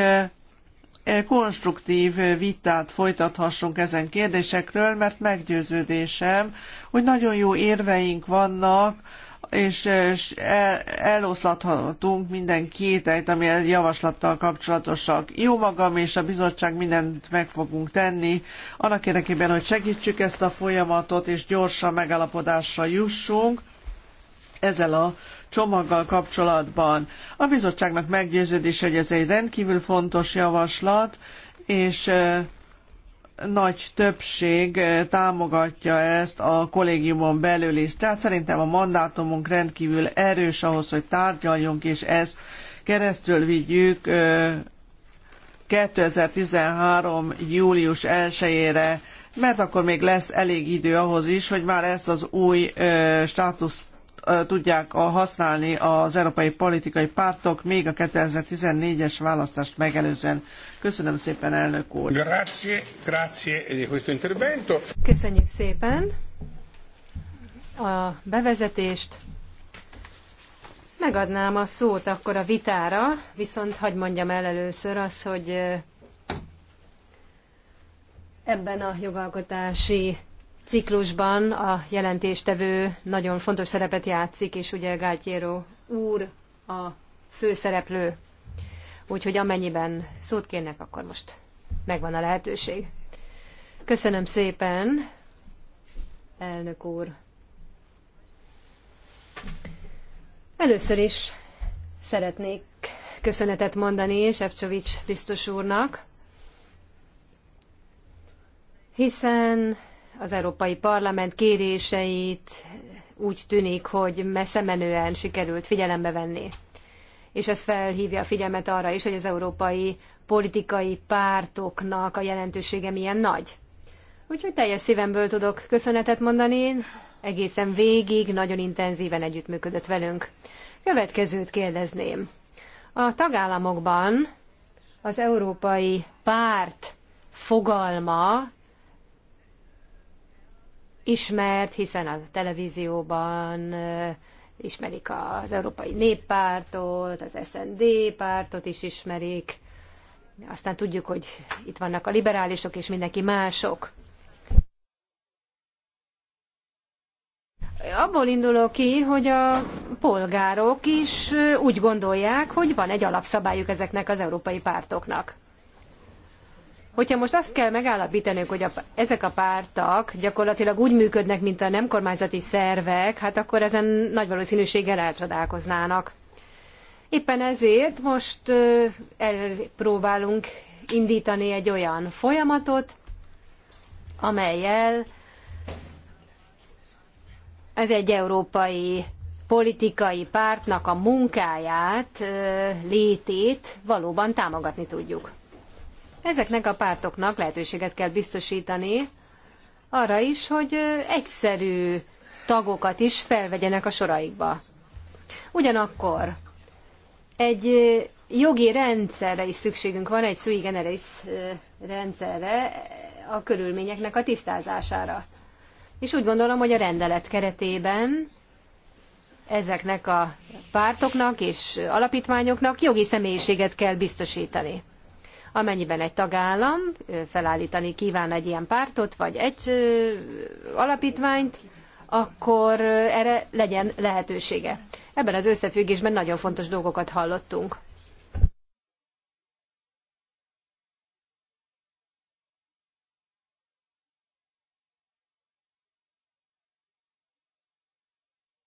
konstruktív vitát folytathassunk ezen kérdésekről, mert meggyőződésem, hogy nagyon jó érveink vannak, és eloszlathatunk minden kételyt, ami a javaslattal kapcsolatosak. Jó magam és a bizottság mindent meg fogunk tenni, annak érdekében, hogy segítsük ezt a folyamatot, és gyorsan megállapodásra jussunk ezzel a csomaggal kapcsolatban. A bizottságnak meggyőződés, hogy ez egy rendkívül fontos javaslat, és nagy többség támogatja ezt a kollégiumon belül is. Tehát szerintem a mandátumunk rendkívül erős ahhoz, hogy tárgyaljunk, és ezt keresztül vigyük 2013. július 1-ére, mert akkor még lesz elég idő ahhoz is, hogy már ezt az új státuszt tudják használni az európai politikai pártok még a 2014-es választást megelőzően. Köszönöm szépen, elnök úr! Grazie, grazie di questo intervento. Köszönjük szépen a bevezetést. Megadnám a szót akkor a vitára, viszont hagyd mondjam el először az, hogy ebben a jogalkotási ciklusban a jelentéstevő nagyon fontos szerepet játszik, és ugye Gáltyéró úr a főszereplő. Úgyhogy amennyiben szót kérnek, akkor most megvan a lehetőség. Köszönöm szépen, elnök úr. Először is szeretnék köszönetet mondani Sefcsovics biztos úrnak, hiszen az Európai Parlament kéréseit úgy tűnik, hogy messze menően sikerült figyelembe venni. És ez felhívja a figyelmet arra is, hogy az európai politikai pártoknak a jelentősége milyen nagy. Úgyhogy teljes szívemből tudok köszönetet mondani. Egészen végig nagyon intenzíven együttműködött velünk. Következőt kérdezném. A tagállamokban az európai párt fogalma ismert, hiszen a televízióban ismerik az Európai Néppártot, az SND pártot is ismerik. Aztán tudjuk, hogy itt vannak a liberálisok és mindenki mások. Abból indulok ki, hogy a polgárok is úgy gondolják, hogy van egy alapszabályuk ezeknek az európai pártoknak. Hogyha most azt kell megállapítanunk, hogy a, ezek a pártak gyakorlatilag úgy működnek, mint a nem kormányzati szervek, hát akkor ezen nagy valószínűséggel elcsodálkoznának. Éppen ezért most elpróbálunk indítani egy olyan folyamatot, amelyel ez egy európai politikai pártnak a munkáját, létét valóban támogatni tudjuk. Ezeknek a pártoknak lehetőséget kell biztosítani arra is, hogy egyszerű tagokat is felvegyenek a soraikba. Ugyanakkor egy jogi rendszerre is szükségünk van, egy sui generis rendszerre, a körülményeknek a tisztázására. És úgy gondolom, hogy a rendelet keretében ezeknek a pártoknak és alapítványoknak jogi személyiséget kell biztosítani. Amennyiben egy tagállam felállítani kíván egy ilyen pártot, vagy egy alapítványt, akkor erre legyen lehetősége. Ebben az összefüggésben nagyon fontos dolgokat hallottunk.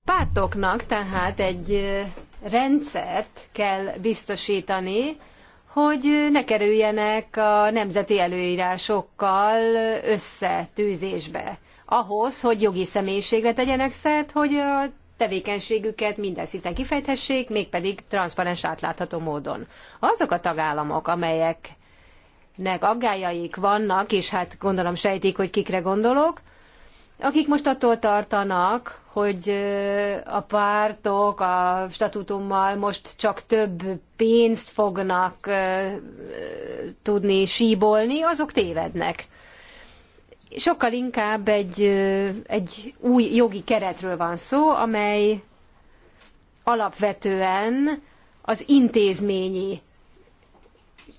pártoknak tehát egy rendszert kell biztosítani, hogy ne kerüljenek a nemzeti előírásokkal összetűzésbe. Ahhoz, hogy jogi személyiségre tegyenek szert, hogy a tevékenységüket minden szinten kifejthessék, mégpedig transzparens átlátható módon. Azok a tagállamok, amelyeknek aggájaik vannak, és hát gondolom sejtik, hogy kikre gondolok, akik most attól tartanak, hogy a pártok a statutummal most csak több pénzt fognak tudni síbolni, azok tévednek. Sokkal inkább egy, egy új jogi keretről van szó, amely alapvetően az intézményi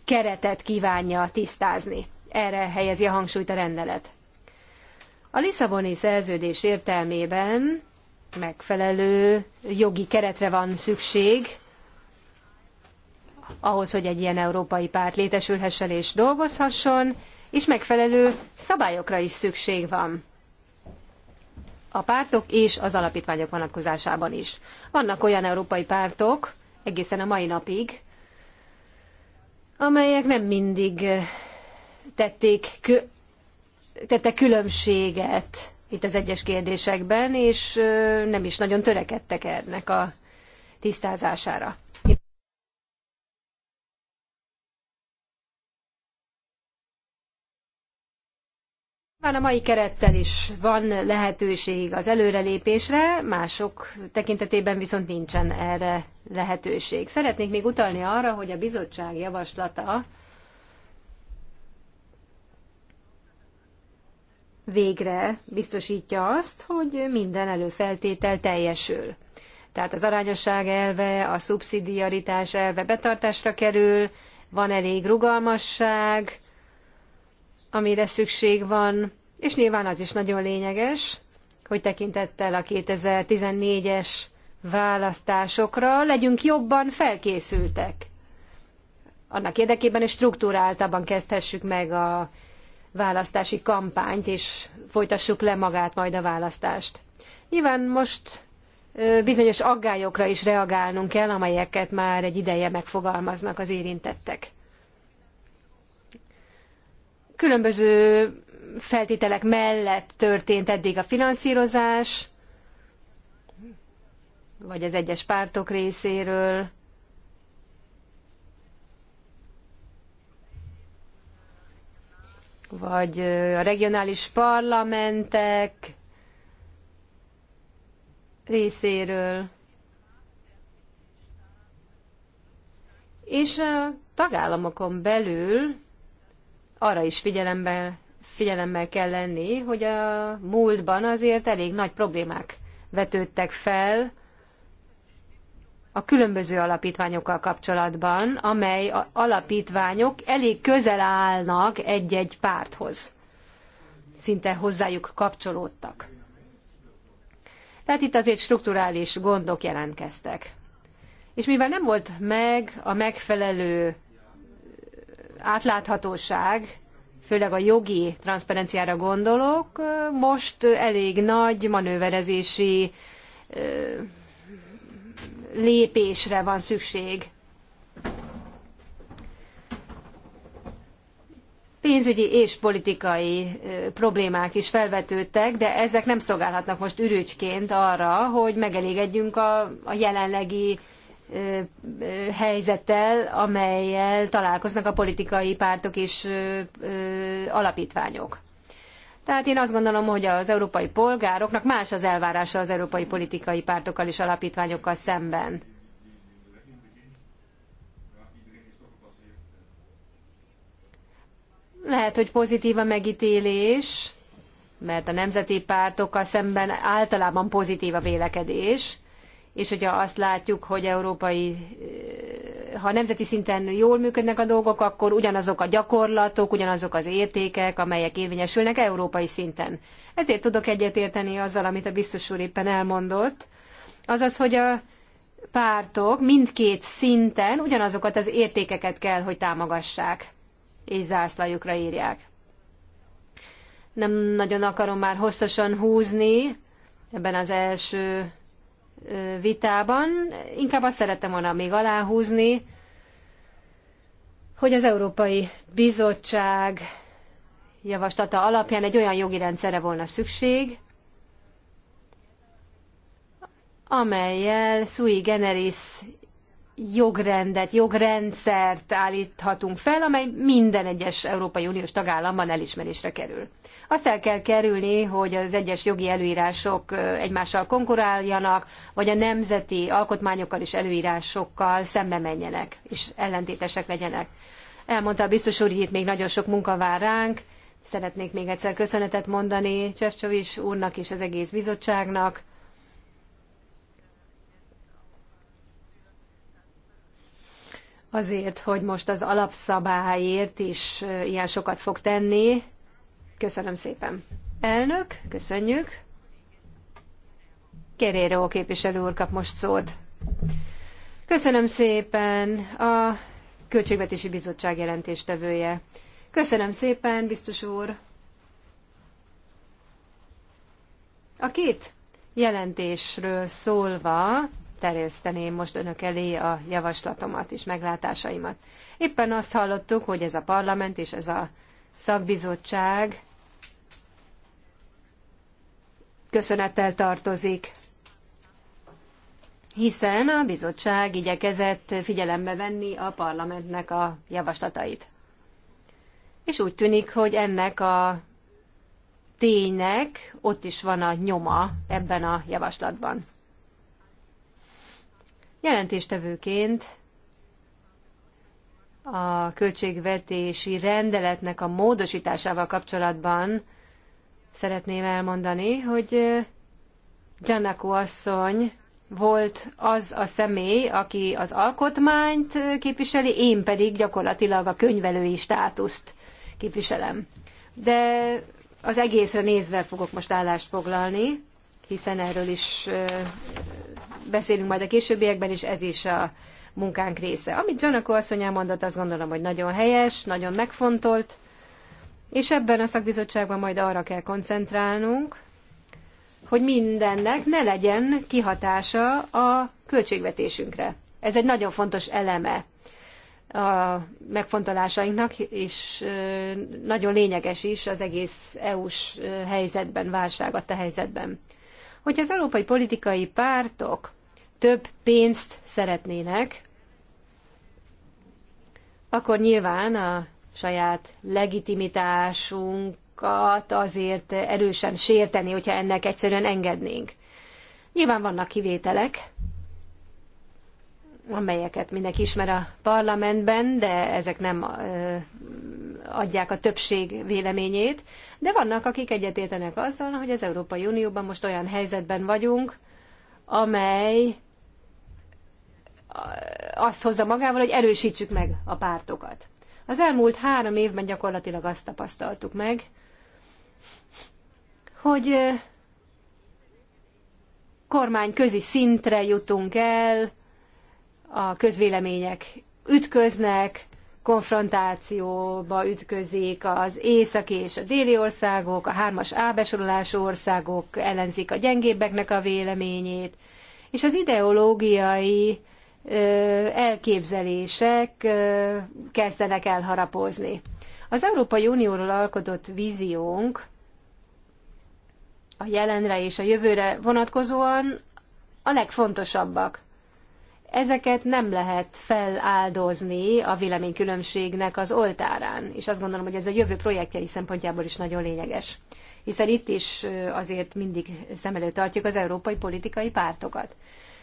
keretet kívánja tisztázni. Erre helyezi a hangsúlyt a rendelet. A Lisszaboni szerződés értelmében megfelelő jogi keretre van szükség ahhoz, hogy egy ilyen európai párt létesülhessen és dolgozhasson, és megfelelő szabályokra is szükség van a pártok és az alapítványok vonatkozásában is. Vannak olyan európai pártok, egészen a mai napig, amelyek nem mindig tették tette különbséget itt az egyes kérdésekben, és nem is nagyon törekedtek ennek a tisztázására. Már a mai kerettel is van lehetőség az előrelépésre, mások tekintetében viszont nincsen erre lehetőség. Szeretnék még utalni arra, hogy a bizottság javaslata végre biztosítja azt, hogy minden előfeltétel teljesül. Tehát az arányosság elve, a szubszidiaritás elve betartásra kerül, van elég rugalmasság, amire szükség van, és nyilván az is nagyon lényeges, hogy tekintettel a 2014-es választásokra legyünk jobban felkészültek. Annak érdekében, is struktúráltabban kezdhessük meg a választási kampányt, és folytassuk le magát majd a választást. Nyilván most bizonyos aggályokra is reagálnunk kell, amelyeket már egy ideje megfogalmaznak az érintettek. Különböző feltételek mellett történt eddig a finanszírozás, vagy az egyes pártok részéről, vagy a regionális parlamentek részéről, és a tagállamokon belül arra is figyelemmel, figyelemmel kell lenni, hogy a múltban azért elég nagy problémák vetődtek fel, a különböző alapítványokkal kapcsolatban, amely alapítványok elég közel állnak egy-egy párthoz. Szinte hozzájuk kapcsolódtak. Tehát itt azért strukturális gondok jelentkeztek. És mivel nem volt meg a megfelelő átláthatóság, főleg a jogi transzparenciára gondolok, most elég nagy manőverezési lépésre van szükség. Pénzügyi és politikai problémák is felvetődtek, de ezek nem szolgálhatnak most ürügyként arra, hogy megelégedjünk a, a jelenlegi helyzettel, amelyel találkoznak a politikai pártok és alapítványok. Tehát én azt gondolom, hogy az európai polgároknak más az elvárása az európai politikai pártokkal és alapítványokkal szemben. Lehet, hogy pozitív a megítélés, mert a nemzeti pártokkal szemben általában pozitív a vélekedés, és hogyha azt látjuk, hogy európai, eh, ha nemzeti szinten jól működnek a dolgok, akkor ugyanazok a gyakorlatok, ugyanazok az értékek, amelyek érvényesülnek európai szinten. Ezért tudok egyetérteni azzal, amit a biztos úr éppen elmondott, azaz, hogy a pártok mindkét szinten ugyanazokat az értékeket kell, hogy támogassák, és zászlajukra írják. Nem nagyon akarom már hosszasan húzni ebben az első vitában. Inkább azt szerettem volna még aláhúzni, hogy az Európai Bizottság javaslata alapján egy olyan jogi rendszerre volna szükség, amelyel sui generis jogrendet, jogrendszert állíthatunk fel, amely minden egyes Európai Uniós tagállamban elismerésre kerül. Azt el kell kerülni, hogy az egyes jogi előírások egymással konkuráljanak, vagy a nemzeti alkotmányokkal és előírásokkal szembe menjenek, és ellentétesek legyenek. Elmondta a biztos úr, hogy itt még nagyon sok munka vár ránk. Szeretnék még egyszer köszönetet mondani Csefcsovics úrnak és az egész bizottságnak azért, hogy most az alapszabályért is ilyen sokat fog tenni. Köszönöm szépen. Elnök, köszönjük. Keréró képviselő úr kap most szót. Köszönöm szépen a Költségvetési Bizottság jelentéstevője. Köszönöm szépen, biztos úr. A két jelentésről szólva terjeszteném most önök elé a javaslatomat és meglátásaimat. Éppen azt hallottuk, hogy ez a parlament és ez a szakbizottság köszönettel tartozik, hiszen a bizottság igyekezett figyelembe venni a parlamentnek a javaslatait. És úgy tűnik, hogy ennek a ténynek ott is van a nyoma ebben a javaslatban. Jelentéstevőként a költségvetési rendeletnek a módosításával kapcsolatban szeretném elmondani, hogy Gianaco asszony volt az a személy, aki az alkotmányt képviseli, én pedig gyakorlatilag a könyvelői státuszt képviselem. De az egészre nézve fogok most állást foglalni, hiszen erről is beszélünk majd a későbbiekben, és ez is a munkánk része. Amit Janako asszony elmondott, azt gondolom, hogy nagyon helyes, nagyon megfontolt, és ebben a szakbizottságban majd arra kell koncentrálnunk, hogy mindennek ne legyen kihatása a költségvetésünkre. Ez egy nagyon fontos eleme a megfontolásainknak, és nagyon lényeges is az egész EU-s helyzetben, válságadta helyzetben. Hogy az európai politikai pártok több pénzt szeretnének, akkor nyilván a saját legitimitásunkat azért erősen sérteni, hogyha ennek egyszerűen engednénk. Nyilván vannak kivételek, amelyeket mindenki ismer a parlamentben, de ezek nem adják a többség véleményét, de vannak, akik egyetértenek azzal, hogy az Európai Unióban most olyan helyzetben vagyunk, amely azt hozza magával, hogy erősítsük meg a pártokat. Az elmúlt három évben gyakorlatilag azt tapasztaltuk meg, hogy kormányközi szintre jutunk el, a közvélemények ütköznek, konfrontációba ütközik az északi és a déli országok, a hármas ábesorolású országok ellenzik a gyengébbeknek a véleményét, és az ideológiai ö, elképzelések ö, kezdenek elharapozni. Az Európai Unióról alkotott víziónk a jelenre és a jövőre vonatkozóan a legfontosabbak ezeket nem lehet feláldozni a véleménykülönbségnek az oltárán, és azt gondolom, hogy ez a jövő projektjei szempontjából is nagyon lényeges. Hiszen itt is azért mindig szem előtt tartjuk az európai politikai pártokat.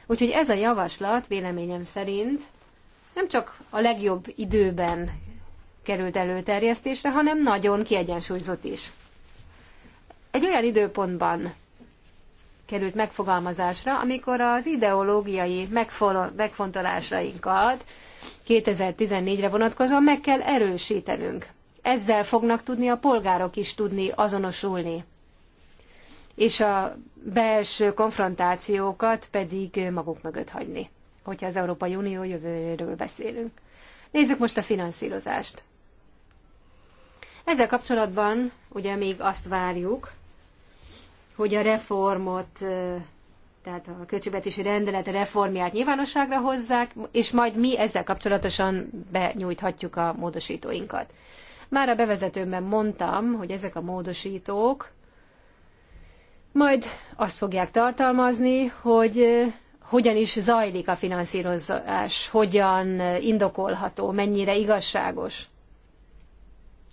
Úgyhogy ez a javaslat véleményem szerint nem csak a legjobb időben került előterjesztésre, hanem nagyon kiegyensúlyozott is. Egy olyan időpontban került megfogalmazásra, amikor az ideológiai megfontolásainkat 2014-re vonatkozóan meg kell erősítenünk. Ezzel fognak tudni a polgárok is tudni azonosulni. És a belső konfrontációkat pedig maguk mögött hagyni, hogyha az Európai Unió jövőjéről beszélünk. Nézzük most a finanszírozást. Ezzel kapcsolatban ugye még azt várjuk, hogy a reformot, tehát a költségvetési rendelet reformját nyilvánosságra hozzák, és majd mi ezzel kapcsolatosan benyújthatjuk a módosítóinkat. Már a bevezetőmben mondtam, hogy ezek a módosítók majd azt fogják tartalmazni, hogy hogyan is zajlik a finanszírozás, hogyan indokolható, mennyire igazságos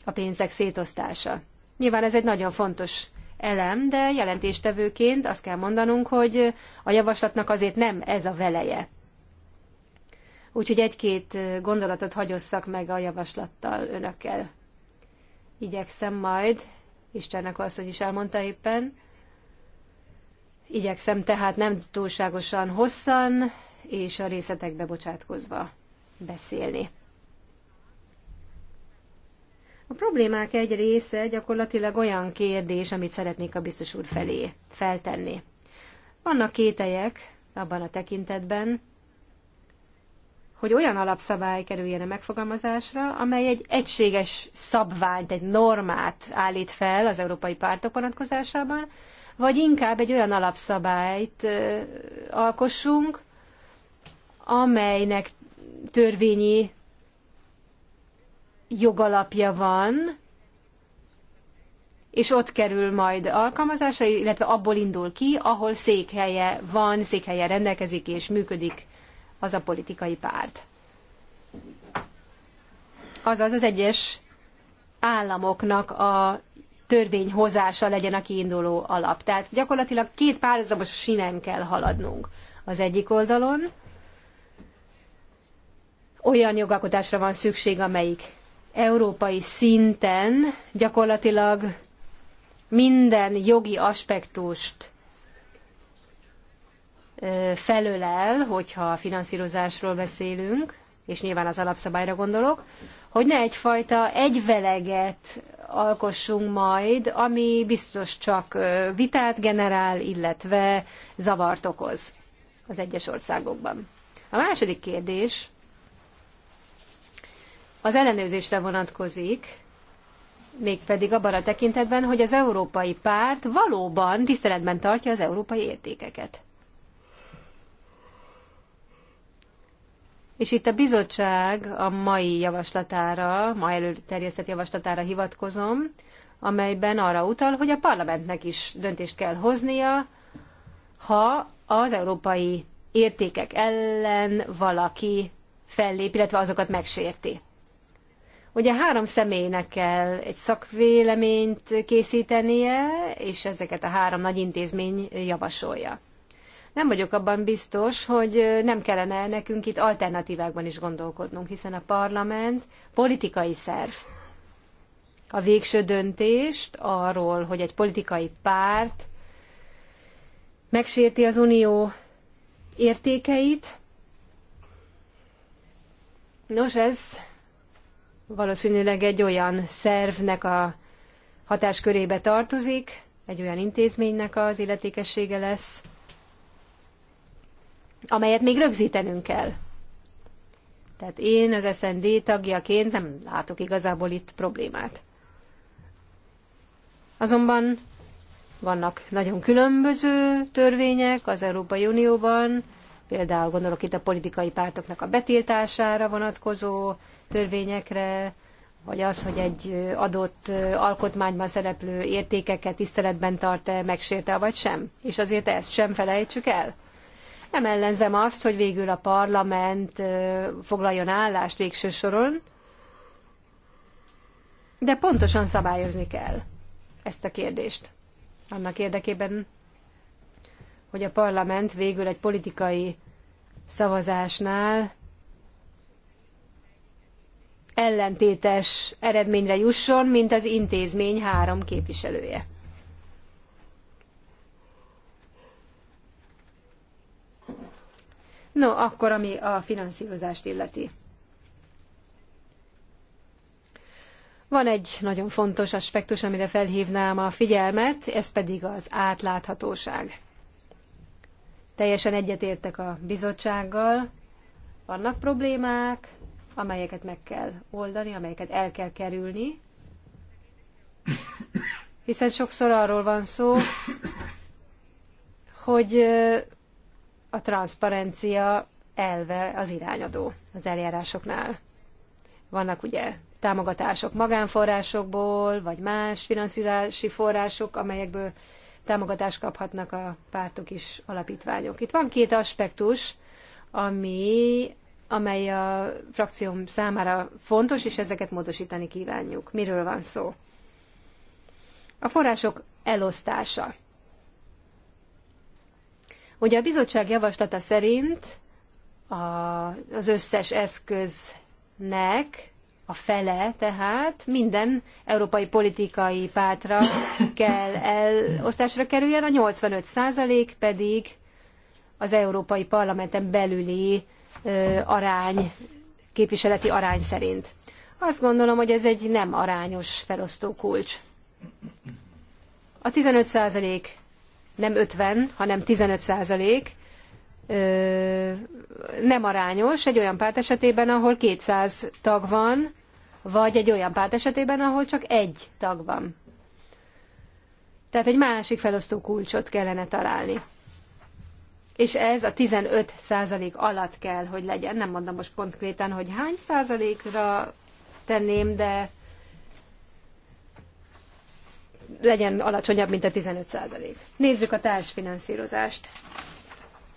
a pénzek szétosztása. Nyilván ez egy nagyon fontos elem, de jelentéstevőként azt kell mondanunk, hogy a javaslatnak azért nem ez a veleje. Úgyhogy egy-két gondolatot hagyosszak meg a javaslattal önökkel. Igyekszem majd, és az, hogy is elmondta éppen, igyekszem tehát nem túlságosan hosszan és a részletekbe bocsátkozva beszélni. A problémák egy része gyakorlatilag olyan kérdés, amit szeretnék a biztos úr felé feltenni. Vannak kételyek abban a tekintetben, hogy olyan alapszabály kerüljen a megfogalmazásra, amely egy egységes szabványt, egy normát állít fel az európai pártok vonatkozásában, vagy inkább egy olyan alapszabályt alkossunk, amelynek törvényi jogalapja van, és ott kerül majd alkalmazásra, illetve abból indul ki, ahol székhelye van, székhelye rendelkezik és működik az a politikai párt. Azaz az egyes államoknak a törvényhozása legyen a kiinduló alap. Tehát gyakorlatilag két párhuzamos sinen kell haladnunk. Az egyik oldalon olyan jogalkotásra van szükség, amelyik európai szinten gyakorlatilag minden jogi aspektust felölel, hogyha finanszírozásról beszélünk, és nyilván az alapszabályra gondolok, hogy ne egyfajta egyveleget alkossunk majd, ami biztos csak vitát generál, illetve zavart okoz az egyes országokban. A második kérdés, az ellenőrzésre vonatkozik, mégpedig abban a tekintetben, hogy az európai párt valóban tiszteletben tartja az európai értékeket. És itt a bizottság a mai javaslatára, ma előterjesztett javaslatára hivatkozom, amelyben arra utal, hogy a parlamentnek is döntést kell hoznia, ha az európai értékek ellen valaki fellép, illetve azokat megsérti. Ugye három személynek kell egy szakvéleményt készítenie, és ezeket a három nagy intézmény javasolja. Nem vagyok abban biztos, hogy nem kellene nekünk itt alternatívákban is gondolkodnunk, hiszen a parlament politikai szerv. A végső döntést arról, hogy egy politikai párt megsérti az unió értékeit, nos, ez valószínűleg egy olyan szervnek a hatáskörébe tartozik, egy olyan intézménynek az illetékessége lesz, amelyet még rögzítenünk kell. Tehát én az SND tagjaként nem látok igazából itt problémát. Azonban vannak nagyon különböző törvények az Európai Unióban, például gondolok itt a politikai pártoknak a betiltására vonatkozó törvényekre, vagy az, hogy egy adott alkotmányban szereplő értékeket tiszteletben tart-e, megsérte, vagy sem. És azért ezt sem felejtsük el. Nem ellenzem azt, hogy végül a parlament foglaljon állást végső soron, de pontosan szabályozni kell ezt a kérdést. Annak érdekében, hogy a parlament végül egy politikai szavazásnál ellentétes eredményre jusson, mint az intézmény három képviselője. No, akkor ami a finanszírozást illeti. Van egy nagyon fontos aspektus, amire felhívnám a figyelmet, ez pedig az átláthatóság. Teljesen egyetértek a bizottsággal, vannak problémák, amelyeket meg kell oldani, amelyeket el kell kerülni, hiszen sokszor arról van szó, hogy a transzparencia elve az irányadó az eljárásoknál. Vannak ugye támogatások magánforrásokból, vagy más finanszírozási források, amelyekből támogatást kaphatnak a pártok is, alapítványok. Itt van két aspektus, ami amely a frakcióm számára fontos, és ezeket módosítani kívánjuk. Miről van szó? A források elosztása. Ugye a bizottság javaslata szerint a, az összes eszköznek a fele, tehát minden európai politikai pártra kell elosztásra kerüljen, a 85 százalék pedig az Európai Parlamenten belüli arány, képviseleti arány szerint. Azt gondolom, hogy ez egy nem arányos felosztó kulcs. A 15 százalék nem 50, hanem 15 százalék nem arányos egy olyan párt esetében, ahol 200 tag van, vagy egy olyan párt esetében, ahol csak egy tag van. Tehát egy másik felosztó kulcsot kellene találni és ez a 15 százalék alatt kell, hogy legyen. Nem mondom most konkrétan, hogy hány százalékra tenném, de legyen alacsonyabb, mint a 15 százalék. Nézzük a társfinanszírozást.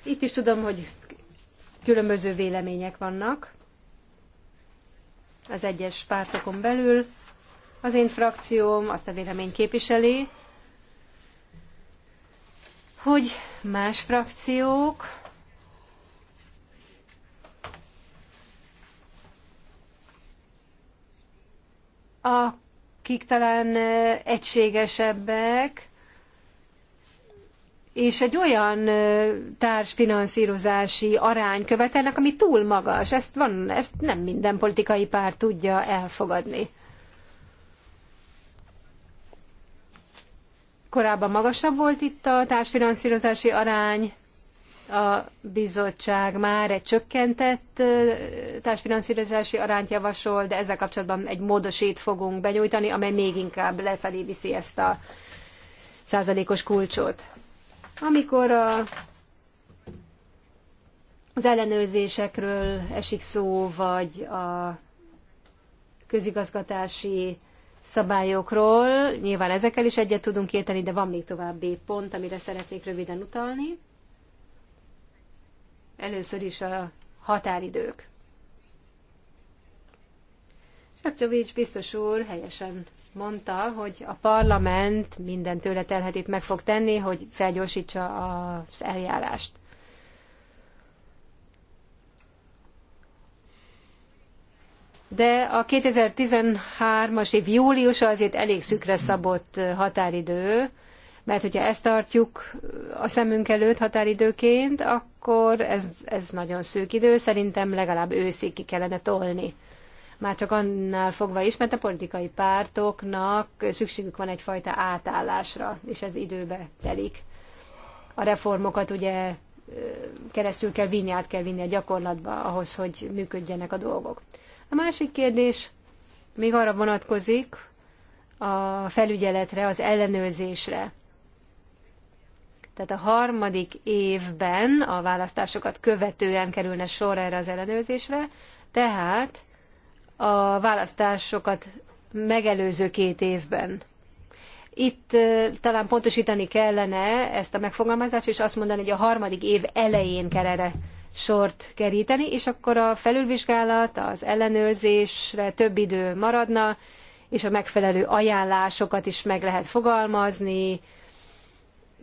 Itt is tudom, hogy különböző vélemények vannak az egyes pártokon belül. Az én frakcióm azt a vélemény képviseli, hogy más frakciók akik talán egységesebbek, és egy olyan társfinanszírozási arány követelnek, ami túl magas. Ezt, van, ezt nem minden politikai párt tudja elfogadni. Korábban magasabb volt itt a társfinanszírozási arány, a bizottság már egy csökkentett társfinanszírozási arányt javasol, de ezzel kapcsolatban egy módosít fogunk benyújtani, amely még inkább lefelé viszi ezt a százalékos kulcsot. Amikor a az ellenőrzésekről esik szó, vagy a közigazgatási szabályokról. Nyilván ezekkel is egyet tudunk érteni, de van még további pont, amire szeretnék röviden utalni. Először is a határidők. Sepcsovics biztos úr helyesen mondta, hogy a parlament minden tőle telhetét meg fog tenni, hogy felgyorsítsa az eljárást. de a 2013-as év júliusa azért elég szükre szabott határidő, mert hogyha ezt tartjuk a szemünk előtt határidőként, akkor ez, ez nagyon szűk idő, szerintem legalább őszig ki kellene tolni. Már csak annál fogva is, mert a politikai pártoknak szükségük van egyfajta átállásra, és ez időbe telik. A reformokat ugye keresztül kell vinni, át kell vinni a gyakorlatba ahhoz, hogy működjenek a dolgok. A másik kérdés még arra vonatkozik a felügyeletre, az ellenőrzésre. Tehát a harmadik évben a választásokat követően kerülne sor erre az ellenőrzésre, tehát a választásokat megelőző két évben. Itt talán pontosítani kellene ezt a megfogalmazást, és azt mondani, hogy a harmadik év elején kell erre sort keríteni, és akkor a felülvizsgálat, az ellenőrzésre több idő maradna, és a megfelelő ajánlásokat is meg lehet fogalmazni,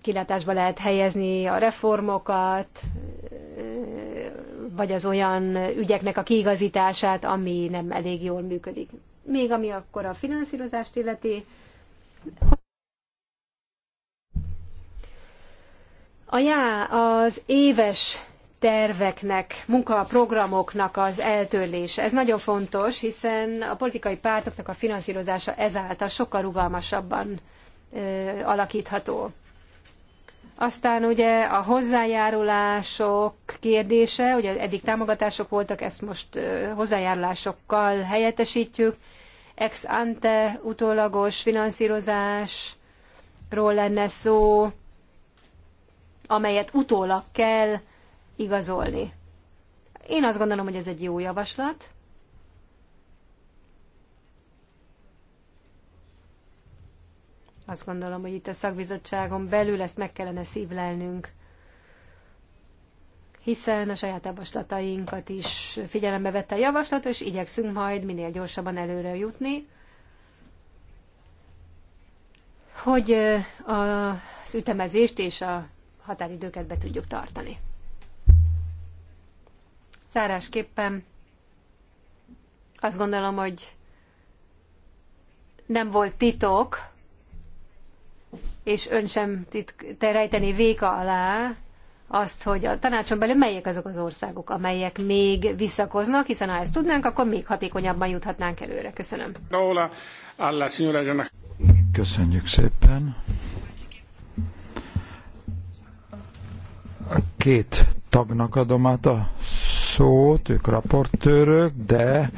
kilátásba lehet helyezni a reformokat, vagy az olyan ügyeknek a kiigazítását, ami nem elég jól működik. Még ami akkor a finanszírozást illeti, a já, az éves terveknek, munkaprogramoknak az eltörlése. Ez nagyon fontos, hiszen a politikai pártoknak a finanszírozása ezáltal sokkal rugalmasabban ö, alakítható. Aztán ugye a hozzájárulások kérdése, ugye eddig támogatások voltak, ezt most hozzájárulásokkal helyettesítjük, ex ante utólagos finanszírozásról lenne szó, amelyet utólag kell igazolni. Én azt gondolom, hogy ez egy jó javaslat. Azt gondolom, hogy itt a szakbizottságon belül ezt meg kellene szívlelnünk, hiszen a saját javaslatainkat is figyelembe vette a javaslat, és igyekszünk majd minél gyorsabban előre jutni, hogy az ütemezést és a határidőket be tudjuk tartani. Zárásképpen azt gondolom, hogy nem volt titok, és ön sem titk, te rejteni véka alá azt, hogy a tanácson belül melyek azok az országok, amelyek még visszakoznak, hiszen ha ezt tudnánk, akkor még hatékonyabban juthatnánk előre. Köszönöm. Köszönjük szépen. Két tagnak adom át a szót, ők raportőrök, de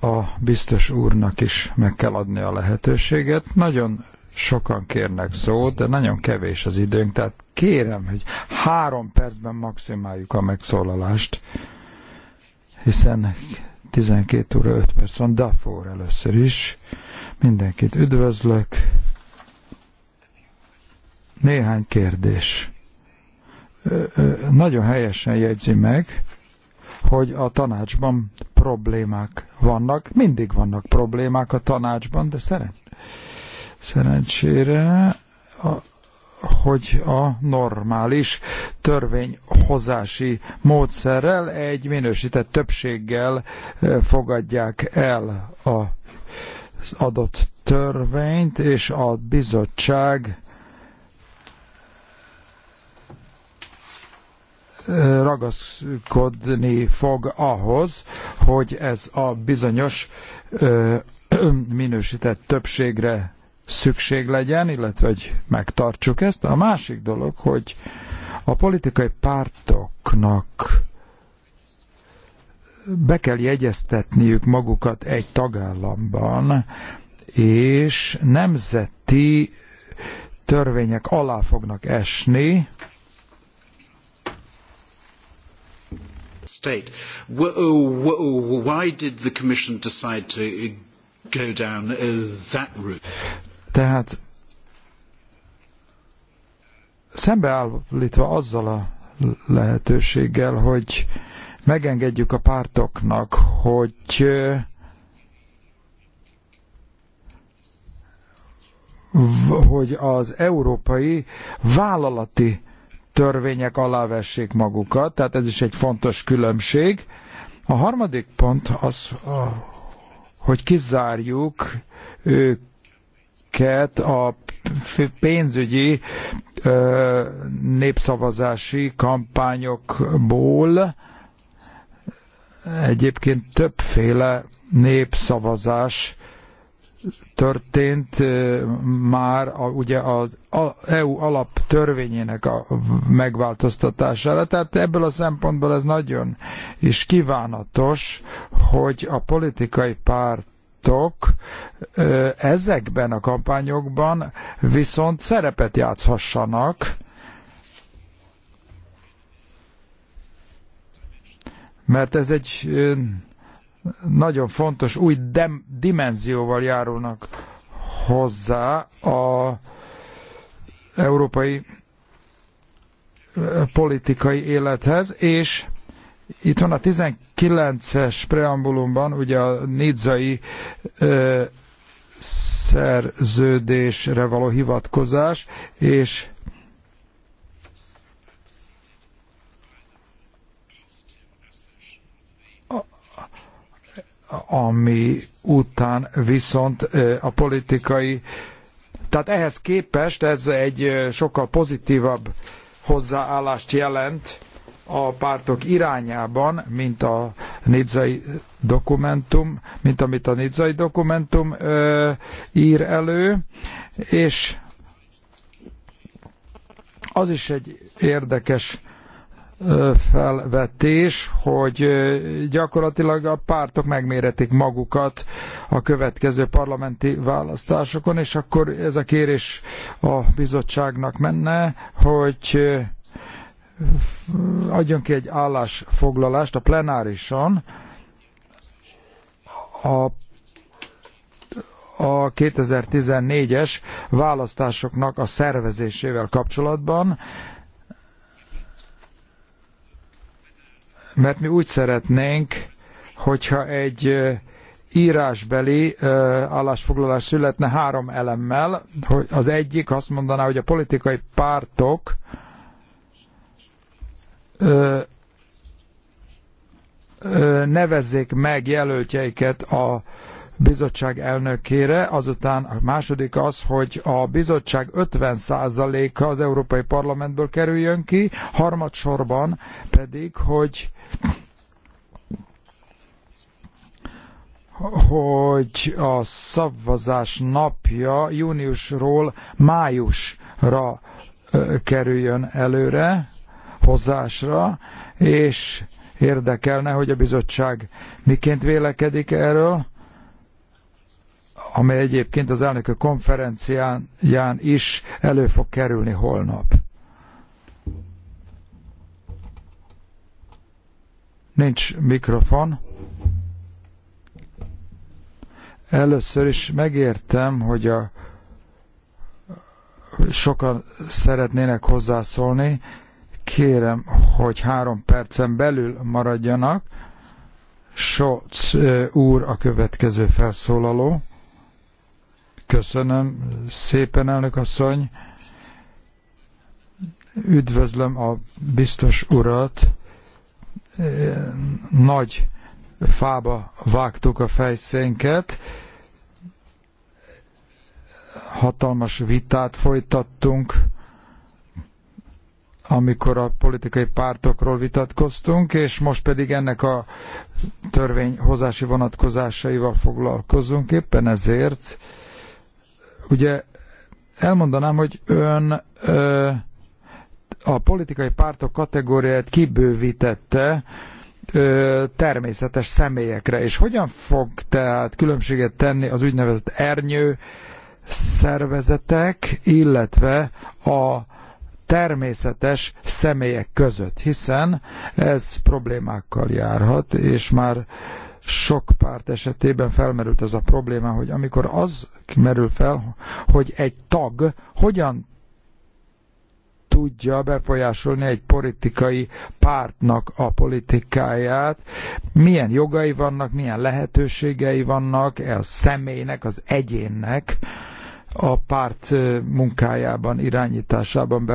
a biztos úrnak is meg kell adni a lehetőséget. Nagyon sokan kérnek szót, de nagyon kevés az időnk, tehát kérem, hogy három percben maximáljuk a megszólalást, hiszen 12 óra 5 perc van, Dafor először is. Mindenkit üdvözlök. Néhány kérdés. Ö, ö, nagyon helyesen jegyzi meg, hogy a tanácsban problémák vannak. Mindig vannak problémák a tanácsban, de szeren szerencsére a hogy a normális törvényhozási módszerrel egy minősített többséggel eh, fogadják el a az adott törvényt, és a bizottság ragaszkodni fog ahhoz, hogy ez a bizonyos minősített többségre szükség legyen, illetve hogy megtartsuk ezt. A másik dolog, hogy a politikai pártoknak be kell jegyeztetniük magukat egy tagállamban, és nemzeti törvények alá fognak esni, state. Why did the Commission decide to uh, go down uh, that route? Tehát szembeállítva azzal a lehetőséggel, hogy megengedjük a pártoknak, hogy hogy az európai vállalati törvények alá vessék magukat, tehát ez is egy fontos különbség. A harmadik pont az, hogy kizárjuk őket a pénzügyi népszavazási kampányokból. Egyébként többféle népszavazás történt már a, ugye az EU alaptörvényének a megváltoztatására. Tehát ebből a szempontból ez nagyon is kívánatos, hogy a politikai párt ezekben a kampányokban viszont szerepet játszhassanak, mert ez egy nagyon fontos új dimenzióval járulnak hozzá a európai eh, politikai élethez, és itt van a 19-es preambulumban, ugye a nidzai ö, eh, szerződésre való hivatkozás, és ami után viszont a politikai. Tehát ehhez képest ez egy sokkal pozitívabb hozzáállást jelent a pártok irányában, mint a nidzai dokumentum, mint amit a nidzai dokumentum ö, ír elő, és az is egy érdekes felvetés, hogy gyakorlatilag a pártok megméretik magukat a következő parlamenti választásokon, és akkor ez a kérés a bizottságnak menne, hogy adjon ki egy állásfoglalást a plenárison a a 2014-es választásoknak a szervezésével kapcsolatban, mert mi úgy szeretnénk, hogyha egy írásbeli állásfoglalás születne három elemmel. Hogy az egyik azt mondaná, hogy a politikai pártok ö, ö, nevezzék meg jelöltjeiket a bizottság elnökére, azután a második az, hogy a bizottság 50%-a az Európai Parlamentből kerüljön ki, harmadsorban pedig, hogy hogy a szavazás napja júniusról májusra kerüljön előre, hozásra, és érdekelne, hogy a bizottság miként vélekedik erről amely egyébként az elnökök konferenciáján is elő fog kerülni holnap. Nincs mikrofon. Először is megértem, hogy a sokan szeretnének hozzászólni. Kérem, hogy három percen belül maradjanak. Soc úr a következő felszólaló. Köszönöm szépen, elnök asszony. Üdvözlöm a biztos urat. Nagy fába vágtuk a fejszénket. Hatalmas vitát folytattunk, amikor a politikai pártokról vitatkoztunk, és most pedig ennek a törvényhozási vonatkozásaival foglalkozunk. Éppen ezért ugye elmondanám, hogy ön ö, a politikai pártok kategóriát kibővítette ö, természetes személyekre, és hogyan fog tehát különbséget tenni az úgynevezett ernyő szervezetek, illetve a természetes személyek között, hiszen ez problémákkal járhat, és már sok párt esetében felmerült ez a probléma, hogy amikor az merül fel, hogy egy tag hogyan tudja befolyásolni egy politikai pártnak a politikáját, milyen jogai vannak, milyen lehetőségei vannak e a személynek, az egyénnek a párt munkájában, irányításában,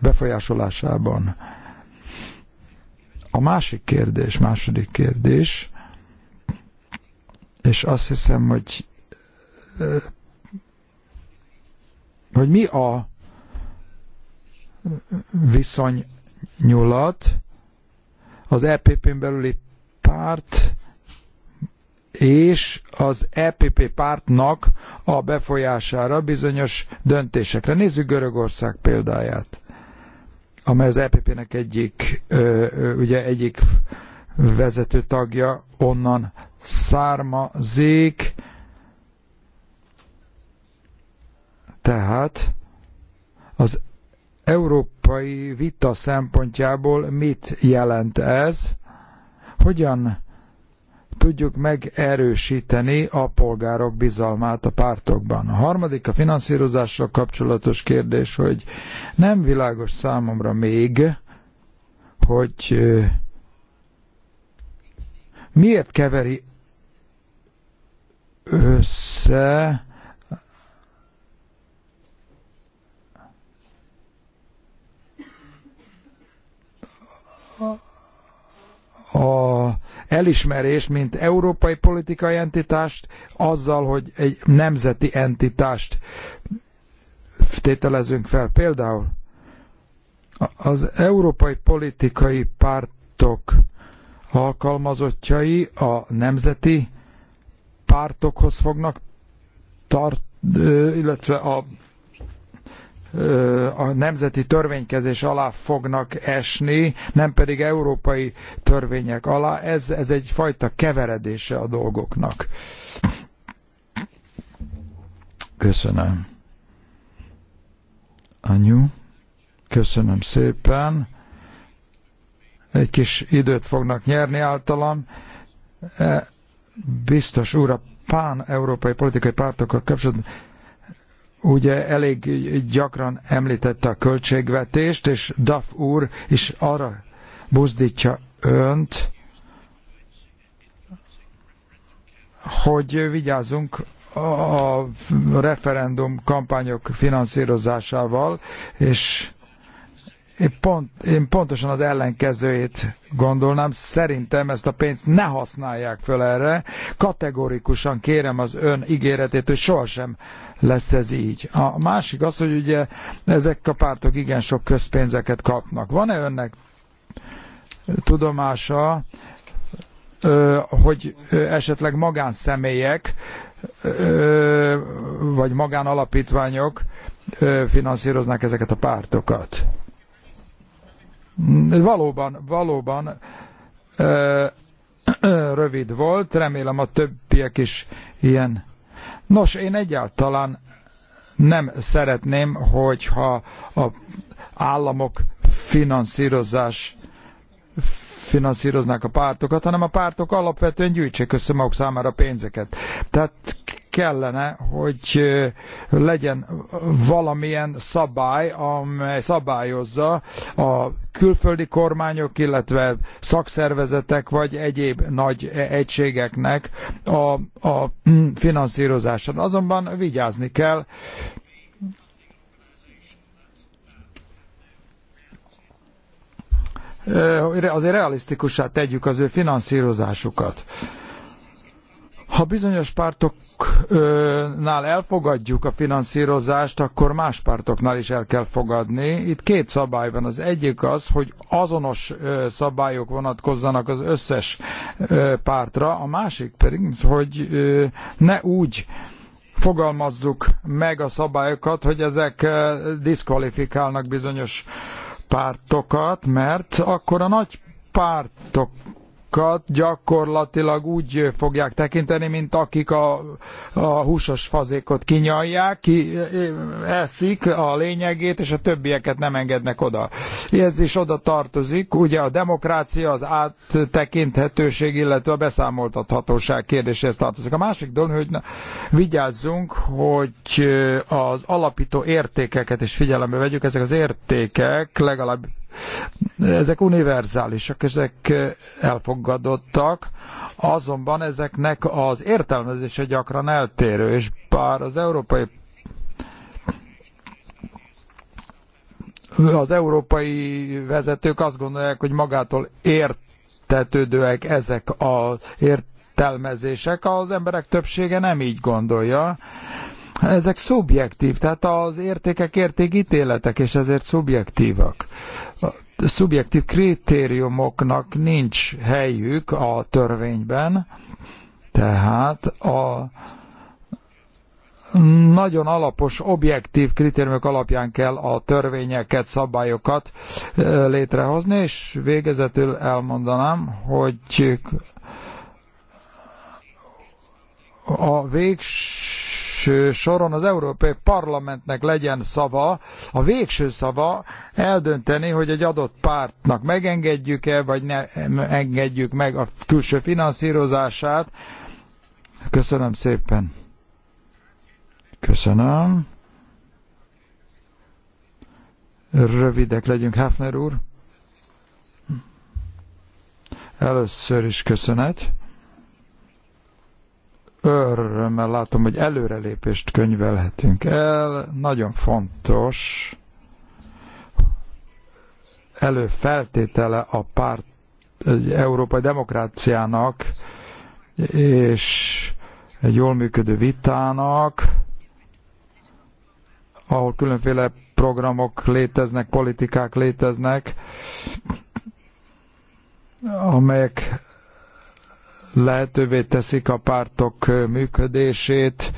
befolyásolásában. A másik kérdés, második kérdés, és azt hiszem, hogy hogy mi a nyulat az EPP-n belüli párt és az EPP pártnak a befolyására bizonyos döntésekre. Nézzük Görögország példáját, amely az EPP-nek egyik, ugye egyik vezető tagja onnan származik, tehát az európai vita szempontjából mit jelent ez, hogyan tudjuk megerősíteni a polgárok bizalmát a pártokban. A harmadik a finanszírozással kapcsolatos kérdés, hogy nem világos számomra még, hogy Miért keveri össze a elismerést, mint európai politikai entitást, azzal, hogy egy nemzeti entitást tételezünk fel. Például az európai politikai pártok alkalmazottjai a nemzeti pártokhoz fognak tart, illetve a, a nemzeti törvénykezés alá fognak esni, nem pedig európai törvények alá. Ez, ez egyfajta keveredése a dolgoknak. Köszönöm. Anyu, köszönöm szépen egy kis időt fognak nyerni általam. E, biztos úr, a pán-európai politikai pártokkal kapcsolatban ugye elég gyakran említette a költségvetést, és Duff úr is arra buzdítja önt, hogy vigyázzunk a referendum kampányok finanszírozásával, és én, pont, én pontosan az ellenkezőjét gondolnám. Szerintem ezt a pénzt ne használják föl erre. Kategorikusan kérem az ön ígéretét, hogy sohasem lesz ez így. A másik az, hogy ugye ezek a pártok igen sok közpénzeket kapnak. Van-e önnek tudomása, hogy esetleg magánszemélyek vagy magánalapítványok finanszíroznák ezeket a pártokat? Valóban, valóban rövid volt, remélem a többiek is ilyen. Nos, én egyáltalán nem szeretném, hogyha a államok finanszírozás finanszíroznák a pártokat, hanem a pártok alapvetően gyűjtsék össze maguk számára pénzeket. Tehát kellene, hogy legyen valamilyen szabály, amely szabályozza a külföldi kormányok, illetve szakszervezetek vagy egyéb nagy e, egységeknek a, a mm, finanszírozását. Azonban vigyázni kell, azért realisztikussá tegyük az ő finanszírozásukat. Ha bizonyos pártoknál elfogadjuk a finanszírozást, akkor más pártoknál is el kell fogadni. Itt két szabály van. Az egyik az, hogy azonos szabályok vonatkozzanak az összes pártra, a másik pedig, hogy ne úgy fogalmazzuk meg a szabályokat, hogy ezek diszkvalifikálnak bizonyos pártokat, mert akkor a nagy pártok magukat gyakorlatilag úgy fogják tekinteni, mint akik a, a húsos fazékot kinyalják, ki eszik a lényegét, és a többieket nem engednek oda. Ez is oda tartozik, ugye a demokrácia az áttekinthetőség, illetve a beszámoltathatóság kérdéséhez tartozik. A másik dolog, hogy na, vigyázzunk, hogy az alapító értékeket is figyelembe vegyük, ezek az értékek legalább ezek univerzálisak, ezek elfogadottak, azonban ezeknek az értelmezése gyakran eltérő, és bár az európai az európai vezetők azt gondolják, hogy magától értetődőek ezek az értelmezések, az emberek többsége nem így gondolja ezek szubjektív, tehát az értékek értékítéletek, és ezért szubjektívak. A szubjektív kritériumoknak nincs helyük a törvényben, tehát a nagyon alapos, objektív kritériumok alapján kell a törvényeket, szabályokat létrehozni, és végezetül elmondanám, hogy a végső végső soron az Európai Parlamentnek legyen szava, a végső szava eldönteni, hogy egy adott pártnak megengedjük-e, vagy ne engedjük meg a külső finanszírozását. Köszönöm szépen. Köszönöm. Rövidek legyünk, Hafner úr. Először is köszönet örömmel látom, hogy előrelépést könyvelhetünk el. Nagyon fontos előfeltétele a párt egy európai demokráciának és egy jól működő vitának, ahol különféle programok léteznek, politikák léteznek, amelyek lehetővé teszik a pártok működését,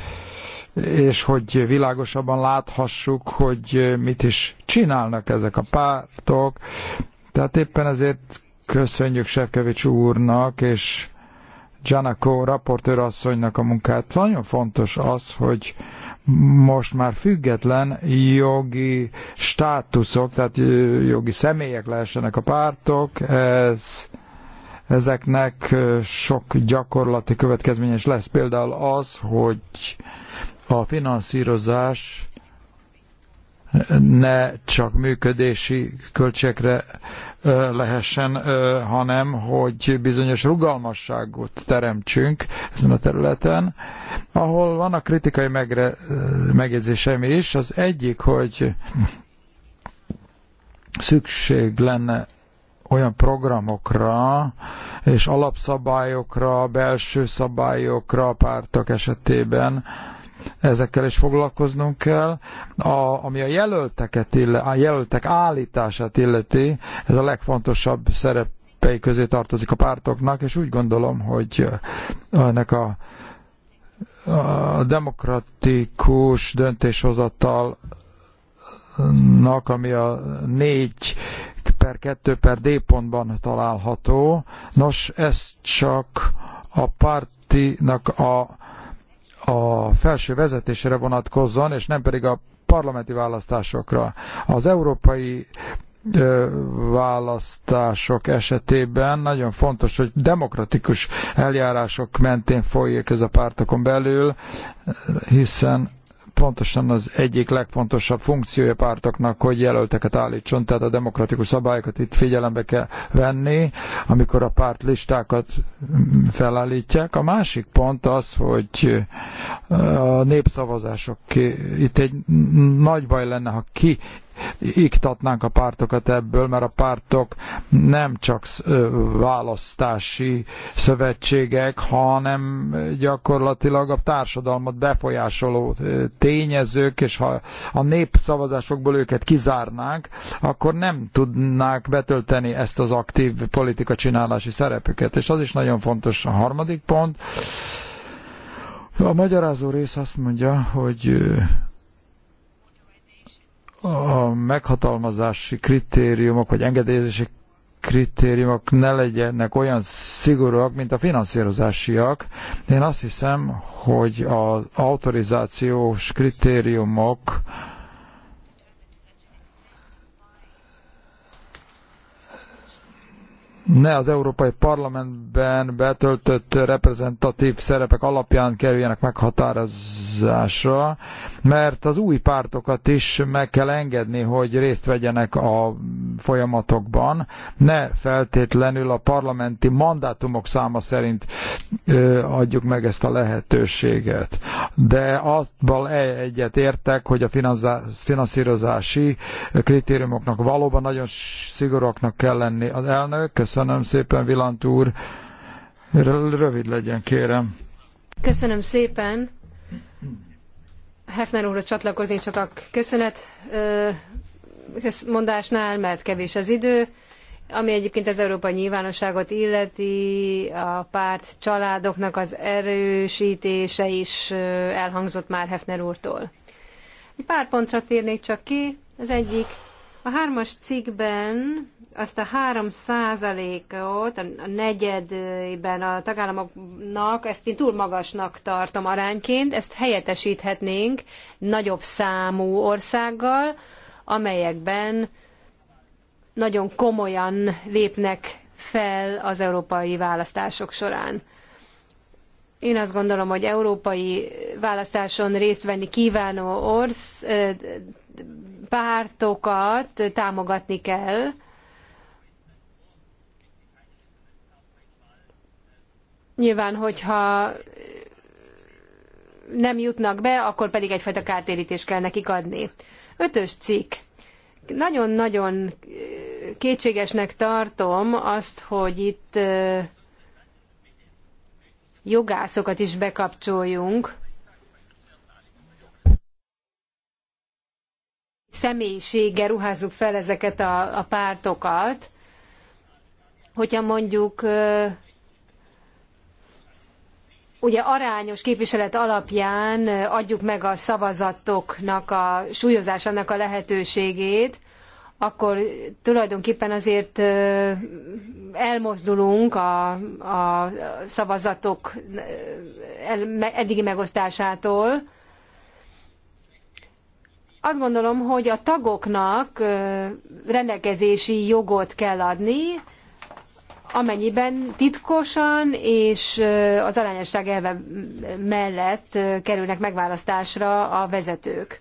és hogy világosabban láthassuk, hogy mit is csinálnak ezek a pártok. Tehát éppen ezért köszönjük Sefkevics úrnak, és Janako raportőr asszonynak a munkát. Nagyon fontos az, hogy most már független jogi státuszok, tehát jogi személyek lehessenek a pártok, ez Ezeknek sok gyakorlati következménye is lesz. Például az, hogy a finanszírozás ne csak működési költségekre lehessen, hanem hogy bizonyos rugalmasságot teremtsünk ezen a területen, ahol vannak kritikai megre, megjegyzéseim is. Az egyik, hogy szükség lenne olyan programokra és alapszabályokra, belső szabályokra a pártok esetében, ezekkel is foglalkoznunk kell. A, ami a jelölteket ille, a jelöltek állítását illeti, ez a legfontosabb szerepei közé tartozik a pártoknak, és úgy gondolom, hogy ennek a, a demokratikus döntéshozatalnak, ami a négy per 2 per D pontban található. Nos, ez csak a pártinak a, a felső vezetésére vonatkozzon, és nem pedig a parlamenti választásokra. Az európai választások esetében nagyon fontos, hogy demokratikus eljárások mentén folyik ez a pártokon belül, hiszen pontosan az egyik legfontosabb funkciója pártoknak, hogy jelölteket állítson, tehát a demokratikus szabályokat itt figyelembe kell venni, amikor a párt listákat felállítják. A másik pont az, hogy a népszavazások, itt egy nagy baj lenne, ha ki iktatnánk a pártokat ebből, mert a pártok nem csak választási szövetségek, hanem gyakorlatilag a társadalmat befolyásoló tényezők, és ha a népszavazásokból őket kizárnánk, akkor nem tudnák betölteni ezt az aktív politika csinálási szerepüket. És az is nagyon fontos a harmadik pont, a magyarázó rész azt mondja, hogy a meghatalmazási kritériumok, vagy engedélyezési kritériumok ne legyenek olyan szigorúak, mint a finanszírozásiak. Én azt hiszem, hogy az autorizációs kritériumok ne az Európai Parlamentben betöltött reprezentatív szerepek alapján kerüljenek meghatározásra, mert az új pártokat is meg kell engedni, hogy részt vegyenek a folyamatokban, ne feltétlenül a parlamenti mandátumok száma szerint adjuk meg ezt a lehetőséget. De aztban e-, egyet értek, hogy a finanszírozási kritériumoknak valóban nagyon szigorúaknak kell lenni az elnök. Köszönöm Köszönöm szépen, Vilant úr. Rövid legyen, kérem. Köszönöm szépen. Hefner úrhoz csatlakozni csak a köszönet mondásnál, mert kevés az idő. Ami egyébként az európai nyilvánosságot illeti, a párt családoknak az erősítése is elhangzott már Hefner úrtól. Egy pár pontra térnék csak ki. Az egyik a hármas cikkben azt a három százalékot, a negyedben a tagállamoknak, ezt én túl magasnak tartom arányként, ezt helyettesíthetnénk nagyobb számú országgal, amelyekben nagyon komolyan lépnek fel az európai választások során. Én azt gondolom, hogy európai választáson részt venni kívánó orsz pártokat támogatni kell. Nyilván, hogyha nem jutnak be, akkor pedig egyfajta kártérítést kell nekik adni. Ötös cikk. Nagyon-nagyon kétségesnek tartom azt, hogy itt jogászokat is bekapcsoljunk, személyiséggel ruházzuk fel ezeket a, a pártokat, hogyha mondjuk ugye arányos képviselet alapján adjuk meg a szavazatoknak a súlyozásának a lehetőségét, akkor tulajdonképpen azért elmozdulunk a, a szavazatok eddigi megosztásától. Azt gondolom, hogy a tagoknak rendelkezési jogot kell adni, amennyiben titkosan és az arányosság elve mellett kerülnek megválasztásra a vezetők.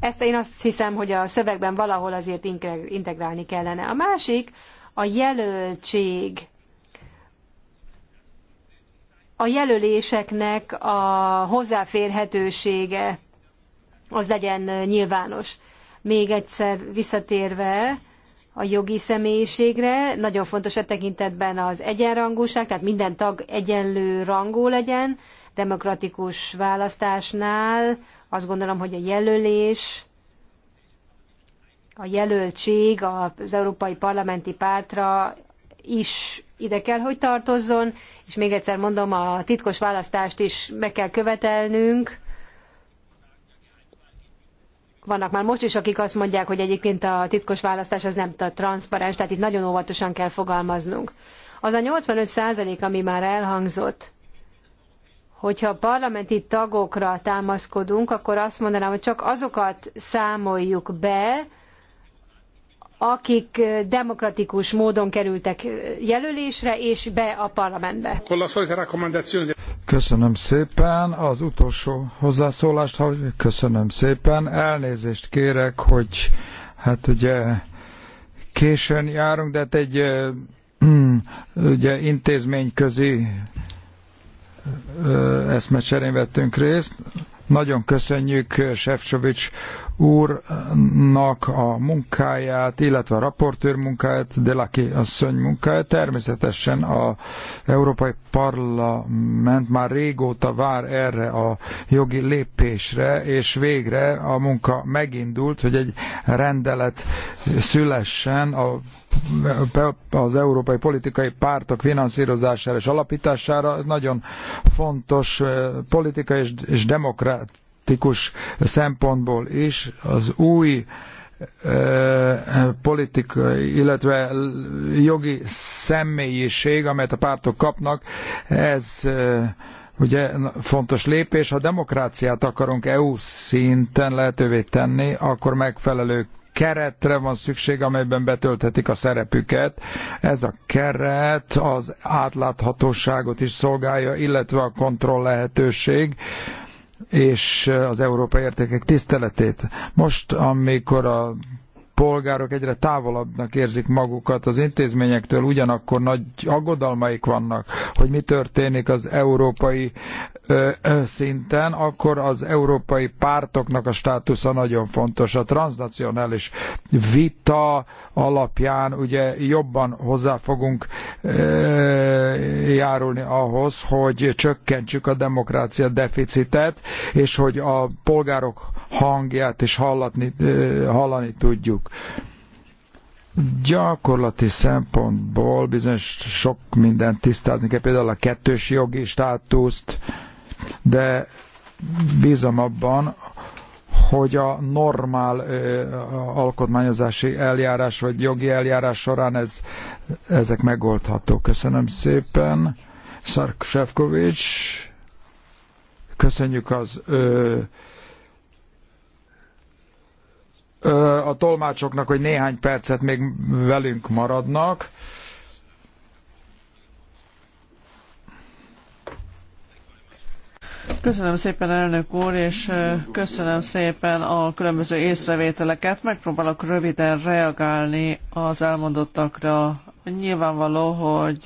Ezt én azt hiszem, hogy a szövegben valahol azért integrálni kellene. A másik a jelöltség. A jelöléseknek a hozzáférhetősége az legyen nyilvános. Még egyszer visszatérve a jogi személyiségre, nagyon fontos a e tekintetben az egyenrangúság, tehát minden tag egyenlő rangú legyen, demokratikus választásnál azt gondolom, hogy a jelölés, a jelöltség az Európai Parlamenti Pártra is ide kell, hogy tartozzon, és még egyszer mondom, a titkos választást is meg kell követelnünk. Vannak már most is, akik azt mondják, hogy egyébként a titkos választás az nem transzparens, tehát itt nagyon óvatosan kell fogalmaznunk. Az a 85 százalék, ami már elhangzott, hogyha a parlamenti tagokra támaszkodunk, akkor azt mondanám, hogy csak azokat számoljuk be, akik demokratikus módon kerültek jelölésre és be a parlamentbe. Köszönöm szépen az utolsó hozzászólást, köszönöm szépen. Elnézést kérek, hogy hát ugye későn járunk, de hát egy ugye intézményközi eszmecserén vettünk részt. Nagyon köszönjük Sefcsovics úrnak a munkáját, illetve a raportőr munkáját, Delaki asszony munkáját. Természetesen az Európai Parlament már régóta vár erre a jogi lépésre, és végre a munka megindult, hogy egy rendelet szülessen a az európai politikai pártok finanszírozására és alapítására nagyon fontos eh, politikai és, és praktikus szempontból is az új politikai, illetve jogi személyiség, amelyet a pártok kapnak, ez ugye fontos lépés. Ha demokráciát akarunk EU szinten lehetővé tenni, akkor megfelelő keretre van szükség, amelyben betölthetik a szerepüket. Ez a keret az átláthatóságot is szolgálja, illetve a kontroll lehetőség és az európai értékek tiszteletét. Most, amikor a polgárok egyre távolabbnak érzik magukat az intézményektől, ugyanakkor nagy aggodalmaik vannak, hogy mi történik az európai ö, ö, szinten, akkor az európai pártoknak a státusza nagyon fontos. A transnacionális vita alapján ugye jobban hozzá fogunk járulni ahhoz, hogy csökkentsük a demokrácia deficitet, és hogy a polgárok hangját is hallatni, hallani tudjuk gyakorlati szempontból bizonyos sok mindent tisztázni kell, például a kettős jogi státuszt, de bízom abban, hogy a normál ö, alkotmányozási eljárás vagy jogi eljárás során ez, ezek megoldhatók Köszönöm szépen. Szark Sefkovics, köszönjük az ö, a tolmácsoknak, hogy néhány percet még velünk maradnak. Köszönöm szépen, elnök úr, és köszönöm szépen a különböző észrevételeket. Megpróbálok röviden reagálni az elmondottakra. Nyilvánvaló, hogy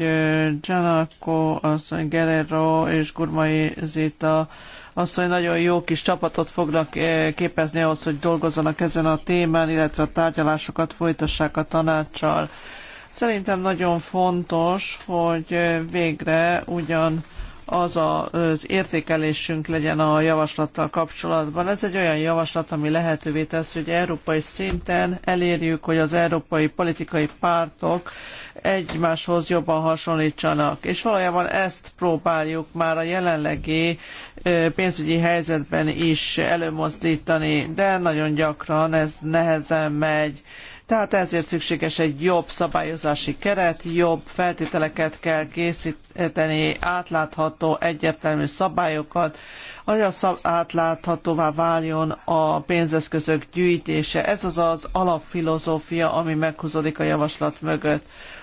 Gianakko, asszony Guerrero és Gurmai Zita asszony nagyon jó kis csapatot fognak eh, képezni ahhoz, hogy dolgozzanak ezen a témán, illetve a tárgyalásokat folytassák a tanácssal. Szerintem nagyon fontos, hogy eh, végre ugyan az a, az értékelésünk legyen a javaslattal kapcsolatban. Ez egy olyan javaslat, ami lehetővé tesz, hogy európai szinten elérjük, hogy az európai politikai pártok egymáshoz jobban hasonlítsanak. És valójában ezt próbáljuk már a jelenlegi pénzügyi helyzetben is előmozdítani, de nagyon gyakran ez nehezen megy. Tehát ezért szükséges egy jobb szabályozási keret, jobb feltételeket kell készíteni, átlátható, egyértelmű szabályokat, hogy átláthatóvá váljon a pénzeszközök gyűjtése. Ez az az alapfilozófia, ami meghúzódik a javaslat mögött.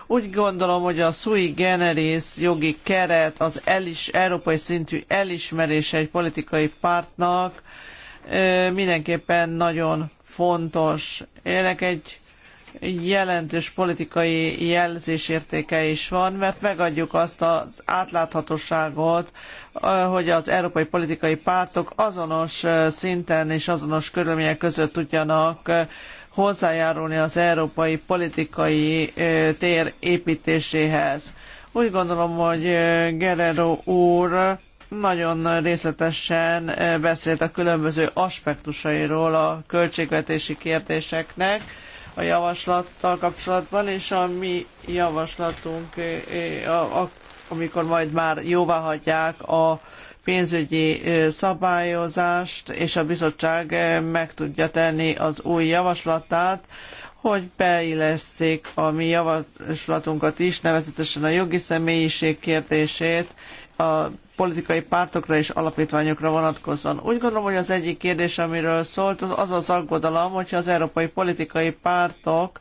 Úgy gondolom, hogy a sui generis jogi keret, az elis, európai szintű elismerése egy politikai pártnak mindenképpen nagyon fontos. Ennek egy jelentős politikai jelzésértéke is van, mert megadjuk azt az átláthatóságot, hogy az európai politikai pártok azonos szinten és azonos körülmények között tudjanak hozzájárulni az európai politikai tér építéséhez. Úgy gondolom, hogy Guerrero úr nagyon részletesen beszélt a különböző aspektusairól a költségvetési kérdéseknek a javaslattal kapcsolatban, és a mi javaslatunk, amikor majd már jóváhagyják a pénzügyi szabályozást, és a bizottság meg tudja tenni az új javaslatát, hogy beillesszék a mi javaslatunkat is, nevezetesen a jogi személyiség kérdését, a politikai pártokra és alapítványokra vonatkozóan. Úgy gondolom, hogy az egyik kérdés, amiről szólt, az az, aggodalom, hogyha az európai politikai pártok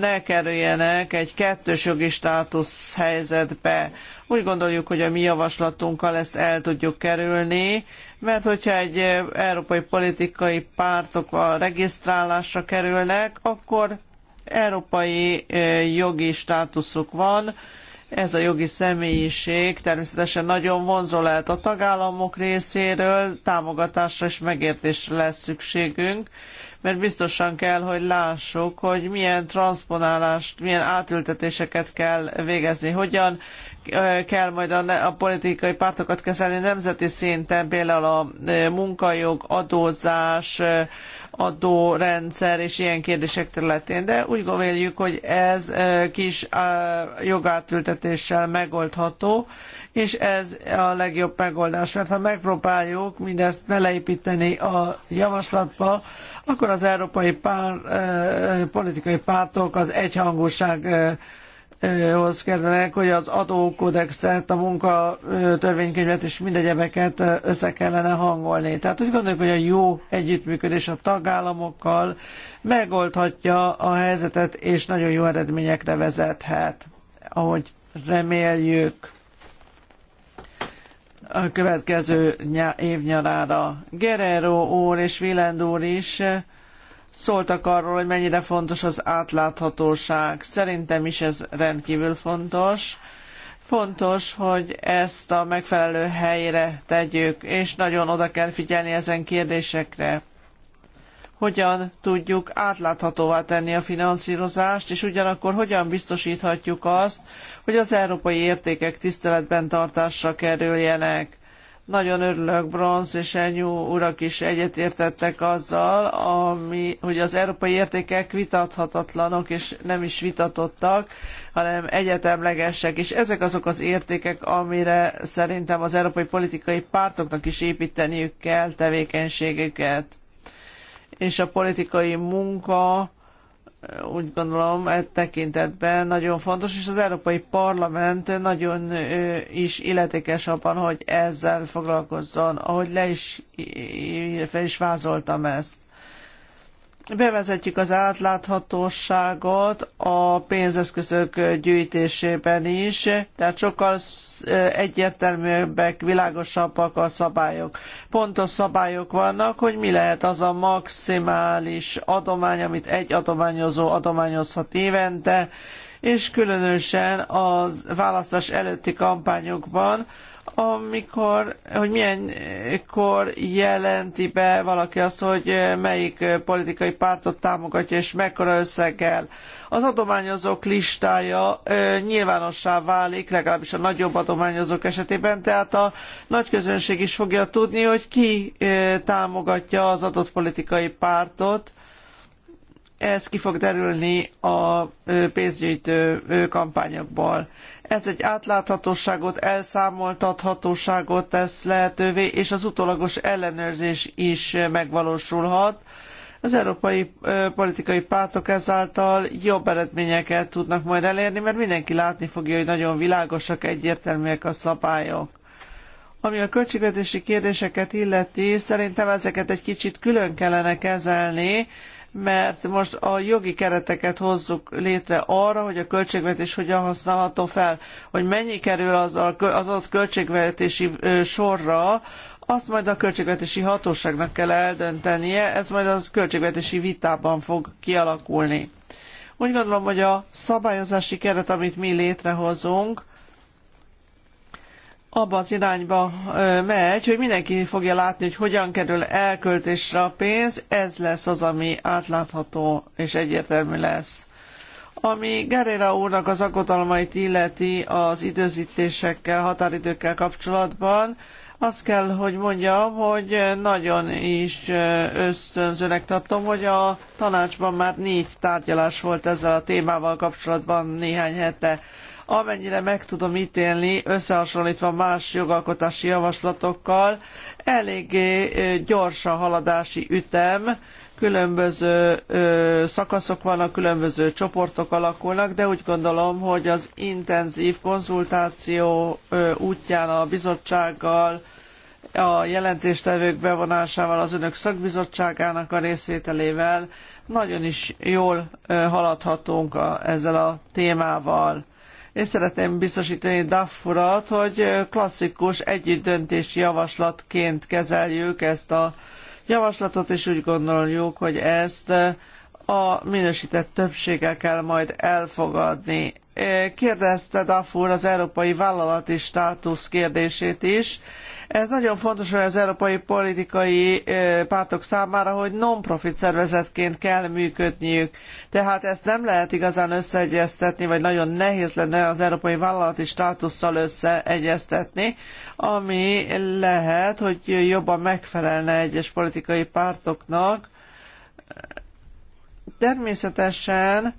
ne kerüljenek egy kettős jogi státusz helyzetbe. Úgy gondoljuk, hogy a mi javaslatunkkal ezt el tudjuk kerülni, mert hogyha egy európai politikai pártok a regisztrálásra kerülnek, akkor európai eh, jogi státuszuk van, ez a jogi személyiség természetesen nagyon vonzó lehet a tagállamok részéről, támogatásra és megértésre lesz szükségünk, mert biztosan kell, hogy lássuk, hogy milyen transponálást, milyen átültetéseket kell végezni, hogyan kell majd a, a politikai pártokat kezelni nemzeti szinten, például a munkajog, adózás, adórendszer és ilyen kérdések területén, de úgy gondoljuk, hogy ez kis jogátültetéssel megoldható, és ez a legjobb megoldás, mert ha megpróbáljuk mindezt beleépíteni a javaslatba, akkor az európai pár, politikai pártok az egyhangúság hoz kellenek, hogy az adókódexet, a munkatörvénykönyvet és mindegyebeket össze kellene hangolni. Tehát úgy gondoljuk, hogy a jó együttműködés a tagállamokkal megoldhatja a helyzetet, és nagyon jó eredményekre vezethet, ahogy reméljük a következő év nyarára. Guerrero úr és Vilend úr is szóltak arról, hogy mennyire fontos az átláthatóság. Szerintem is ez rendkívül fontos. Fontos, hogy ezt a megfelelő helyre tegyük, és nagyon oda kell figyelni ezen kérdésekre. Hogyan tudjuk átláthatóvá tenni a finanszírozást, és ugyanakkor hogyan biztosíthatjuk azt, hogy az európai értékek tiszteletben tartásra kerüljenek nagyon örülök, Bronz és Enyú urak is egyetértettek azzal, ami, hogy az európai értékek vitathatatlanok és nem is vitatottak, hanem egyetemlegesek, és ezek azok az értékek, amire szerintem az európai politikai pártoknak is építeniük kell tevékenységüket. És a politikai munka, úgy gondolom e tekintetben nagyon fontos, és az Európai Parlament nagyon is illetékes abban, hogy ezzel foglalkozzon, ahogy le is, fel is vázoltam ezt bevezetjük az átláthatóságot a pénzeszközök gyűjtésében is, tehát sokkal egyértelműbbek, világosabbak a szabályok. Pontos szabályok vannak, hogy mi lehet az a maximális adomány, amit egy adományozó adományozhat évente, és különösen a választás előtti kampányokban, amikor, hogy milyenkor jelenti be valaki azt, hogy melyik politikai pártot támogatja és mekkora összeggel. Az adományozók listája nyilvánossá válik, legalábbis a nagyobb adományozók esetében, tehát a nagy közönség is fogja tudni, hogy ki támogatja az adott politikai pártot, ez ki fog derülni a pénzgyűjtő kampányokból. Ez egy átláthatóságot, elszámoltathatóságot tesz lehetővé, és az utólagos ellenőrzés is megvalósulhat. Az európai politikai pártok ezáltal jobb eredményeket tudnak majd elérni, mert mindenki látni fogja, hogy nagyon világosak, egyértelműek a szabályok. Ami a költségvetési kérdéseket illeti, szerintem ezeket egy kicsit külön kellene kezelni, mert most a jogi kereteket hozzuk létre arra, hogy a költségvetés hogyan használható fel, hogy mennyi kerül az, a, az adott költségvetési sorra, azt majd a költségvetési hatóságnak kell eldöntenie, ez majd a költségvetési vitában fog kialakulni. Úgy gondolom, hogy a szabályozási keret, amit mi létrehozunk, abba az irányba megy, hogy mindenki fogja látni, hogy hogyan kerül elköltésre a pénz, ez lesz az, ami átlátható és egyértelmű lesz. Ami Gerera úrnak az aggodalmait illeti az időzítésekkel, határidőkkel kapcsolatban, azt kell, hogy mondjam, hogy nagyon is ösztönzőnek tartom, hogy a tanácsban már négy tárgyalás volt ezzel a témával kapcsolatban néhány hete amennyire meg tudom ítélni, összehasonlítva más jogalkotási javaslatokkal, eléggé gyors a haladási ütem, különböző szakaszok vannak, különböző csoportok alakulnak, de úgy gondolom, hogy az intenzív konzultáció útján a bizottsággal, a jelentéstevők bevonásával, az önök szakbizottságának a részvételével nagyon is jól haladhatunk a, ezzel a témával és szeretném biztosítani Duff urat, hogy klasszikus együttdöntési javaslatként kezeljük ezt a javaslatot, és úgy gondoljuk, hogy ezt a minősített többséggel kell majd elfogadni. Kérdezte Dafur az európai vállalati státusz kérdését is. Ez nagyon fontos hogy az európai politikai pártok számára, hogy non-profit szervezetként kell működniük. Tehát ezt nem lehet igazán összeegyeztetni, vagy nagyon nehéz lenne az európai vállalati státusszal összeegyeztetni, ami lehet, hogy jobban megfelelne egyes politikai pártoknak, Természetesen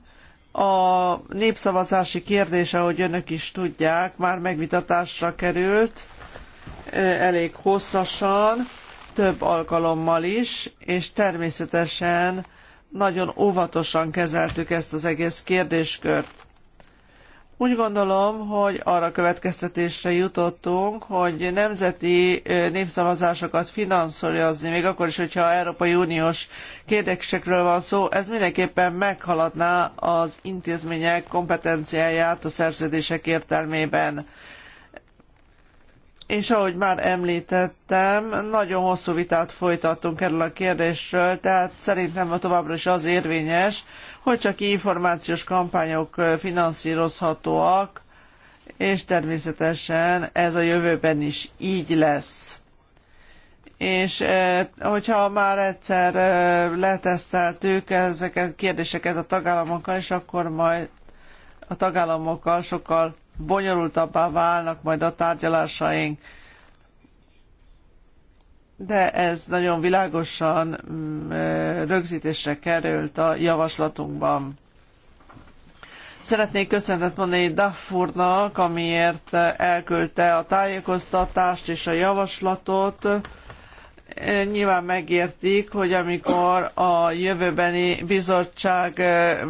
a népszavazási kérdés, ahogy önök is tudják, már megvitatásra került elég hosszasan, több alkalommal is, és természetesen nagyon óvatosan kezeltük ezt az egész kérdéskört. Úgy gondolom, hogy arra következtetésre jutottunk, hogy nemzeti népszavazásokat finanszírozni, még akkor is, hogyha Európai Uniós kérdésekről van szó, ez mindenképpen meghaladná az intézmények kompetenciáját a szerződések értelmében. És ahogy már említettem, nagyon hosszú vitát folytattunk erről a kérdésről, tehát szerintem továbbra is az érvényes, hogy csak információs kampányok finanszírozhatóak, és természetesen ez a jövőben is így lesz. És hogyha már egyszer leteszteltük ezeket a kérdéseket a tagállamokkal, és akkor majd a tagállamokkal sokkal bonyolultabbá válnak majd a tárgyalásaink de ez nagyon világosan mm, rögzítésre került a javaslatunkban. Szeretnék köszönetet mondani Daffurnak, amiért elküldte a tájékoztatást és a javaslatot nyilván megértik, hogy amikor a jövőbeni bizottság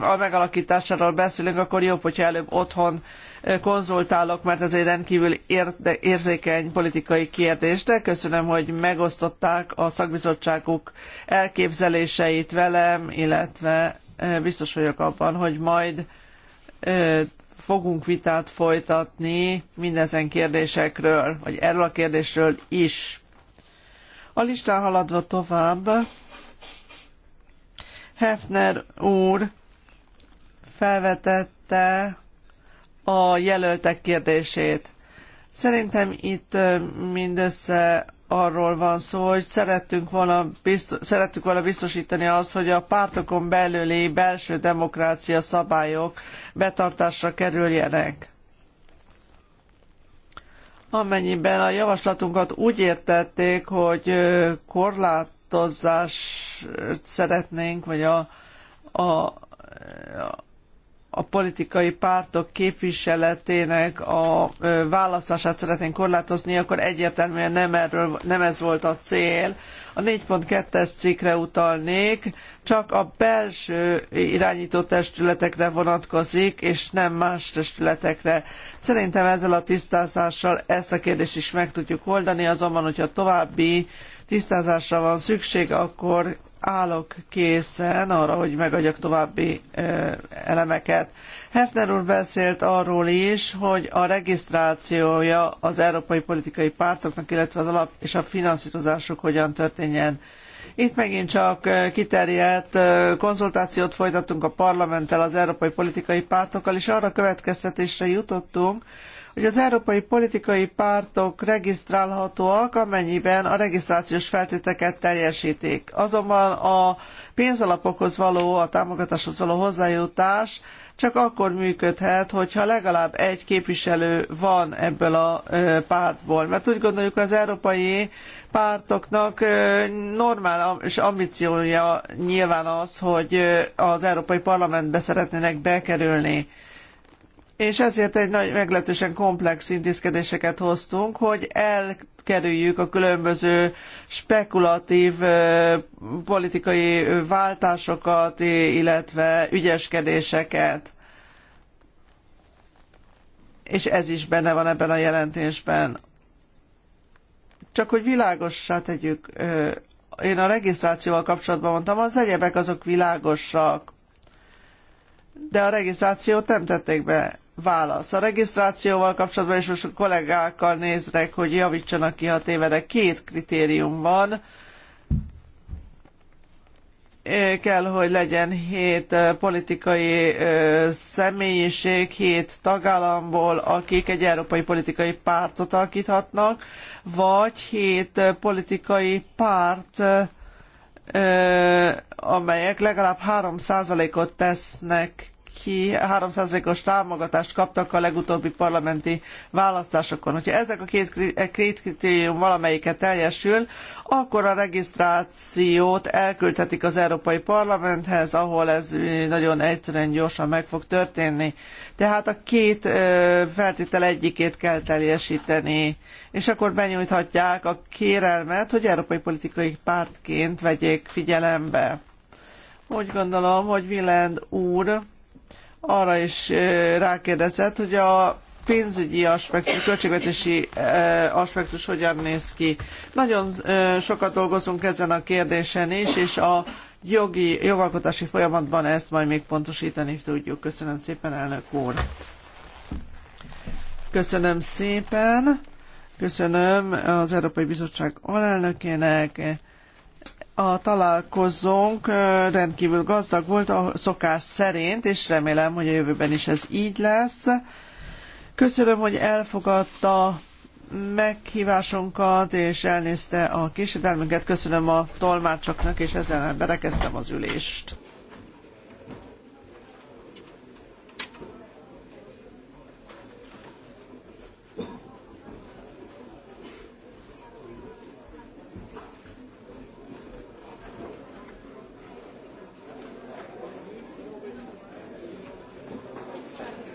a megalakításáról beszélünk, akkor jobb, hogyha előbb otthon konzultálok, mert ez egy rendkívül érde, érzékeny politikai kérdés, de köszönöm, hogy megosztották a szakbizottságuk elképzeléseit velem, illetve biztos vagyok abban, hogy majd fogunk vitát folytatni mindezen kérdésekről, vagy erről a kérdésről is. A listán haladva tovább, Hefner úr felvetette a jelöltek kérdését. Szerintem itt mindössze arról van szó, hogy szerettünk volna, biztos, szerettük volna biztosítani azt, hogy a pártokon belüli belső demokrácia szabályok betartásra kerüljenek amennyiben a javaslatunkat úgy értették, hogy korlátozást szeretnénk, vagy a, a, a a politikai pártok képviseletének a választását szeretnénk korlátozni, akkor egyértelműen nem, erről, nem ez volt a cél. A 4.2-es cikkre utalnék, csak a belső irányító testületekre vonatkozik, és nem más testületekre. Szerintem ezzel a tisztázással ezt a kérdést is meg tudjuk oldani, azonban, hogyha további tisztázásra van szükség, akkor állok készen arra, hogy megadjak további elemeket. Hefner úr beszélt arról is, hogy a regisztrációja az európai politikai pártoknak, illetve az alap és a finanszírozásuk hogyan történjen. Itt megint csak kiterjedt konzultációt folytattunk a parlamenttel, az európai politikai pártokkal, és arra következtetésre jutottunk, hogy az európai politikai pártok regisztrálhatóak, amennyiben a regisztrációs feltételeket teljesítik. Azonban a pénzalapokhoz való, a támogatáshoz való hozzájutás csak akkor működhet, hogyha legalább egy képviselő van ebből a pártból. Mert úgy gondoljuk, az európai pártoknak normál és ambíciója nyilván az, hogy az Európai Parlamentbe szeretnének bekerülni és ezért egy nagy, meglehetősen komplex intézkedéseket hoztunk, hogy elkerüljük a különböző spekulatív politikai váltásokat, illetve ügyeskedéseket. És ez is benne van ebben a jelentésben. Csak hogy világossá tegyük, én a regisztrációval kapcsolatban mondtam, az egyebek azok világosak, de a regisztrációt nem tették be válasz. A regisztrációval kapcsolatban is most a kollégákkal nézrek, hogy javítsanak ki, ha tévedek. Két kritérium van. Kell, hogy legyen hét politikai személyiség, hét tagállamból, akik egy európai politikai pártot alakíthatnak, vagy hét politikai párt amelyek legalább 3%-ot tesznek ki 300 os támogatást kaptak a legutóbbi parlamenti választásokon. Hogyha ezek a két e kritérium valamelyiket teljesül, akkor a regisztrációt elküldhetik az Európai Parlamenthez, ahol ez nagyon egyszerűen gyorsan meg fog történni. Tehát a két feltétel egyikét kell teljesíteni, és akkor benyújthatják a kérelmet, hogy európai politikai pártként vegyék figyelembe. Úgy gondolom, hogy Vilend úr arra is rákérdezett, hogy a pénzügyi aspektus, költségvetési aspektus hogyan néz ki. Nagyon sokat dolgozunk ezen a kérdésen is, és a jogi, jogalkotási folyamatban ezt majd még pontosítani tudjuk. Köszönöm szépen, elnök úr. Köszönöm szépen. Köszönöm az Európai Bizottság alelnökének a találkozónk rendkívül gazdag volt a szokás szerint, és remélem, hogy a jövőben is ez így lesz. Köszönöm, hogy elfogadta meghívásunkat, és elnézte a késedelmünket. Köszönöm a tolmácsoknak, és ezzel berekeztem az ülést.